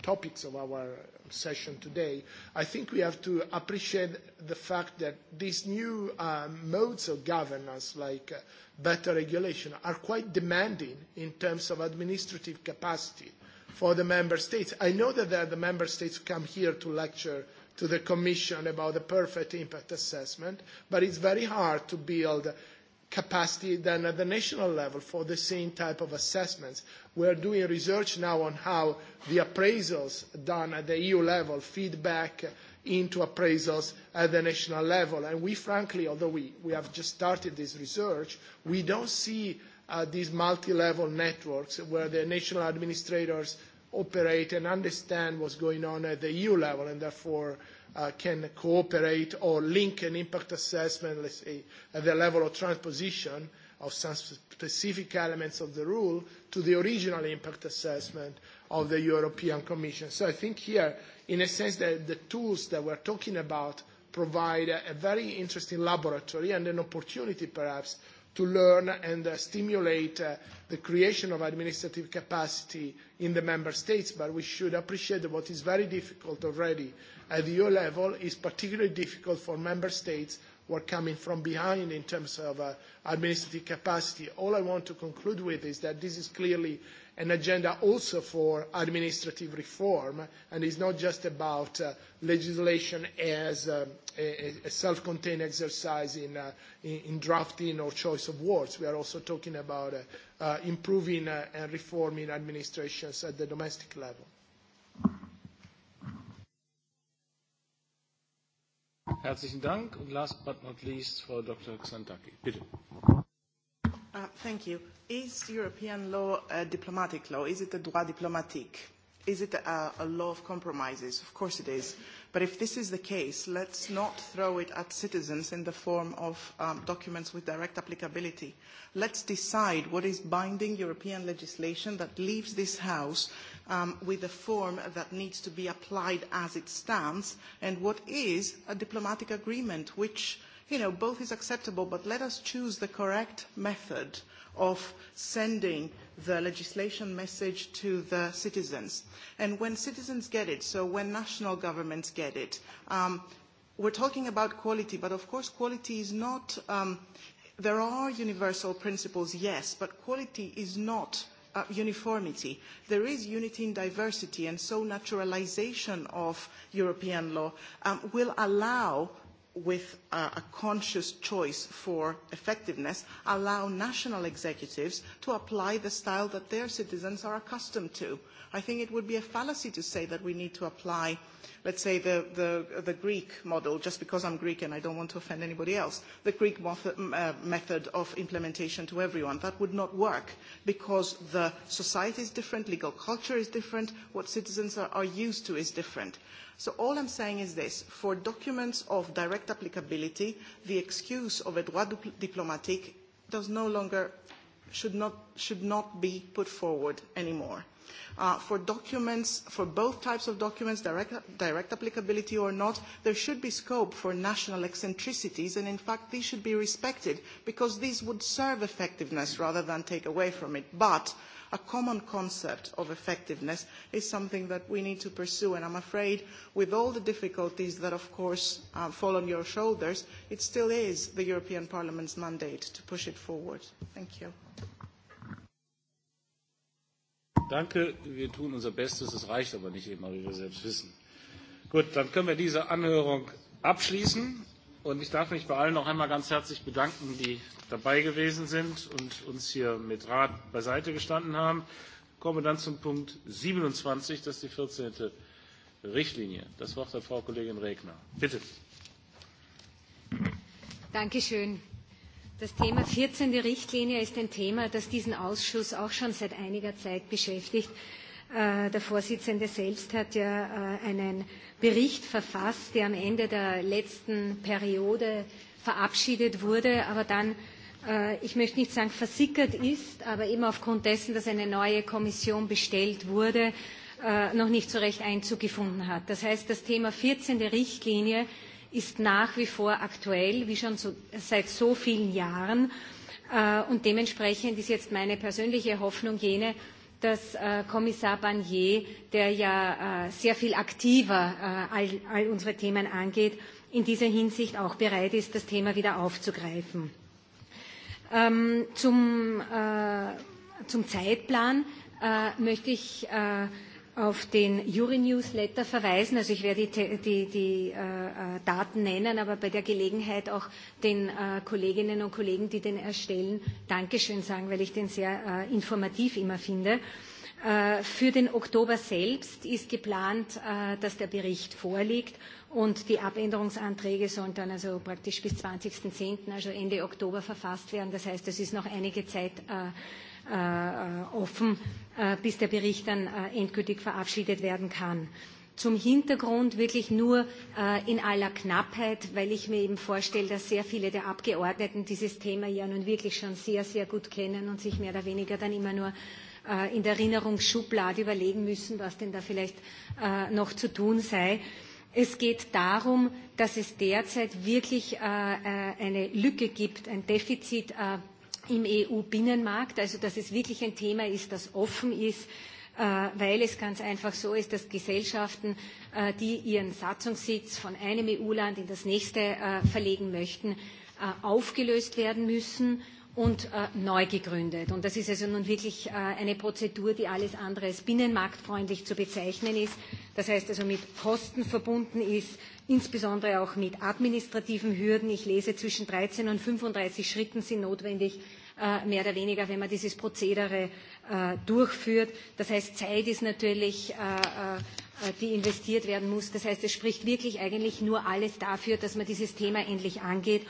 topics of our session today, I think we have to appreciate the fact that these new uh, modes of governance, like uh, better regulation, are quite demanding in terms of administrative capacity for the member states. I know that there are the member states who come here to lecture to the Commission about the perfect impact assessment, but it's very hard to build capacity than at the national level for the same type of assessments. We are doing research now on how the appraisals done at the EU level feed back into appraisals at the national level. And we frankly, although we, we have just started this research, we don't see uh, these multi-level networks where the national administrators operate and understand what's going on at the EU level and therefore can cooperate or link an impact assessment, let's say, at the level of transposition of some specific elements of the rule to the original impact assessment of the European Commission. So I think here, in a sense, that the tools that we're talking about provide a very interesting laboratory and an opportunity, perhaps, to learn and stimulate the creation of administrative capacity in the member states, but we should appreciate what is very difficult already at the EU level is particularly difficult for member states who are coming from behind in terms of uh, administrative capacity. All I want to conclude with is that this is clearly an agenda also for administrative reform, and is not just about uh, legislation as um, a, a self-contained exercise in, uh, in, in drafting or choice of words. We are also talking about uh, uh, improving uh, and reforming administrations at the domestic level. Herzlichen Dank. And last but not least, Frau Dr. Xantaki. Bitte. thank you. Is European law a diplomatic law? Is it a droit diplomatique? Is it a, law of compromises? Of course it is. But if this is the case, let's not throw it at citizens in the form of documents with direct applicability. Let's decide what is binding European legislation that leaves this House um, with a form that needs to be applied as it stands, and what is a diplomatic agreement, which you know, both is acceptable, but let us choose the correct method of sending the legislation message to the citizens. And when citizens get it, so when national governments get it, um, we're talking about quality, but of course quality is not, um, there are universal principles, yes, but quality is not uh, uniformity. There is unity in diversity, and so naturalisation of European law um, will allow with a conscious choice for effectiveness allow national executives to apply the style that their citizens are accustomed to. I think it would be a fallacy to say that we need to apply, let's say, the, the, the Greek model, just because I'm Greek and I don't want to offend anybody else, the Greek method of implementation to everyone. That would not work because the society is different, legal culture is different, what citizens are, are used to is different. So all I'm saying is this, for documents of direct applicability, the excuse of a droit diplomatique does no longer, should not, should not be put forward anymore. Uh, for documents, for both types of documents, direct, direct applicability or not, there should be scope for national eccentricities, and in fact, these should be respected because these would serve effectiveness rather than take away from it. But a common concept of effectiveness is something that we need to pursue. And I'm afraid, with all the difficulties that, of course, fall on your shoulders, it still is the European Parliament's mandate to push it forward. Thank you. Danke. Wir tun unser Bestes. Es reicht aber nicht immer, wie wir selbst wissen. Gut, dann können wir diese Anhörung abschließen. Und ich darf mich bei allen noch einmal ganz herzlich bedanken, die dabei gewesen sind und uns hier mit Rat beiseite gestanden haben. Ich komme dann zum Punkt 27, das ist die 14. Richtlinie. Das Wort hat Frau Kollegin Regner. Bitte. Das Thema 14. Richtlinie ist ein Thema, das diesen Ausschuss auch schon seit einiger Zeit beschäftigt Der Vorsitzende selbst hat ja einen Bericht verfasst, der am Ende der letzten Periode verabschiedet wurde, aber dann, ich möchte nicht sagen versickert ist, aber eben aufgrund dessen, dass eine neue Kommission bestellt wurde, noch nicht so recht Einzug gefunden hat. Das heißt, das Thema 14. Richtlinie ist nach wie vor aktuell, wie schon seit so vielen Jahren. Und dementsprechend ist jetzt meine persönliche Hoffnung jene, dass Kommissar Barnier, der ja sehr viel aktiver all, unsere Themen angeht, in dieser Hinsicht auch bereit ist, das Thema wieder aufzugreifen. zum, Zeitplan möchte ich auf den Jury-Newsletter verweisen. Also ich werde die, die, die äh, Daten nennen, aber bei der Gelegenheit auch den äh, Kolleginnen und Kollegen, die den erstellen, Dankeschön sagen, weil ich den sehr äh, informativ immer finde. Äh, für den Oktober selbst ist geplant, äh, dass der Bericht vorliegt und die Abänderungsanträge sollen dann also praktisch bis 20.10., also Ende Oktober verfasst werden. Das heißt, es ist noch einige Zeit äh, offen, bis der Bericht dann endgültig verabschiedet werden kann zum Hintergrund wirklich nur in aller Knappheit, weil ich mir eben vorstelle, dass sehr viele der Abgeordneten dieses Thema ja nun wirklich schon sehr, sehr gut kennen und sich mehr oder weniger dann immer nur in der Erinnerungsschublade überlegen müssen, was denn da vielleicht noch zu tun sei. Es geht darum, dass es derzeit wirklich eine Lücke gibt, ein Defizit im EU-Binnenmarkt, also dass es wirklich ein Thema ist, das offen ist, weil es ganz einfach so ist, dass Gesellschaften, die ihren Satzungssitz von einem EU-Land in das nächste verlegen möchten, aufgelöst werden müssen und neu gegründet. Und das ist also nun wirklich eine Prozedur, die alles andere als binnenmarktfreundlich zu bezeichnen ist. Das heißt also mit Kosten verbunden ist, insbesondere auch mit administrativen Hürden. Ich lese, zwischen dreizehn und 35 Schritten sind notwendig, mehr oder weniger, wenn man dieses Prozedere durchführt. Das heißt, Zeit ist natürlich, die investiert werden muss. Das heißt, es spricht wirklich eigentlich nur alles dafür, dass man dieses Thema endlich angeht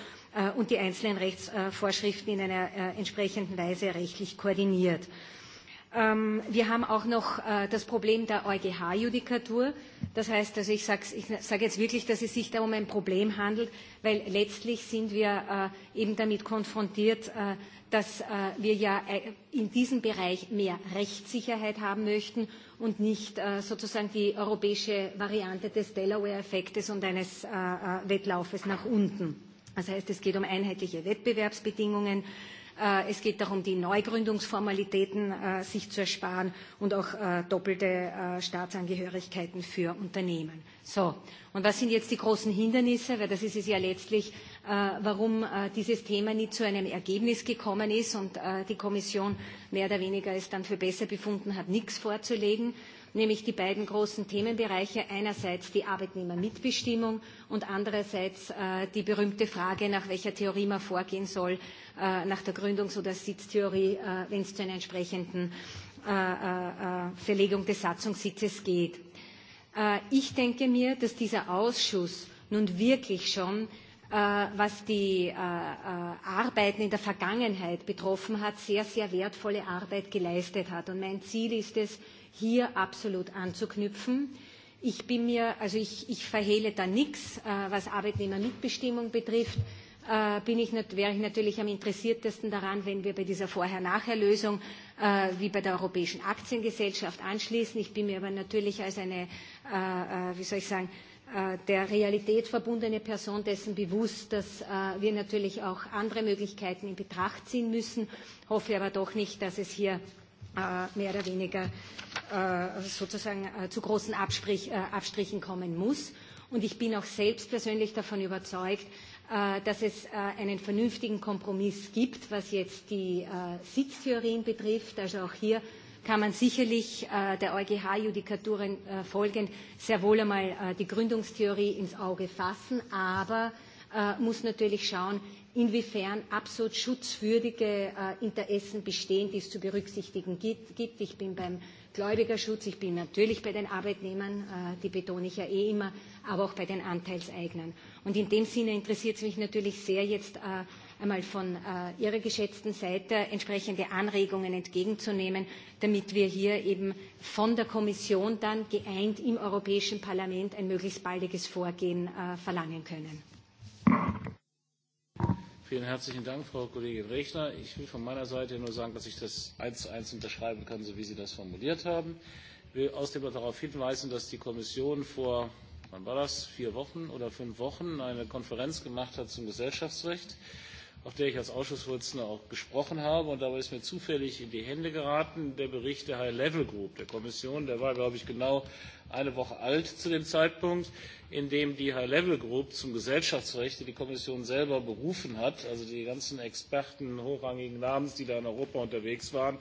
und die einzelnen Rechtsvorschriften in einer entsprechenden Weise rechtlich koordiniert. Wir haben auch noch das Problem der EuGH-Judikatur. Das heißt, also ich sage jetzt wirklich, dass es sich da um ein Problem handelt, weil letztlich sind wir eben damit konfrontiert, dass wir ja in diesem Bereich mehr Rechtssicherheit haben möchten und nicht sozusagen die europäische Variante des Delaware-Effektes und eines Wettlaufes nach unten Das heißt, es geht um einheitliche Wettbewerbsbedingungen, Es geht darum, die Neugründungsformalitäten sich zu ersparen und auch doppelte Staatsangehörigkeiten für Unternehmen. So, und was sind jetzt die großen Hindernisse? Weil das ist es ja letztlich, warum dieses Thema nie zu einem Ergebnis gekommen ist und die Kommission mehr oder weniger es dann für besser befunden hat, nichts vorzulegen nämlich die beiden großen Themenbereiche einerseits die Arbeitnehmermitbestimmung und andererseits die berühmte Frage, nach welcher Theorie man vorgehen soll, nach der Gründungs- oder Sitztheorie, wenn es zu einer entsprechenden Verlegung des Satzungssitzes geht. Ich denke mir, dass dieser Ausschuss nun wirklich schon was die Arbeiten in der Vergangenheit betroffen hat, sehr, sehr wertvolle Arbeit geleistet hat. Und mein Ziel ist es, hier absolut anzuknüpfen. Ich bin mir, also ich, ich verhehle da nichts, was Arbeitnehmermitbestimmung betrifft bin ich, wäre ich natürlich am interessiertesten daran, wenn wir bei dieser Vorher-Nachher-Lösung wie bei der Europäischen Aktiengesellschaft anschließen. Ich bin mir aber natürlich als eine, wie soll ich sagen, der Realität verbundene Person dessen bewusst, dass wir natürlich auch andere Möglichkeiten in Betracht ziehen müssen, hoffe aber doch nicht, dass es hier mehr oder weniger sozusagen zu großen Abstrichen kommen muss. Und ich bin auch selbst persönlich davon überzeugt, dass es einen vernünftigen Kompromiss gibt, was jetzt die Sitztheorien betrifft. Also auch hier kann man sicherlich der EuGH-Judikatur folgend sehr wohl einmal die Gründungstheorie ins Auge fassen, aber muss natürlich schauen, inwiefern absolut schutzwürdige Interessen bestehen, die es zu berücksichtigen gibt. Ich bin beim Gläubigerschutz, ich bin natürlich bei den Arbeitnehmern, die betone ich ja eh immer, aber auch bei den Anteilseignern. Und in dem Sinne interessiert es mich natürlich sehr, jetzt einmal von Ihrer geschätzten Seite entsprechende Anregungen entgegenzunehmen, damit wir hier eben von der Kommission dann geeint im Europäischen Parlament ein möglichst baldiges Vorgehen verlangen können. Vielen herzlichen Dank, Frau Kollegin Rechner. Ich will von meiner Seite nur sagen, dass ich das eins zu eins unterschreiben kann, so wie Sie das formuliert haben. Ich will außerdem darauf hinweisen, dass die Kommission vor, wann war das, vier Wochen oder fünf Wochen eine Konferenz gemacht hat zum Gesellschaftsrecht. Äh, auf der ich als Ausschussvorsitzender auch gesprochen habe. Und dabei ist mir zufällig in die Hände geraten der Bericht der High Level Group der Kommission. Der war, glaube ich, genau eine Woche alt zu dem Zeitpunkt, in dem die High Level Group zum Gesellschaftsrecht, die die Kommission selber berufen hat, also die ganzen Experten hochrangigen Namens, die da in Europa unterwegs waren,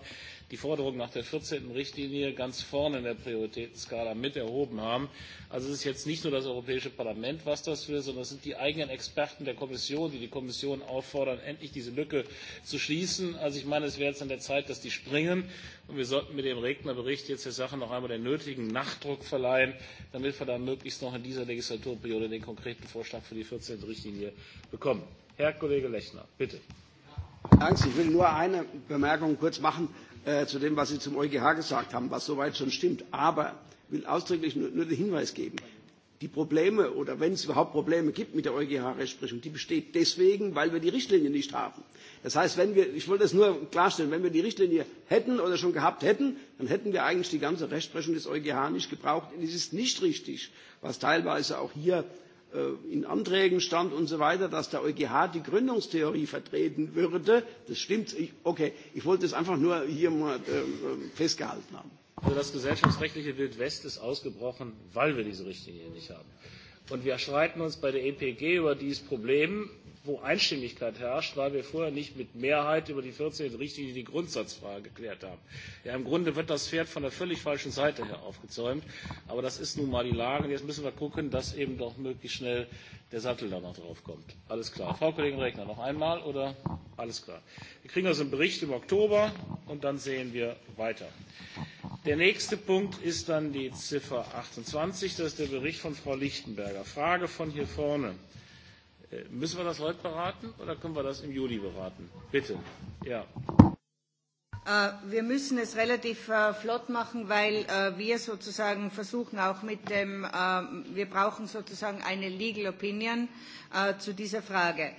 die Forderung nach der 14. Richtlinie ganz vorne in der Prioritätenskala mit erhoben haben. Also es ist jetzt nicht nur das Europäische Parlament, was das will, sondern es sind die eigenen Experten der Kommission, die die Kommission auffordern, endlich diese Lücke zu schließen. Also ich meine, es wäre jetzt an der Zeit, dass die springen. Und wir sollten mit dem Regnerbericht jetzt der Sache noch einmal den nötigen Nachdruck verleihen, damit wir dann möglichst noch in dieser Legislaturperiode den konkreten Vorschlag für die 14. Richtlinie bekommen. Herr Kollege Lechner, bitte. Ich will nur eine Bemerkung kurz machen zu dem, was Sie zum EuGH gesagt haben, was soweit schon stimmt. Aber ich will ausdrücklich nur, den Hinweis geben, die Probleme oder wenn es überhaupt Probleme gibt mit der EuGH-Rechtsprechung, die besteht deswegen, weil wir die Richtlinie nicht haben. Das heißt, wenn wir, ich wollte das nur klarstellen, wenn wir die Richtlinie hätten oder schon gehabt hätten, dann hätten wir eigentlich die ganze Rechtsprechung des EuGH nicht gebraucht. Und es ist nicht richtig, was teilweise auch hier in Anträgen stand und so weiter, dass der EuGH die Gründungstheorie vertreten würde. Das stimmt. Ich, okay, ich wollte es einfach nur hier mal festgehalten haben. Also das gesellschaftsrechtliche Wildwest ist ausgebrochen, weil wir diese Richtlinie nicht haben. Und wir streiten uns bei der EPG über dieses Problem, wo Einstimmigkeit herrscht, weil wir vorher nicht mit Mehrheit über die 14 Richtlinie die Grundsatzfrage geklärt haben. Ja, im Grunde wird das Pferd von der völlig falschen Seite her aufgezäumt. Aber das ist nun mal die Lage. Und jetzt müssen wir gucken, dass eben doch möglichst schnell der Sattel da noch drauf kommt. Alles klar. Frau Kollegin Regner, noch einmal oder? Alles klar. Wir kriegen also einen Bericht im Oktober und dann sehen wir weiter. Der nächste Punkt ist dann die Ziffer 28. Das ist der Bericht von Frau Lichtenberger. Frage von hier vorne. Müssen wir das heute beraten oder können wir das im Juli beraten? Bitte. Ja. Wir müssen es relativ flott machen, weil wir sozusagen versuchen auch mit dem, wir brauchen sozusagen eine Legal Opinion zu dieser Frage.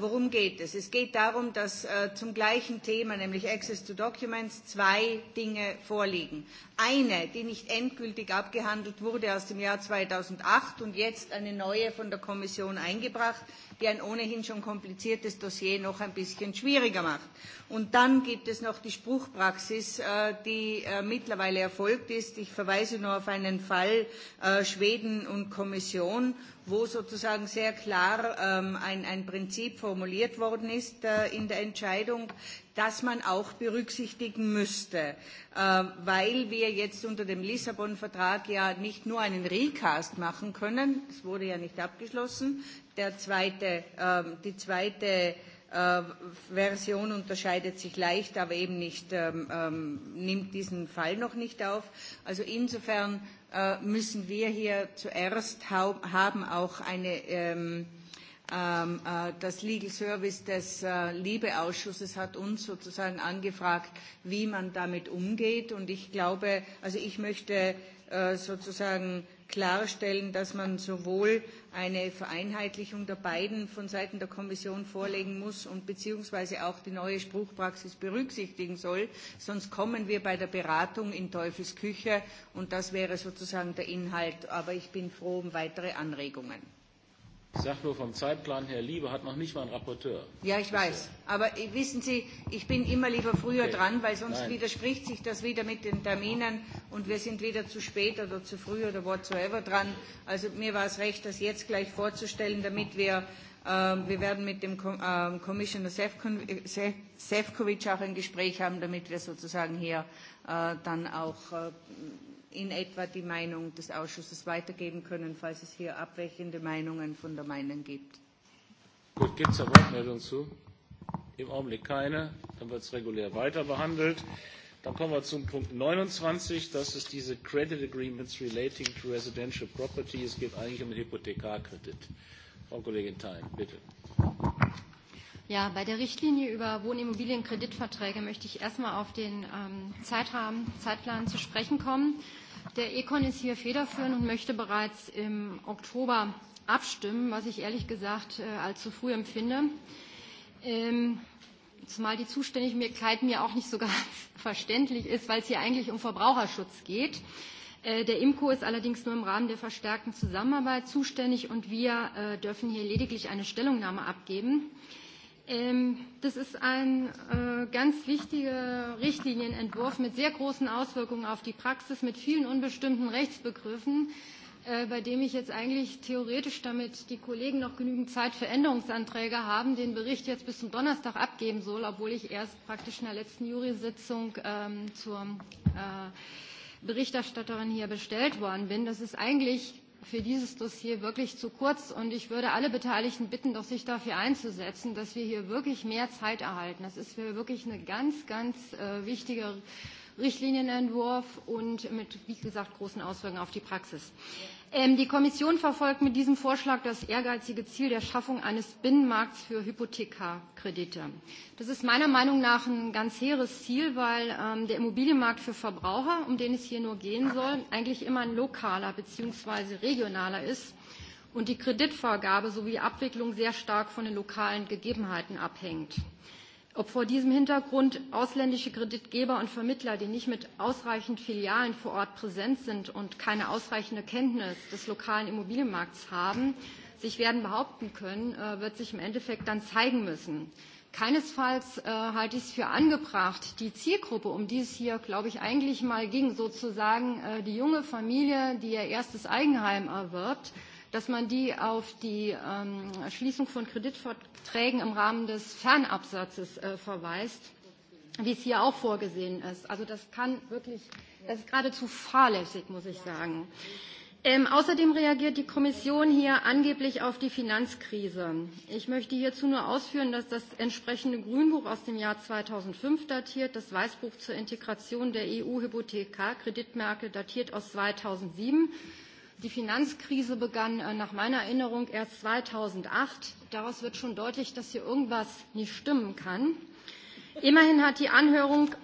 Worum geht es? Es geht darum, dass zum gleichen Thema, nämlich Access to Documents, zwei Dinge vorliegen. Eine, die nicht endgültig abgehandelt wurde aus dem Jahr 2008 und jetzt eine neue von der Kommission eingebracht, die ein ohnehin schon kompliziertes Dossier noch ein bisschen schwieriger macht. Und dann gibt es noch die Spruchpraxis, die mittlerweile erfolgt ist. Ich verweise nur auf einen Fall Schweden und Kommission wo sozusagen sehr klar ein, ein Prinzip formuliert worden ist in der Entscheidung, das man auch berücksichtigen müsste, weil wir jetzt unter dem Lissabon-Vertrag ja nicht nur einen Recast machen können, das wurde ja nicht abgeschlossen, der zweite, die zweite Version unterscheidet sich leicht, aber eben nicht, nimmt diesen Fall noch nicht auf. Also insofern müssen wir hier zuerst haben auch eine das Legal Service des Liebeausschusses hat uns sozusagen angefragt, wie man damit umgeht. Und ich glaube, also ich möchte sozusagen klarstellen, dass man sowohl eine Vereinheitlichung der beiden von Seiten der Kommission vorlegen muss und beziehungsweise auch die neue Spruchpraxis berücksichtigen soll. Sonst kommen wir bei der Beratung in Teufelsküche und das wäre sozusagen der Inhalt. Aber ich bin froh um weitere Anregungen. Ich sage nur vom Zeitplan her, Liebe hat noch nicht mal einen Rapporteur. Ja, ich weiß. Aber wissen Sie, ich bin immer lieber früher okay. dran, weil sonst Nein. widerspricht sich das wieder mit den Terminen und wir sind wieder zu spät oder zu früh oder whatsoever dran. Also mir war es recht, das jetzt gleich vorzustellen, damit wir, äh, wir werden mit dem äh, Commissioner Sefcovic auch ein Gespräch haben, damit wir sozusagen hier äh, dann auch äh, in etwa die Meinung des Ausschusses weitergeben können, falls es hier abweichende Meinungen von der Meinung gibt. Gut, gibt es da Wortmeldungen zu? Im Augenblick keine. Dann wird es regulär weiter behandelt. Dann kommen wir zum Punkt 29. Das ist diese Credit Agreements relating to residential property. Es geht eigentlich um den Hypothekarkredit. Frau Kollegin Thein, bitte. Ja, bei der Richtlinie über Wohnimmobilienkreditverträge möchte ich erstmal auf den ähm, Zeitrahmen, Zeitplan zu sprechen kommen. Der Econ ist hier federführend und möchte bereits im Oktober abstimmen, was ich ehrlich gesagt äh, als zu früh empfinde. Ähm, zumal die Zuständigkeit mir auch nicht so ganz verständlich ist, weil es hier eigentlich um Verbraucherschutz geht. Der IMCO ist allerdings nur im Rahmen der verstärkten Zusammenarbeit zuständig und wir dürfen hier lediglich eine Stellungnahme abgeben. Das ist ein ganz wichtiger Richtlinienentwurf mit sehr großen Auswirkungen auf die Praxis, mit vielen unbestimmten Rechtsbegriffen, bei dem ich jetzt eigentlich theoretisch, damit die Kollegen noch genügend Zeit für Änderungsanträge haben, den Bericht jetzt bis zum Donnerstag abgeben soll, obwohl ich erst praktisch in der letzten Jury-Sitzung zur Berichterstatterin hier bestellt worden bin. Das ist eigentlich für dieses Dossier wirklich zu kurz. Und ich würde alle Beteiligten bitten, doch sich dafür einzusetzen, dass wir hier wirklich mehr Zeit erhalten. Das ist für wirklich eine ganz, ganz äh, wichtige Richtlinienentwurf und mit, wie gesagt, großen Auswirkungen auf die Praxis. Ja. Die Kommission verfolgt mit diesem Vorschlag das ehrgeizige Ziel der Schaffung eines Binnenmarkts für Hypothekarkredite. Das ist meiner Meinung nach ein ganz hehres Ziel, weil der Immobilienmarkt für Verbraucher, um den es hier nur gehen soll, eigentlich immer ein lokaler bzw. regionaler ist und die Kreditvergabe sowie Abwicklung sehr stark von den lokalen Gegebenheiten abhängt. Ob vor diesem Hintergrund ausländische Kreditgeber und Vermittler, die nicht mit ausreichend Filialen vor Ort präsent sind und keine ausreichende Kenntnis des lokalen Immobilienmarkts haben, sich werden behaupten können, wird sich im Endeffekt dann zeigen müssen. Keinesfalls halte ich es für angebracht, die Zielgruppe, um die es hier, glaube ich, eigentlich mal ging, sozusagen die junge Familie, die ihr erstes Eigenheim erwirbt, dass man die auf die ähm, Schließung von Kreditverträgen im Rahmen des Fernabsatzes äh, verweist, wie es hier auch vorgesehen ist. Also das kann wirklich, das ist geradezu fahrlässig, muss ich sagen. Ähm, außerdem reagiert die Kommission hier angeblich auf die Finanzkrise. Ich möchte hierzu nur ausführen, dass das entsprechende Grünbuch aus dem Jahr 2005 datiert, das Weißbuch zur Integration der EU-Hypothekarkreditmärkte datiert aus 2007 Die Finanzkrise begann nach meiner Erinnerung erst 2008. Daraus wird schon deutlich, dass hier irgendwas nicht stimmen kann. Immerhin hat die Anhörung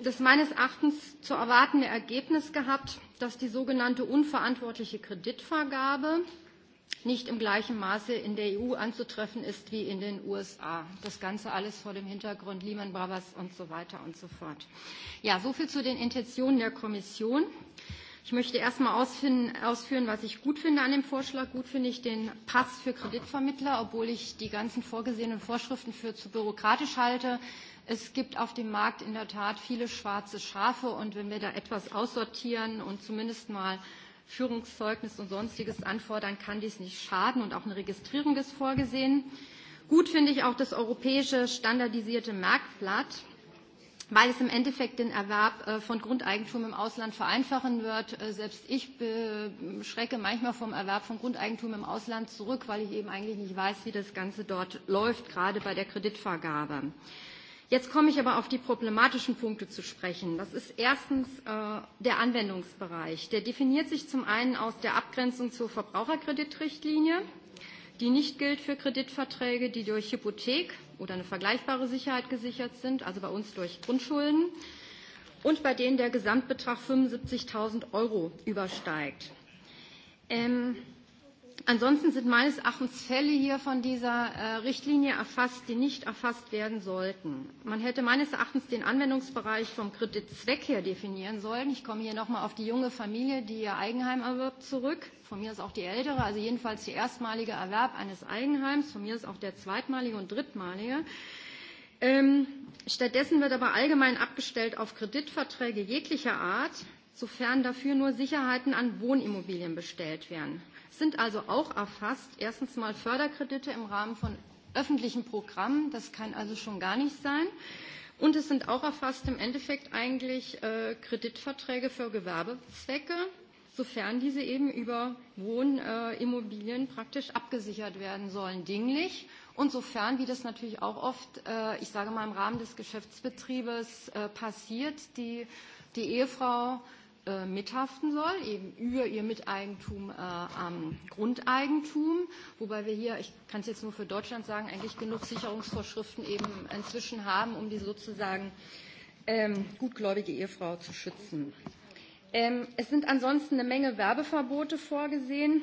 das meines Erachtens zu erwartende Ergebnis gehabt, dass die sogenannte unverantwortliche Kreditvergabe nicht im gleichen Maße in der EU anzutreffen ist wie in den USA. Das Ganze alles vor dem Hintergrund Lehman Brothers und so weiter und so fort. Ja, so viel zu den Intentionen der Kommission. Ich möchte erst einmal ausführen, was ich gut finde an dem Vorschlag. Gut finde ich den Pass für Kreditvermittler, obwohl ich die ganzen vorgesehenen Vorschriften für zu bürokratisch halte. Es gibt auf dem Markt in der Tat viele schwarze Schafe und wenn wir da etwas aussortieren und zumindest mal Führungszeugnis und Sonstiges anfordern, kann dies nicht schaden und auch eine Registrierung ist vorgesehen. Gut finde ich auch das europäische standardisierte Marktblatt weil es im Endeffekt den Erwerb von Grundeigentum im Ausland vereinfachen wird. Selbst ich schrecke manchmal vom Erwerb von Grundeigentum im Ausland zurück, weil ich eben eigentlich nicht weiß, wie das Ganze dort läuft, gerade bei der Kreditvergabe. Jetzt komme ich aber auf die problematischen Punkte zu sprechen. Das ist erstens der Anwendungsbereich. Der definiert sich zum einen aus der Abgrenzung zur Verbraucherkreditrichtlinie. Die nicht gilt für Kreditverträge, die durch Hypothek oder eine vergleichbare Sicherheit gesichert sind, also bei uns durch Grundschulden, und bei denen der Gesamtbetrag 75.000 Euro übersteigt. Ähm, Ansonsten sind meines Erachtens Fälle hier von dieser Richtlinie erfasst, die nicht erfasst werden sollten. Man hätte meines Erachtens den Anwendungsbereich vom Kreditzweck her definieren sollen. Ich komme hier nochmal auf die junge Familie, die ihr Eigenheim erwirbt, zurück. Von mir ist auch die ältere, also jedenfalls der erstmalige Erwerb eines Eigenheims. Von mir ist auch der zweitmalige und drittmalige. stattdessen wird aber allgemein abgestellt auf Kreditverträge jeglicher Art, sofern dafür nur Sicherheiten an Wohnimmobilien bestellt werden sind also auch erfasst. Erstens mal Förderkredite im Rahmen von öffentlichen Programmen. Das kann also schon gar nicht sein. Und es sind auch erfasst im Endeffekt eigentlich äh, Kreditverträge für Gewerbezwecke, sofern diese eben über Wohnimmobilien praktisch abgesichert werden sollen, dinglich. Und sofern, wie das natürlich auch oft, äh, ich sage mal, im Rahmen des Geschäftsbetriebes äh, passiert, die, die Ehefrau mithaften soll, eben über ihr Miteigentum äh, am Grundeigentum, wobei wir hier, ich kann es jetzt nur für Deutschland sagen, eigentlich genug Sicherungsvorschriften eben inzwischen haben, um die sozusagen ähm, gutgläubige Ehefrau zu schützen. Ähm, es sind ansonsten eine Menge Werbeverbote vorgesehen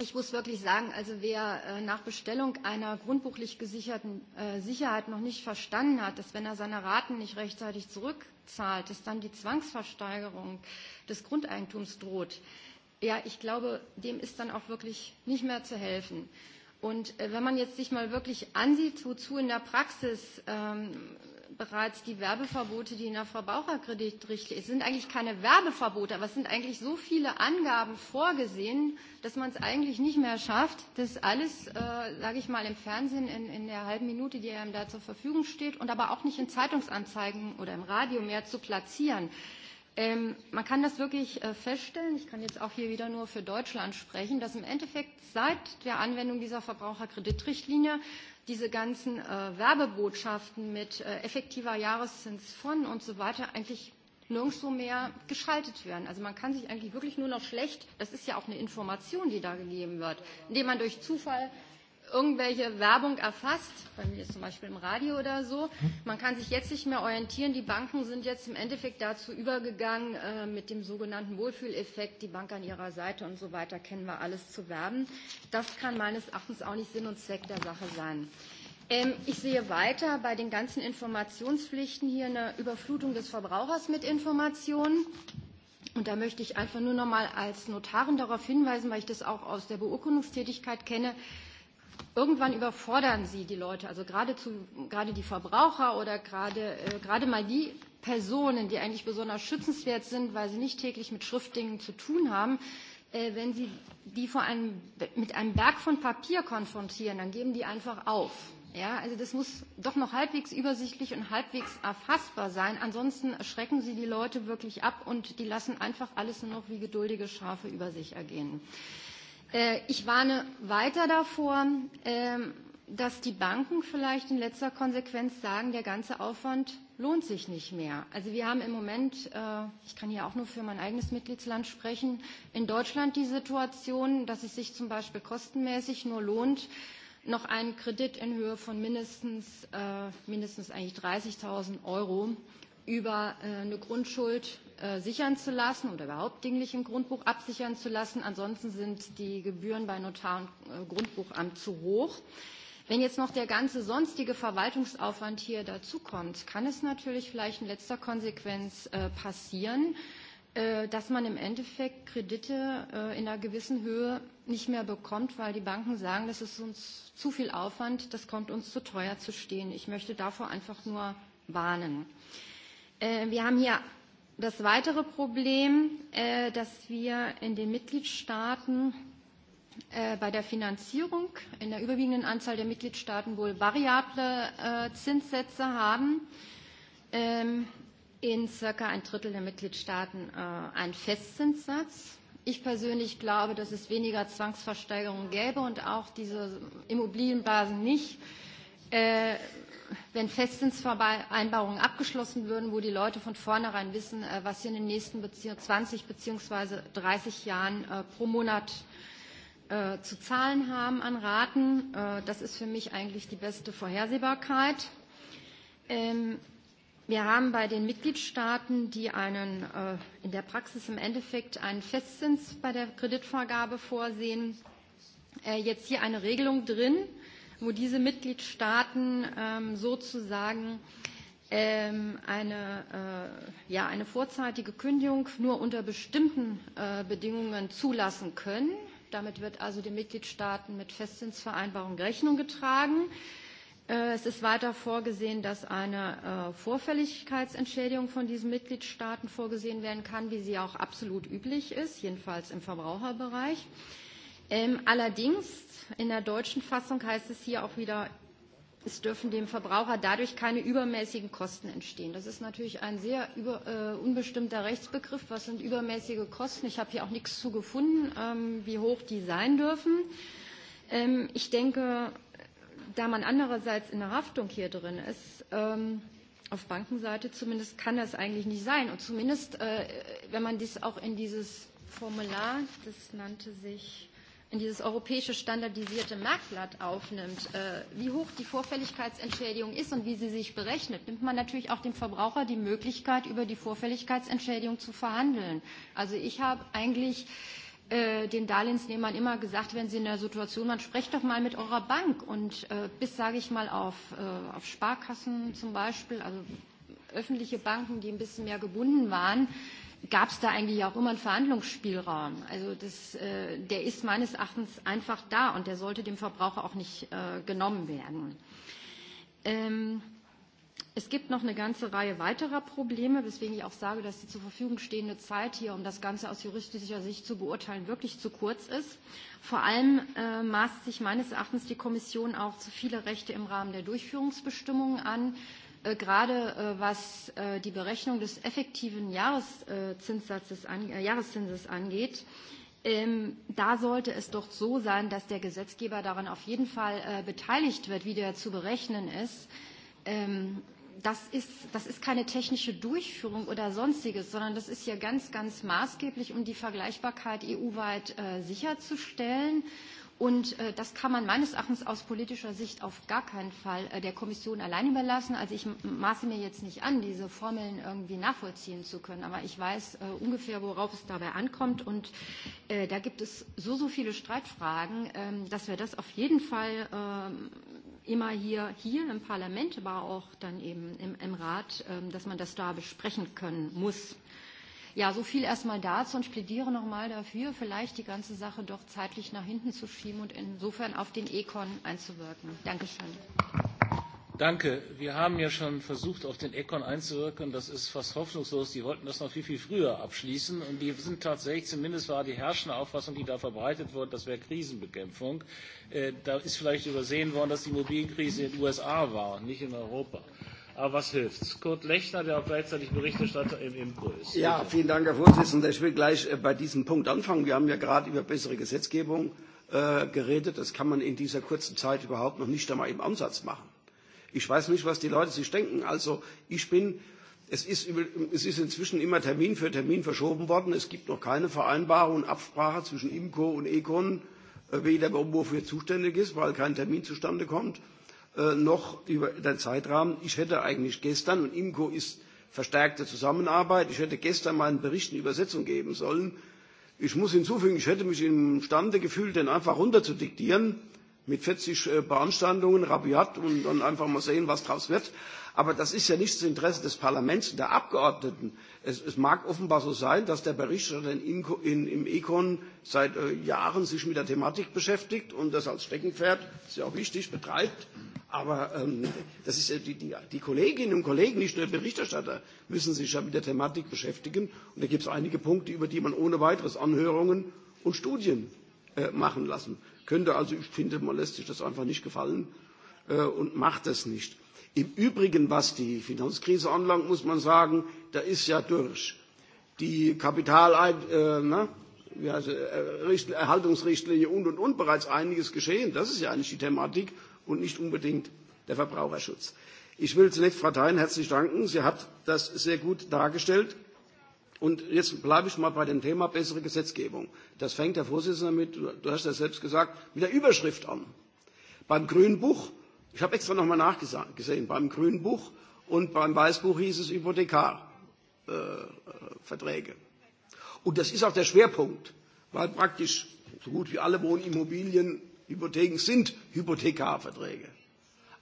ich muss wirklich sagen, also wer nach Bestellung einer grundbuchlich gesicherten Sicherheit noch nicht verstanden hat, dass wenn er seine Raten nicht rechtzeitig zurückzahlt, dass dann die Zwangsversteigerung des Grundeigentums droht, ja, ich glaube, dem ist dann auch wirklich nicht mehr zu helfen. Und wenn man jetzt sich mal wirklich ansieht, wozu in der Praxis bereits die Werbeverbote, die in der Verbraucherkreditrichtlinie es sind eigentlich keine Werbeverbote, aber es sind eigentlich so viele Angaben vorgesehen, dass man es eigentlich nicht mehr schafft, das alles, äh, sage ich mal, im Fernsehen in, in der halben Minute, die einem da zur Verfügung steht, und aber auch nicht in Zeitungsanzeigen oder im Radio mehr zu platzieren. Ähm, man kann das wirklich äh, feststellen, ich kann jetzt auch hier wieder nur für Deutschland sprechen, dass im Endeffekt seit der Anwendung dieser Verbraucherkreditrichtlinie diese ganzen äh, Werbebotschaften mit äh, effektiver Jahreszins von und so weiter eigentlich nirgendwo mehr geschaltet werden. Also man kann sich eigentlich wirklich nur noch schlecht, das ist ja auch eine Information, die da gegeben wird, indem man durch Zufall irgendwelche Werbung erfasst, bei mir ist zum Beispiel im Radio oder so. Man kann sich jetzt nicht mehr orientieren. Die Banken sind jetzt im Endeffekt dazu übergegangen, äh, mit dem sogenannten Wohlfühleffekt, die Bank an ihrer Seite und so weiter, kennen wir alles zu werben. Das kann meines Erachtens auch nicht Sinn und Zweck der Sache sein. Ähm, ich sehe weiter bei den ganzen Informationspflichten hier eine Überflutung des Verbrauchers mit Informationen. Und da möchte ich einfach nur noch mal als Notarin darauf hinweisen, weil ich das auch aus der Beurkundungstätigkeit kenne, irgendwann überfordern sie die Leute, also geradezu, gerade die Verbraucher oder gerade, äh, gerade mal die Personen, die eigentlich besonders schützenswert sind, weil sie nicht täglich mit Schriftdingen zu tun haben, äh, wenn sie die vor einem, mit einem Berg von Papier konfrontieren, dann geben die einfach auf. Ja, also das muss doch noch halbwegs übersichtlich und halbwegs erfassbar sein. Ansonsten schrecken Sie die Leute wirklich ab und die lassen einfach alles nur noch wie geduldige Schafe über sich ergehen. Äh, Ich warne weiter davor, dass die Banken vielleicht in letzter Konsequenz sagen, der ganze Aufwand lohnt sich nicht mehr. Also wir haben im Moment, ich kann hier auch nur für mein eigenes Mitgliedsland sprechen, in Deutschland die Situation, dass es sich zum Beispiel kostenmäßig nur lohnt, noch einen Kredit in Höhe von mindestens, mindestens eigentlich 30.000 Euro über eine Grundschuld sichern zu lassen oder überhaupt dinglich im Grundbuch absichern zu lassen. Ansonsten sind die Gebühren bei Notar und Grundbuchamt zu hoch. Wenn jetzt noch der ganze sonstige Verwaltungsaufwand hier dazukommt, kann es natürlich vielleicht in letzter Konsequenz passieren, dass man im Endeffekt Kredite in einer gewissen Höhe nicht mehr bekommt, weil die Banken sagen, das ist uns zu viel Aufwand, das kommt uns zu teuer zu stehen. Ich möchte davor einfach nur warnen. Wir haben hier Das weitere Problem, äh, das wir in den Mitgliedstaaten bei der Finanzierung in der überwiegenden Anzahl der Mitgliedstaaten wohl variable äh, Zinssätze haben, ähm, in circa ein Drittel der Mitgliedstaaten äh, einen Festzinssatz. Ich persönlich glaube, dass es weniger Zwangsversteigerungen gäbe und auch diese Immobilienbasen nicht äh, wenn Festzinsvereinbarungen abgeschlossen würden, wo die Leute von vornherein wissen, was sie in den nächsten 20 bzw. 30 Jahren pro Monat zu zahlen haben an Raten. Das ist für mich eigentlich die beste Vorhersehbarkeit. Wir haben bei den Mitgliedstaaten, die einen, in der Praxis im Endeffekt einen Festzins bei der Kreditvergabe vorsehen, jetzt hier eine Regelung drin, wo diese Mitgliedstaaten sozusagen eine, ja, eine vorzeitige Kündigung nur unter bestimmten Bedingungen zulassen können. Damit wird also den Mitgliedstaaten mit Festzinsvereinbarung Rechnung getragen. Es ist weiter vorgesehen, dass eine Vorfälligkeitsentschädigung von diesen Mitgliedstaaten vorgesehen werden kann, wie sie auch absolut üblich ist, jedenfalls im Verbraucherbereich. Äh, Ähm, allerdings, in der deutschen Fassung heißt es hier auch wieder, es dürfen dem Verbraucher dadurch keine übermäßigen Kosten entstehen. Das ist natürlich ein sehr über, äh, unbestimmter Rechtsbegriff. Was sind übermäßige Kosten? Ich habe hier auch nichts zu gefunden, ähm, wie hoch die sein dürfen. Ähm, ich denke, da man andererseits in der Haftung hier drin ist, ähm, auf Bankenseite zumindest, kann das eigentlich nicht sein. Und zumindest, äh, wenn man dies auch in dieses Formular, das nannte sich in dieses europäische standardisierte Marktblatt aufnimmt, äh, wie hoch die Vorfälligkeitsentschädigung ist und wie sie sich berechnet, nimmt man natürlich auch dem Verbraucher die Möglichkeit, über die Vorfälligkeitsentschädigung zu verhandeln. Also ich habe eigentlich den Darlehensnehmern immer gesagt, wenn sie in der Situation waren, sprecht doch mal mit eurer Bank und äh, bis, sage ich mal, auf, äh, auf Sparkassen zum Beispiel, also öffentliche Banken, die ein bisschen mehr gebunden waren, äh, gab es da eigentlich auch immer einen Verhandlungsspielraum. Also das, äh, der ist meines Erachtens einfach da und der sollte dem Verbraucher auch nicht äh, genommen werden. Ähm, es gibt noch eine ganze Reihe weiterer Probleme, weswegen ich auch sage, dass die zur Verfügung stehende Zeit hier, um das Ganze aus juristischer Sicht zu beurteilen, wirklich zu kurz ist. Vor allem äh, maßt sich meines Erachtens die Kommission auch zu viele Rechte im Rahmen der Durchführungsbestimmungen an gerade was die Berechnung des effektiven Jahreszinssatzes an, Jahreszinses angeht, da sollte es doch so sein, dass der Gesetzgeber daran auf jeden Fall beteiligt wird, wie der zu berechnen ist. das ist, das ist keine technische Durchführung oder sonstiges, sondern das ist hier ganz, ganz maßgeblich, um die Vergleichbarkeit EU-weit sicherzustellen. Äh, Und äh, das kann man meines Erachtens aus politischer Sicht auf gar keinen Fall äh, der Kommission allein überlassen. Also ich maße mir jetzt nicht an, diese Formeln irgendwie nachvollziehen zu können, aber ich weiß äh, ungefähr, worauf es dabei ankommt. Und äh, da gibt es so, so viele Streitfragen, dass wir das auf jeden Fall immer hier, hier im Parlament, aber auch dann eben im, im Rat, dass man das da besprechen können muss. Ja, so viel erstmal dazu und ich plädiere nochmal dafür, vielleicht die ganze Sache doch zeitlich nach hinten zu schieben und insofern auf den Econ einzuwirken. Dankeschön. Danke. Wir haben ja schon versucht, auf den Econ einzuwirken. Das ist fast hoffnungslos. Die wollten das noch viel, viel früher abschließen. Und die sind tatsächlich, zumindest war die herrschende Auffassung, die da verbreitet wurde, das wäre Krisenbekämpfung. Da ist vielleicht übersehen worden, dass die Immobilienkrise in den USA war und nicht in Europa. Aber was hilft's? Kurt Lechner, der auch gleichzeitig Berichterstatter im IMCO ist. Ja, vielen Dank, Herr Vorsitzender. Ich will gleich bei diesem Punkt anfangen. Wir haben ja gerade über bessere Gesetzgebung geredet. Das kann man in dieser kurzen Zeit überhaupt noch nicht einmal im Ansatz machen. Ich weiß nicht, was die Leute sich denken. Also ich bin, es ist, es ist inzwischen immer Termin für Termin verschoben worden. Es gibt noch keine Vereinbarung und Absprache zwischen IMCO und ECON, wer wofür zuständig ist, weil kein Termin zustande kommt noch über den Zeitrahmen. Ich hätte eigentlich gestern, und IMCO ist verstärkte Zusammenarbeit, ich hätte gestern meinen Bericht eine Übersetzung geben sollen. Ich muss hinzufügen, ich hätte mich imstande gefühlt, den einfach runter zu diktieren, mit 40 Beanstandungen, rabiat, und dann einfach mal sehen, was draus wird. Aber das ist ja nicht das Interesse des Parlaments und der Abgeordneten. Es, mag offenbar so sein, dass der Berichterstatter im Econ seit Jahren sich mit der Thematik beschäftigt und das als Steckenpferd, ist ja auch wichtig, betreibt. Aber das ist ja die, Kolleginnen und Kollegen, nicht nur der Berichterstatter, müssen sich ja mit der Thematik beschäftigen. Und da gibt es einige Punkte, über die man ohne weiteres Anhörungen und Studien machen lassen könnte. Also ich finde, man lässt sich das einfach nicht gefallen und macht das nicht. Im Übrigen, was die Finanzkrise anlangt, muss man sagen, da ist ja durch die Kapitalerhaltungsrichtlinie und und und bereits einiges geschehen. Das ist ja eigentlich die Thematik und nicht unbedingt der Verbraucherschutz. Ich will zunächst Frau Thein herzlich danken. Sie hat das sehr gut dargestellt. Und jetzt bleibe ich mal bei dem Thema bessere Gesetzgebung. Das fängt der Vorsitzende mit, du hast das selbst gesagt, mit der Überschrift an. Beim Grünbuch Ich habe extra nochmal nachgesehen. Beim Grünbuch und beim Weißbuch hieß es Hypothekarverträge. Und das ist auch der Schwerpunkt, weil praktisch so gut wie alle Wohnimmobilien, Hypotheken sind Hypothekarverträge.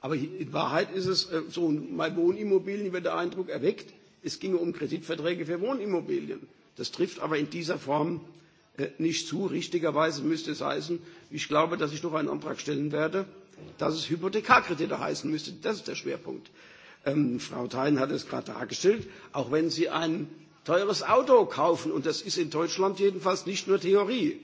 Aber in Wahrheit ist es so, bei Wohnimmobilien wird der Eindruck erweckt, es ginge um Kreditverträge für Wohnimmobilien. Das trifft aber in dieser Form nicht zu. Richtigerweise müsste es heißen, ich glaube, dass ich noch einen Antrag stellen werde, dass es Hypothekarkredite heißen müsste. Das ist der Schwerpunkt. Frau Thein hat es gerade dargestellt. Auch wenn Sie ein teures Auto kaufen, und das ist in Deutschland jedenfalls nicht nur Theorie,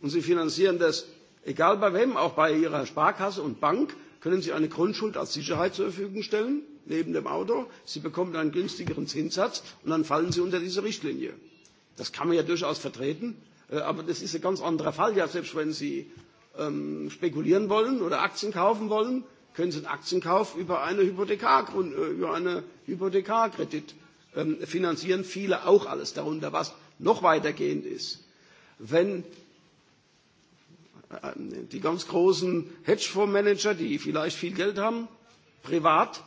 und Sie finanzieren das, egal bei wem, auch bei Ihrer Sparkasse und Bank, können Sie eine Grundschuld als Sicherheit zur Verfügung stellen, neben dem Auto. Sie bekommen einen günstigeren Zinssatz und dann fallen Sie unter diese Richtlinie. Das kann man ja durchaus vertreten, aber das ist ein ganz anderer Fall, ja, selbst wenn Sie ähm, spekulieren wollen oder Aktien kaufen wollen, können Sie einen Aktienkauf über, eine Hypothekar, über einen Hypothekarkredit ähm, finanzieren. Viele auch alles darunter, was noch weitergehend ist. Wenn die ganz großen Hedgefondsmanager, die vielleicht viel Geld haben, privat,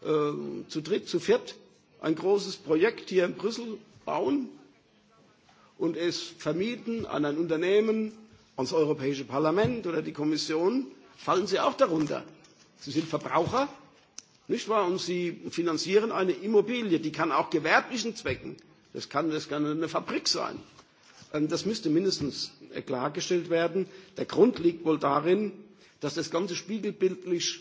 zu dritt, zu viert, ein großes Projekt hier in Brüssel bauen und es vermieten an ein Unternehmen das Europäische Parlament oder die Kommission, fallen sie auch darunter. Sie sind Verbraucher, nicht wahr? Und sie finanzieren eine Immobilie, die kann auch gewerblichen Zwecken, das kann, das kann eine Fabrik sein. Das müsste mindestens klargestellt werden. Der Grund liegt wohl darin, dass das Ganze spiegelbildlich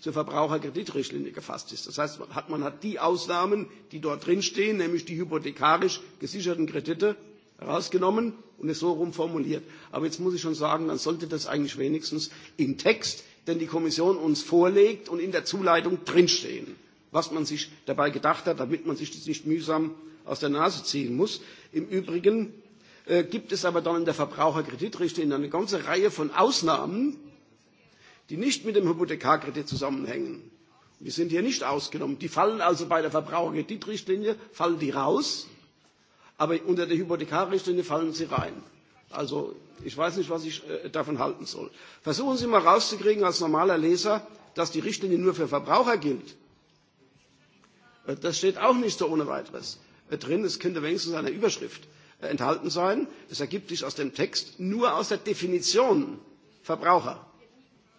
zur Verbraucherkreditrichtlinie gefasst ist. Das heißt, man hat, die Ausnahmen, die dort drinstehen, nämlich die hypothekarisch gesicherten Kredite herausgenommen und es so rum formuliert. Aber jetzt muss ich schon sagen, dann sollte das eigentlich wenigstens im Text, den die Kommission uns vorlegt und in der Zuleitung drinstehen, was man sich dabei gedacht hat, damit man sich das nicht mühsam aus der Nase ziehen muss. Im Übrigen gibt es aber dann in der Verbraucherkreditrichtlinie eine ganze Reihe von Ausnahmen, die nicht mit dem Hypothekarkredit zusammenhängen. Die sind hier nicht ausgenommen. Die fallen also bei der Verbraucherkreditrichtlinie, fallen die raus Aber unter die Hypothekarrichtlinie fallen sie rein. Also ich weiß nicht, was ich davon halten soll. Versuchen Sie mal rauszukriegen als normaler Leser, dass die Richtlinie nur für Verbraucher gilt. Das steht auch nicht so ohne weiteres drin. Es könnte wenigstens eine Überschrift enthalten sein. Es ergibt sich aus dem Text nur aus der Definition Verbraucher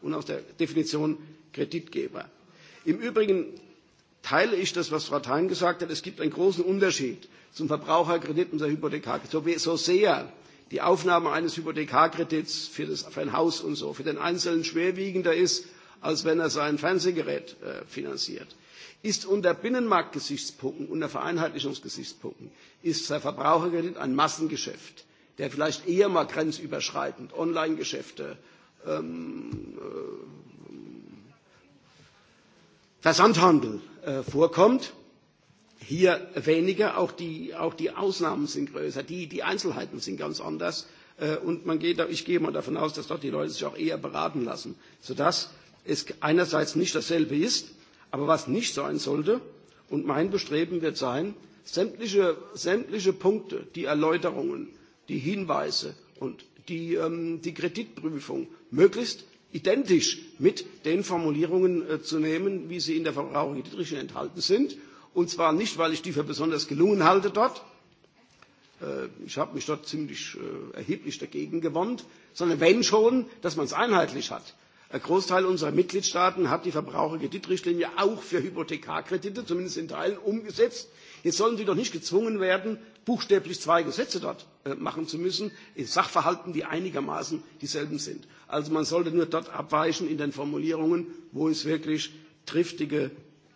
und aus der Definition Kreditgeber. Im Übrigen teile ich das, was Frau Thein gesagt hat. Es gibt einen großen Unterschied zum Verbraucherkredit und der Hypothekarkredit. So sehr die Aufnahme eines Hypothekarkredits für, das, für ein Haus und so für den Einzelnen schwerwiegender ist, als wenn er sein Fernsehgerät finanziert. Ist unter Binnenmarktgesichtspunkten, unter Vereinheitlichungsgesichtspunkten, ist der Verbraucherkredit ein Massengeschäft, der vielleicht eher mal grenzüberschreitend Online-Geschäfte Versandhandel vorkommt. Hier weniger, auch die, Ausnahmen sind größer, die, Einzelheiten sind ganz anders. und man geht, ich gehe mal davon aus, dass dort die Leute sich auch eher beraten lassen, sodass es einerseits nicht dasselbe ist, aber was nicht sein sollte, und mein Bestreben wird sein, sämtliche, sämtliche Punkte, die Erläuterungen, die Hinweise und die, Kreditprüfung möglichst identisch mit den Formulierungen zu nehmen, wie sie in der Verbraucherkreditrichtlinie enthalten sind. Und zwar nicht, weil ich die für besonders gelungen halte dort. Ich habe mich dort ziemlich erheblich dagegen gewandt, sondern wenn schon, dass man es einheitlich hat. Ein Großteil unserer Mitgliedstaaten hat die Verbraucherkreditrichtlinie auch für Hypothekarkredite, zumindest in Teilen, umgesetzt. Jetzt sollen sie doch nicht gezwungen werden, buchstäblich zwei Gesetze dort machen zu müssen, in Sachverhalten, die einigermaßen dieselben sind. Also man sollte nur dort abweichen in den Formulierungen, wo es wirklich triftige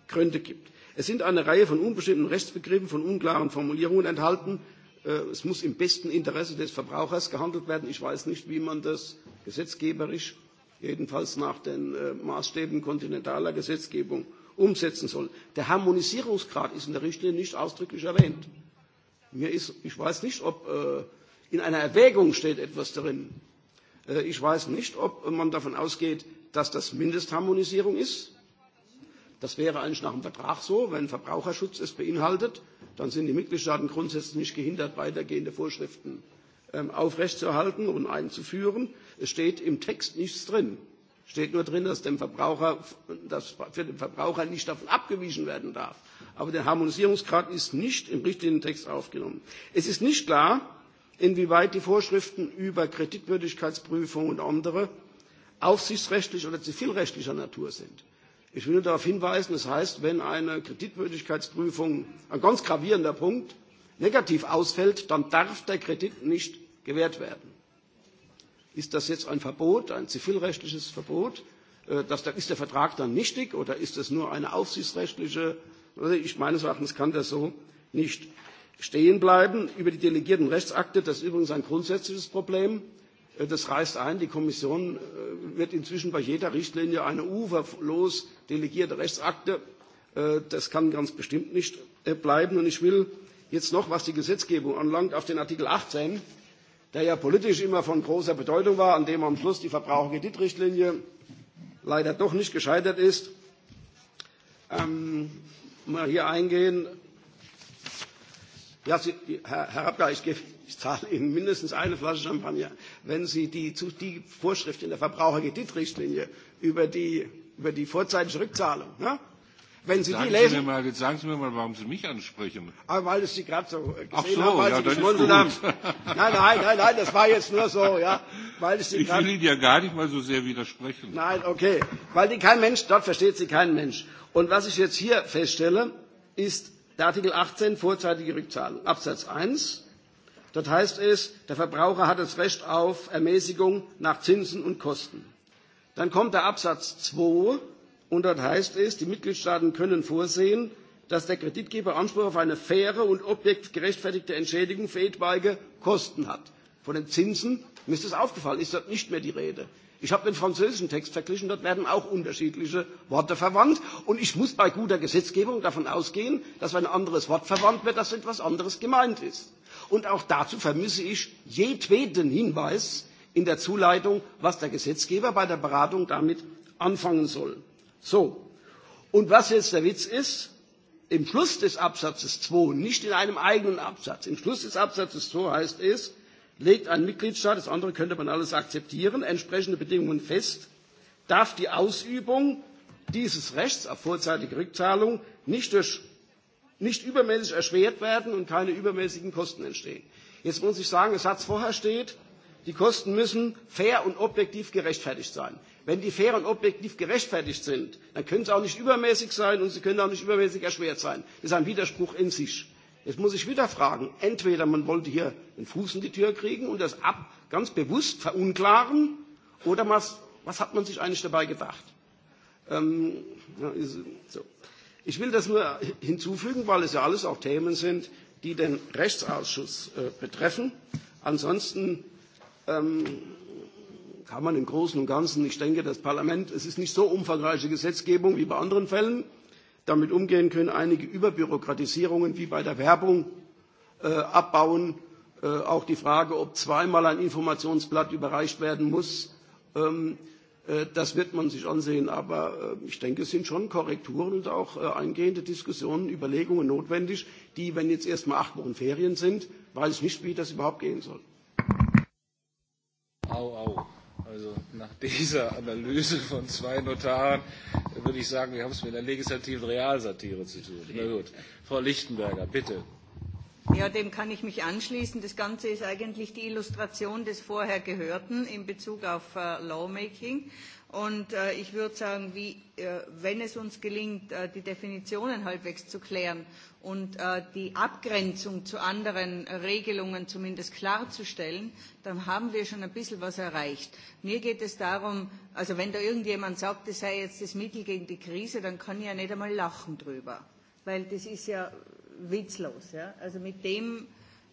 Gründe gibt. Es sind eine Reihe von unbestimmten Rechtsbegriffen, von unklaren Formulierungen enthalten. Es muss im besten Interesse des Verbrauchers gehandelt werden. Ich weiß nicht, wie man das gesetzgeberisch, jedenfalls nach den Maßstäben kontinentaler Gesetzgebung, umsetzen soll. Der Harmonisierungsgrad ist in der Richtlinie nicht ausdrücklich erwähnt. Mir ist, ich weiß nicht, ob äh, in einer Erwägung steht etwas darin. Äh, ich weiß nicht, ob man davon ausgeht, dass das Mindestharmonisierung ist. Das wäre eigentlich nach dem Vertrag so. Wenn Verbraucherschutz es beinhaltet, dann sind die Mitgliedstaaten grundsätzlich nicht gehindert, weitergehende Vorschriften aufrechtzuerhalten und einzuführen. Es steht im Text nichts drin steht nur drin, dass, dem Verbraucher, dass für den Verbraucher nicht davon abgewichen werden darf. Aber der Harmonisierungsgrad ist nicht im Text aufgenommen. Es ist nicht klar, inwieweit die Vorschriften über Kreditwürdigkeitsprüfung und andere aufsichtsrechtlich oder zivilrechtlicher Natur sind. Ich will nur darauf hinweisen, das heißt, wenn eine Kreditwürdigkeitsprüfung, ein ganz gravierender Punkt, negativ ausfällt, dann darf der Kredit nicht gewährt werden. Ist das jetzt ein Verbot, ein zivilrechtliches Verbot? ist der Vertrag dann nichtig oder ist das nur eine aufsichtsrechtliche? Ich meines Erachtens kann das so nicht stehen bleiben. Über die delegierten Rechtsakte, das ist übrigens ein grundsätzliches Problem. Das reißt ein, die Kommission wird inzwischen bei jeder Richtlinie eine uferlos delegierte Rechtsakte. Das kann ganz bestimmt nicht bleiben. Und ich will jetzt noch, was die Gesetzgebung anlangt, auf den Artikel achtzehn der ja politisch immer von großer Bedeutung war, an dem am Schluss die Verbraucherkreditrichtlinie leider doch nicht gescheitert ist. Ähm, mal hier eingehen. Ja, Sie, Herr, Herr Rabka, ich, gebe, ich zahle Ihnen mindestens eine Flasche Champagner, wenn Sie die, die Vorschrift in der Verbraucherkreditrichtlinie über die, über die vorzeitige Rückzahlung, ne? Wenn Sie die lesen. mal, sagen Sie mir mal, warum Sie mich ansprechen. Aber weil ich Sie gerade so gesehen habe, weil Sie geschmunzelt haben. Nein, nein, nein, nein, das war jetzt nur so, ja. Weil ich Sie ich will Ihnen ja gar nicht mal so sehr widersprechen. Nein, okay. Weil die kein Mensch, dort versteht sie kein Mensch. Und was ich jetzt hier feststelle, ist der Artikel 18, vorzeitige Rückzahlung. Absatz 1. Dort heißt es, der Verbraucher hat das Recht auf Ermäßigung nach Zinsen und Kosten. Dann kommt der Absatz 2 Und dort heißt es, die Mitgliedstaaten können vorsehen, dass der Kreditgeber Anspruch auf eine faire und objektgerechtfertigte Entschädigung für etwaige Kosten hat. Von den Zinsen, mir ist das aufgefallen, ist dort nicht mehr die Rede. Ich habe den französischen Text verglichen, dort werden auch unterschiedliche Worte verwandt. Und ich muss bei guter Gesetzgebung davon ausgehen, dass wenn ein anderes Wort verwandt wird, dass etwas anderes gemeint ist. Und auch dazu vermisse ich jedweden Hinweis in der Zuleitung, was der Gesetzgeber bei der Beratung damit anfangen soll. So. Und was jetzt der Witz ist, im Schluss des Absatzes 2, nicht in einem eigenen Absatz, im Schluss des Absatzes 2 heißt es, legt ein Mitgliedstaat, das andere könnte man alles akzeptieren, entsprechende Bedingungen fest, darf die Ausübung dieses Rechts auf vorzeitige Rückzahlung nicht, durch, nicht übermäßig erschwert werden und keine übermäßigen Kosten entstehen. Jetzt muss ich sagen, der Satz vorher steht, die Kosten müssen fair und objektiv gerechtfertigt sein. Wenn die fair und objektiv gerechtfertigt sind, dann können sie auch nicht übermäßig sein und sie können auch nicht übermäßig erschwert sein. Das ist ein Widerspruch in sich. Jetzt muss ich wieder fragen, entweder man wollte hier den Fuß in die Tür kriegen und das ab ganz bewusst verunklaren, oder was, was hat man sich eigentlich dabei gedacht? Ähm, ja, ist, so. Ich will das nur hinzufügen, weil es ja alles auch Themen sind, die den Rechtsausschuss äh, betreffen. Ansonsten ähm, kann man im Großen und Ganzen, ich denke, das Parlament, es ist nicht so umfangreiche Gesetzgebung wie bei anderen Fällen, damit umgehen können, einige Überbürokratisierungen wie bei der Werbung abbauen, auch die Frage, ob zweimal ein Informationsblatt überreicht werden muss, das wird man sich ansehen. Aber ich denke, es sind schon Korrekturen und auch eingehende Diskussionen, Überlegungen notwendig, die, wenn jetzt erst mal acht Wochen Ferien sind, weiß ich nicht, wie das überhaupt gehen soll nach dieser Analyse von zwei Notaren würde ich sagen, wir haben es mit einer legislativen Realsatire zu tun. Na gut. Frau Lichtenberger, bitte. Ja, dem kann ich mich anschließen. Das Ganze ist eigentlich die Illustration des vorher Gehörten in Bezug auf Lawmaking. Und ich würde sagen, wie wenn es uns gelingt, die Definitionen halbwegs zu klären und die Abgrenzung zu anderen Regelungen zumindest klarzustellen, dann haben wir schon ein bisschen was erreicht. Mir geht es darum, also wenn da irgendjemand sagt, das sei jetzt das Mittel gegen die Krise, dann kann ich ja nicht einmal lachen drüber, weil das ist ja witzlos. Ja? Also mit dem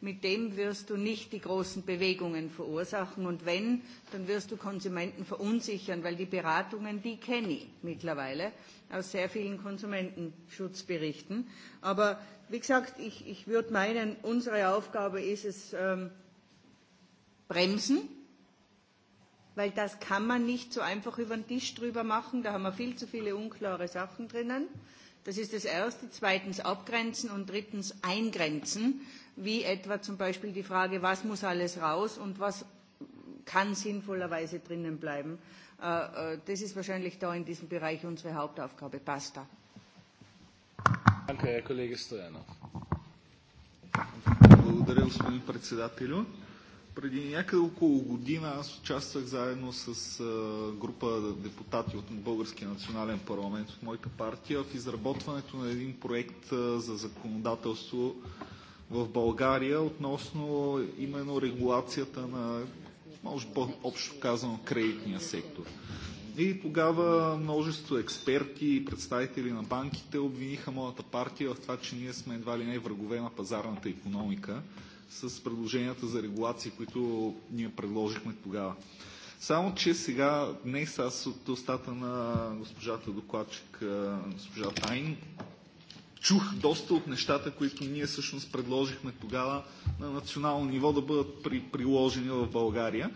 mit dem wirst du nicht die großen Bewegungen verursachen. Und wenn, dann wirst du Konsumenten verunsichern, weil die Beratungen, die kenne ich mittlerweile aus sehr vielen Konsumentenschutzberichten. Aber wie gesagt, ich, ich würde meinen, unsere Aufgabe ist es, ähm, bremsen, weil das kann man nicht so einfach über den Tisch drüber machen. Da haben wir viel zu viele unklare Sachen drinnen. Das ist das Erste. Zweitens abgrenzen und drittens eingrenzen, wie etwa zum Beispiel die Frage, was muss alles raus und was kann sinnvollerweise drinnen bleiben. Äh, äh, das ist wahrscheinlich da in diesem Bereich unsere Hauptaufgabe. Basta. Danke, Herr Kollege Stojanov. Благодаря, господин председателю. Преди някъде около година аз участвах заедно с група депутати от Българския национален парламент, от моята партия, в изработването на един проект за законодателство в България относно именно регулацията на, може по-общо казано, кредитния сектор. И тогава множество експерти и представители на банките обвиниха моята партия в това, че ние сме едва ли не врагове на пазарната економика с предложенията за регулации, които ние предложихме тогава. Само, че сега, днес аз от устата на госпожата докладчик, госпожа Тайн, чух доста от нещата, които ние всъщност предложихме тогава на национално ниво да бъдат при, приложени в България.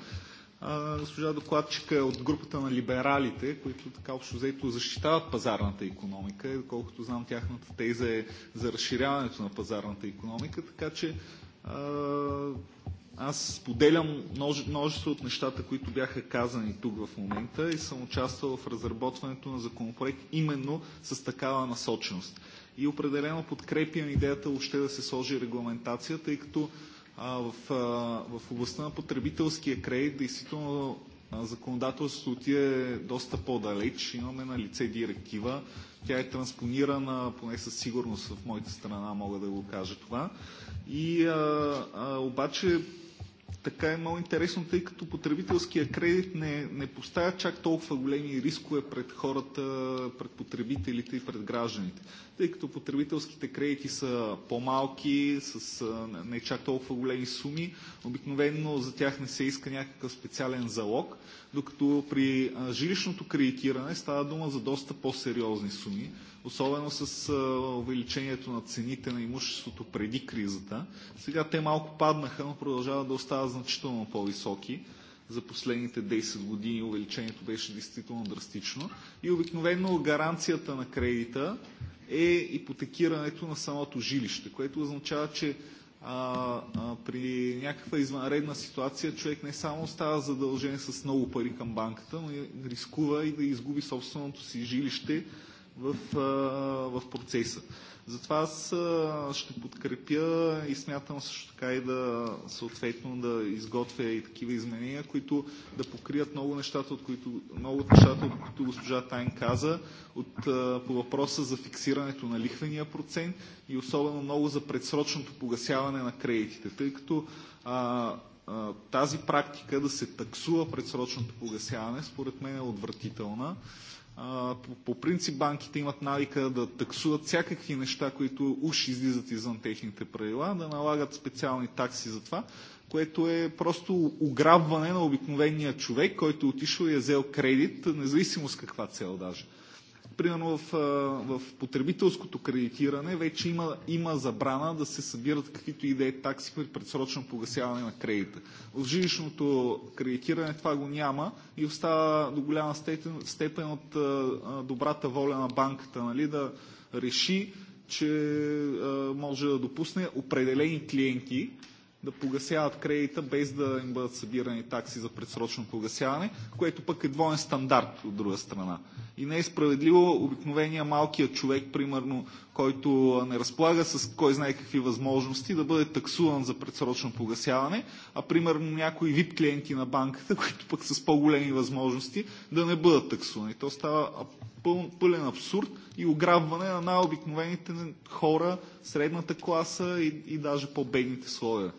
А, госпожа докладчика е от групата на либералите, които така общо взето защитават пазарната економика и доколкото знам тяхната теза е за разширяването на пазарната економика, така че а, аз споделям множество от нещата, които бяха казани тук в момента и съм участвал в разработването на законопроект именно с такава насоченост и определено подкрепям идеята още да се сложи регламентация, тъй като а, в, а, в областта на потребителския кредит действително законодателството отиде доста по-далеч. Имаме на лице директива. Тя е транспонирана, поне със сигурност в моята страна мога да го кажа това. И а, а, обаче така е много интересно, тъй като потребителския кредит не, не поставя чак толкова големи рискове пред хората, пред потребителите и пред гражданите. Тъй като потребителските кредити са по-малки, с не чак толкова големи суми, обикновено за тях не се иска някакъв специален залог, докато при жилищното кредитиране става дума за доста по-сериозни суми особено с увеличението на цените на имуществото преди кризата. Сега те малко паднаха, но продължават да остават значително по-високи. За последните 10 години увеличението беше действително драстично. И обикновено гаранцията на кредита е ипотекирането на самото жилище, което означава, че а, а, при някаква извънредна ситуация човек не само става задължен с много пари към банката, но и рискува и да изгуби собственото си жилище в, в процеса. Затова аз ще подкрепя и смятам също така и да съответно да изготвя и такива изменения, които да покрият много нещата, от които, много от нещата, от които госпожа Тайн каза, от, по въпроса за фиксирането на лихвения процент и особено много за предсрочното погасяване на кредитите, тъй като а, а, тази практика да се таксува предсрочното погасяване, според мен е отвратителна по принцип банките имат навика да таксуват всякакви неща, които уж излизат извън техните правила, да налагат специални такси за това, което е просто ограбване на обикновения човек, който е отишъл и е взел кредит, независимо с каква цел даже примерно в, в потребителското кредитиране вече има, има забрана да се събират каквито и да е такси при предсрочно погасяване на кредита. В жилищното кредитиране това го няма и остава до голяма степен, степен от добрата воля на банката нали, да реши, че може да допусне определени клиенти да погасяват кредита без да им бъдат събирани такси за предсрочно погасяване, което пък е двоен стандарт от друга страна. И не е справедливо обикновения малкият човек, примерно който не разполага с кой знае какви възможности да бъде таксуван за предсрочно погасяване, а примерно някои VIP клиенти на банката, които пък с по-големи възможности да не бъдат таксувани. То става пълен, пълен абсурд и ограбване на най-обикновените хора, средната класа и, и даже по-бедните слоя.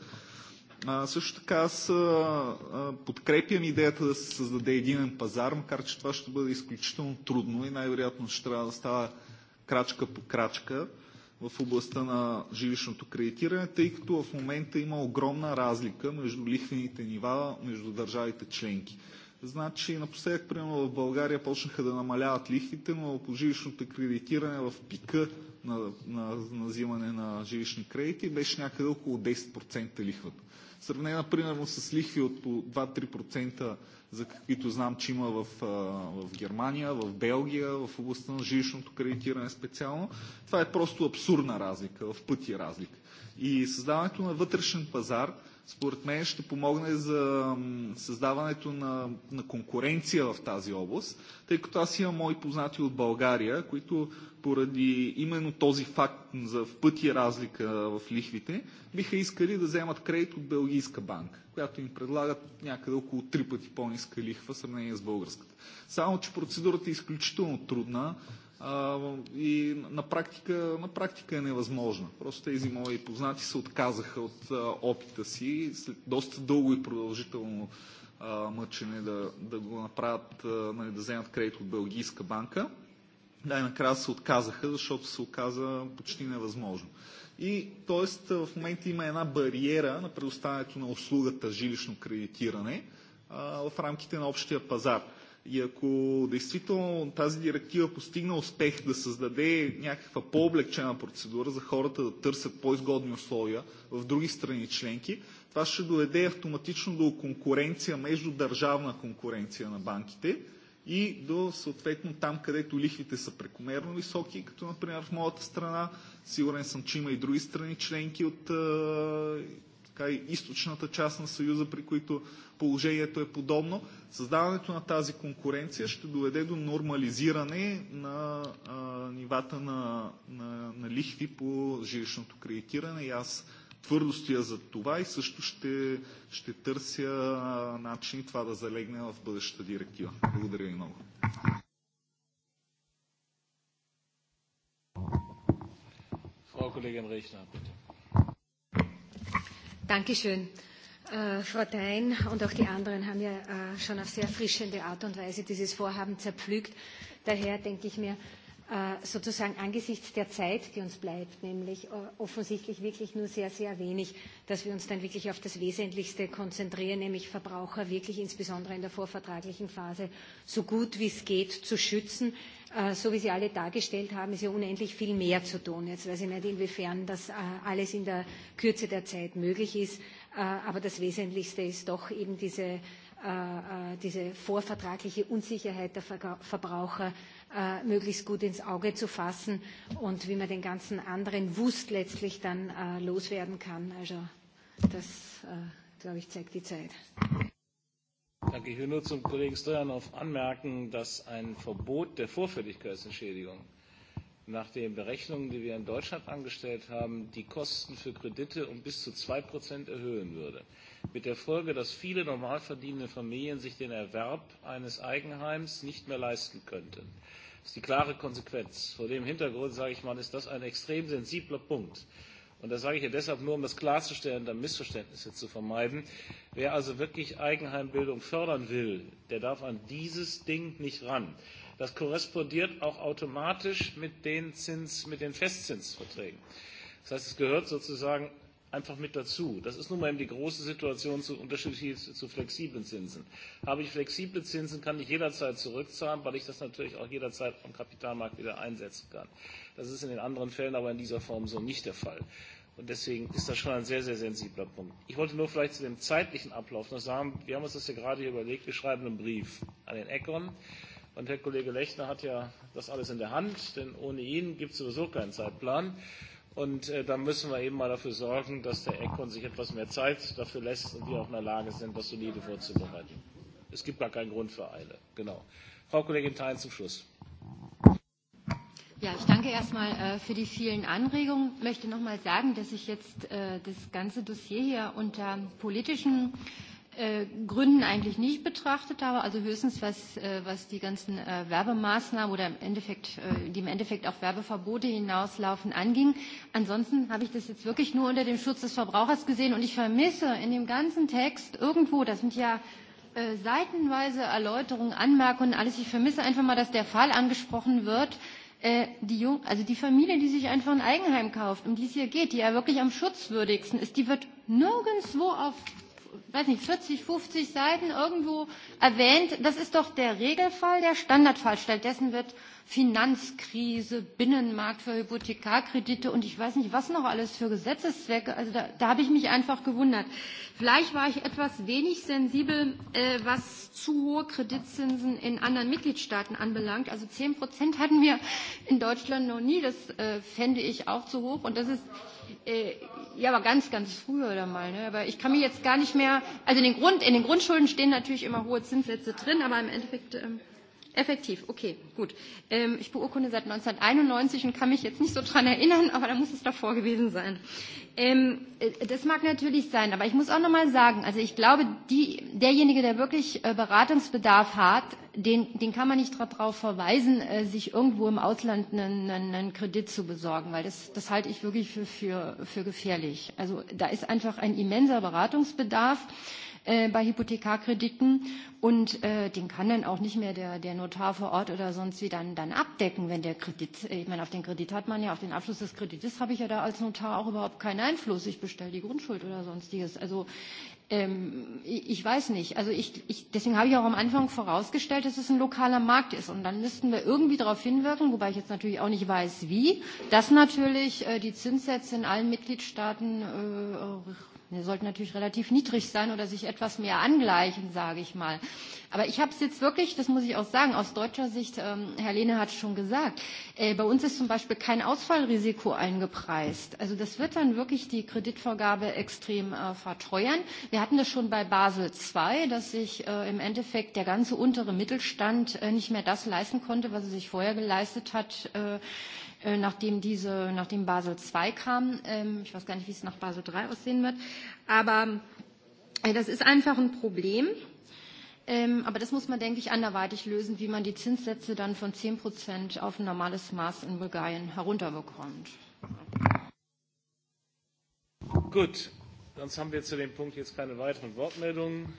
А, също така аз а, подкрепям идеята да се създаде единен пазар, макар че това ще бъде изключително трудно и най-вероятно ще трябва да става крачка по крачка в областта на жилищното кредитиране, тъй като в момента има огромна разлика между лихвените нива между държавите членки. Значи напоследък, примерно в България почнаха да намаляват лихвите, но по жилищното кредитиране в пика на, на, на взимане на жилищни кредити беше някъде около 10% лихвата. Сравнена примерно с лихви от по 2-3% за каквито знам, че има в, в Германия, в Белгия, в областта на жилищното кредитиране специално. Това е просто абсурдна разлика, в пъти е разлика. И създаването на вътрешен пазар, според мен, ще помогне за създаването на, на конкуренция в тази област, тъй като аз имам мои познати от България, които поради именно този факт за в пъти разлика в лихвите, биха искали да вземат кредит от Белгийска банка, която им предлагат някъде около три пъти по-ниска лихва в сравнение с българската. Само, че процедурата е изключително трудна а, и на практика, на практика е невъзможна. Просто тези мои познати се отказаха от а, опита си след доста дълго и продължително мъчене да, да го направят, нали, да вземат кредит от Белгийска банка най-накрая се отказаха, защото се оказа почти невъзможно. И т.е. в момента има една бариера на предоставянето на услугата жилищно кредитиране а, в рамките на общия пазар. И ако действително тази директива постигна успех да създаде някаква по-облегчена процедура за хората да търсят по-изгодни условия в други страни членки, това ще доведе автоматично до конкуренция между държавна конкуренция на банките – и до съответно там, където лихвите са прекомерно високи, като например в моята страна. Сигурен съм, че има и други страни членки от така източната част на Съюза, при които положението е подобно. Създаването на тази конкуренция ще доведе до нормализиране на а, нивата на, на, на лихви по жилищното кредитиране и аз твърдо стоя за това и също ще, ще търся начин това да залегне в бъдещата директива. Благодаря ви много. Frau Kollegin Frau Thein und auch die anderen haben ja schon auf sehr frischende Art und Weise dieses Vorhaben zerpflügt. Daher denke ich mir, sozusagen angesichts der Zeit, die uns bleibt, nämlich offensichtlich wirklich nur sehr, sehr wenig, dass wir uns dann wirklich auf das Wesentlichste konzentrieren, nämlich Verbraucher wirklich insbesondere in der vorvertraglichen Phase so gut wie es geht zu schützen. So wie Sie alle dargestellt haben, ist ja unendlich viel mehr zu tun. Jetzt weiß ich nicht, inwiefern das alles in der Kürze der Zeit möglich ist, aber das Wesentlichste ist doch eben diese, diese vorvertragliche Unsicherheit der Verbraucher möglichst gut ins Auge zu fassen und wie man den ganzen anderen Wust letztlich dann loswerden kann. Also das, glaube ich, zeigt die Zeit. Danke. Ich will nur zum Kollegen Stojanov anmerken, dass ein Verbot der Vorfälligkeitsentschädigung nach den Berechnungen, die wir in Deutschland angestellt haben, die Kosten für Kredite um bis zu zwei Prozent erhöhen würde. Mit der Folge, dass viele normal verdienende Familien sich den Erwerb eines Eigenheims nicht mehr leisten könnten ist die klare Konsequenz. Vor dem Hintergrund, sage ich mal, ist das ein extrem sensibler Punkt. Und das sage ich ja deshalb nur, um das klarzustellen, dann Missverständnisse zu vermeiden. Wer also wirklich Eigenheimbildung fördern will, der darf an dieses Ding nicht ran. Das korrespondiert auch automatisch mit den, Zins, mit den Festzinsverträgen. Das heißt, es gehört sozusagen einfach mit dazu. Das ist nun mal eben die große Situation zu unterschiedlich zu flexiblen Zinsen. Habe ich flexible Zinsen, kann ich jederzeit zurückzahlen, weil ich das natürlich auch jederzeit am Kapitalmarkt wieder einsetzen kann. Das ist in den anderen Fällen aber in dieser Form so nicht der Fall. Und deswegen ist das schon ein sehr, sehr sensibler Punkt. Ich wollte nur vielleicht zu dem zeitlichen Ablauf noch sagen, wir haben uns das ja gerade hier überlegt, wir schreiben einen Brief an den ECON. Und Herr Kollege Lechner hat ja das alles in der Hand, denn ohne ihn gibt es sowieso keinen Zeitplan. Und äh, da müssen wir eben mal dafür sorgen, dass der ECON sich etwas mehr Zeit dafür lässt und wir auch in der Lage sind, das solide vorzubereiten. Es gibt gar keinen Grund für Eile. Genau. Frau Kollegin Thein zum Schluss. Ja, ich danke erstmal äh, für die vielen Anregungen. Ich möchte nochmal sagen, dass ich jetzt äh, das ganze Dossier hier unter politischen Gründen eigentlich nicht betrachtet habe, also höchstens was, was die ganzen Werbemaßnahmen oder im Endeffekt, die im Endeffekt auch Werbeverbote hinauslaufen, anging. Ansonsten habe ich das jetzt wirklich nur unter dem Schutz des Verbrauchers gesehen und ich vermisse in dem ganzen Text irgendwo, das sind ja seitenweise Erläuterungen, Anmerkungen, alles. Ich vermisse einfach mal, dass der Fall angesprochen wird, die Jung, also die Familie, die sich einfach ein Eigenheim kauft, um die es hier geht, die ja wirklich am schutzwürdigsten ist, die wird nirgendwo auf weiß nicht, 40, 50 Seiten irgendwo erwähnt. Das ist doch der Regelfall, der Standardfall. Stattdessen wird Finanzkrise, Binnenmarkt für Hypothekarkredite und ich weiß nicht, was noch alles für Gesetzeszwecke. Also da, da habe ich mich einfach gewundert. Vielleicht war ich etwas wenig sensibel, äh, was zu hohe Kreditzinsen in anderen Mitgliedstaaten anbelangt. Also 10 Prozent hatten wir in Deutschland noch nie. Das äh, fände ich auch zu hoch. Und das ist äh, ja, aber ganz, ganz früher oder mal. Ne? Aber ich kann mich jetzt gar nicht mehr, also in den, Grund, in den Grundschulden stehen natürlich immer hohe Zinssätze drin, aber im Endeffekt, ähm, Effektiv, okay, gut. Ähm, ich beurkunde seit 1991 und kann mich jetzt nicht so dran erinnern, aber da muss es davor gewesen sein. Ähm, das mag natürlich sein, aber ich muss auch nochmal sagen, also ich glaube, die, derjenige, der wirklich äh, Beratungsbedarf hat, den, den kann man nicht darauf verweisen, äh, sich irgendwo im Ausland einen, einen, Kredit zu besorgen, weil das, das halte ich wirklich für, für, für gefährlich. Also da ist einfach ein immenser Beratungsbedarf bei Hypothekarkrediten und äh, den kann dann auch nicht mehr der, der Notar vor Ort oder sonst wie dann, dann abdecken, wenn der Kredit, ich meine, auf den Kredit hat man ja, auf den Abschluss des Kredites habe ich ja da als Notar auch überhaupt keinen Einfluss. Ich bestelle die Grundschuld oder sonstiges. Also ähm, ich weiß nicht. Also ich, ich, deswegen habe ich auch am Anfang vorausgestellt, dass es ein lokaler Markt ist. Und dann müssten wir irgendwie darauf hinwirken, wobei ich jetzt natürlich auch nicht weiß, wie, dass natürlich äh, die Zinssätze in allen Mitgliedstaaten äh, Der sollte natürlich relativ niedrig sein oder sich etwas mehr angleichen, sage ich mal. Aber ich habe es jetzt wirklich, das muss ich auch sagen, aus deutscher Sicht, ähm, Herr Lehne hat es schon gesagt, äh, bei uns ist zum Beispiel kein Ausfallrisiko eingepreist. Also das wird dann wirklich die Kreditvergabe extrem äh, verteuern. Wir hatten das schon bei Basel II, dass sich äh, im Endeffekt der ganze untere Mittelstand äh, nicht mehr das leisten konnte, was er sich vorher geleistet hat. Äh, nachdem, diese, nachdem Basel II kam. Ich weiß gar nicht, wie es nach Basel III aussehen wird. Aber das ist einfach ein Problem. Aber das muss man, denke ich, anderweitig lösen, wie man die Zinssätze dann von 10 Prozent auf ein normales Maß in Bulgarien herunterbekommt. Gut, sonst haben wir zu dem Punkt jetzt keine weiteren Wortmeldungen.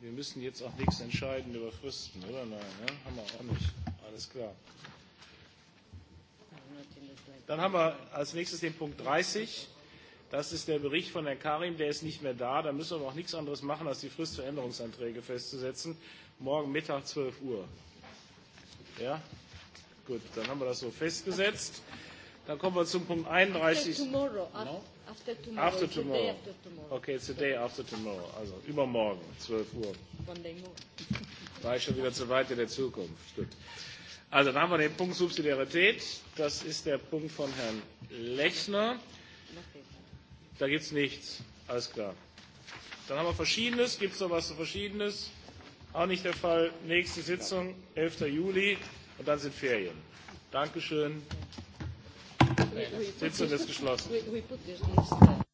Wir müssen jetzt auch nichts entscheiden über Fristen, oder? Nein, ja? haben wir auch nicht. Alles klar. Dann haben wir als nächstes den Punkt 30. Das ist der Bericht von Herrn Karim, der ist nicht mehr da. Da müssen wir aber auch nichts anderes machen, als die Frist für Änderungsanträge festzusetzen. Morgen Mittag 12 Uhr. Ja? Gut, dann haben wir das so festgesetzt. Dann kommen wir zum Punkt 31. After tomorrow. No? After tomorrow. After tomorrow. Today after tomorrow. Okay, today after tomorrow. Also übermorgen, 12 Uhr. War ich schon wieder zu weit in der Zukunft. Gut. Also da haben wir den Punkt Subsidiarität. Das ist der Punkt von Herrn Lechner. Da gibt es nichts. Alles klar. Dann haben wir Verschiedenes. Gibt es noch was zu Verschiedenes? Auch nicht der Fall. Nächste Sitzung, 11. Juli. Und dann sind Ferien. Dankeschön. Sitzung ist geschlossen.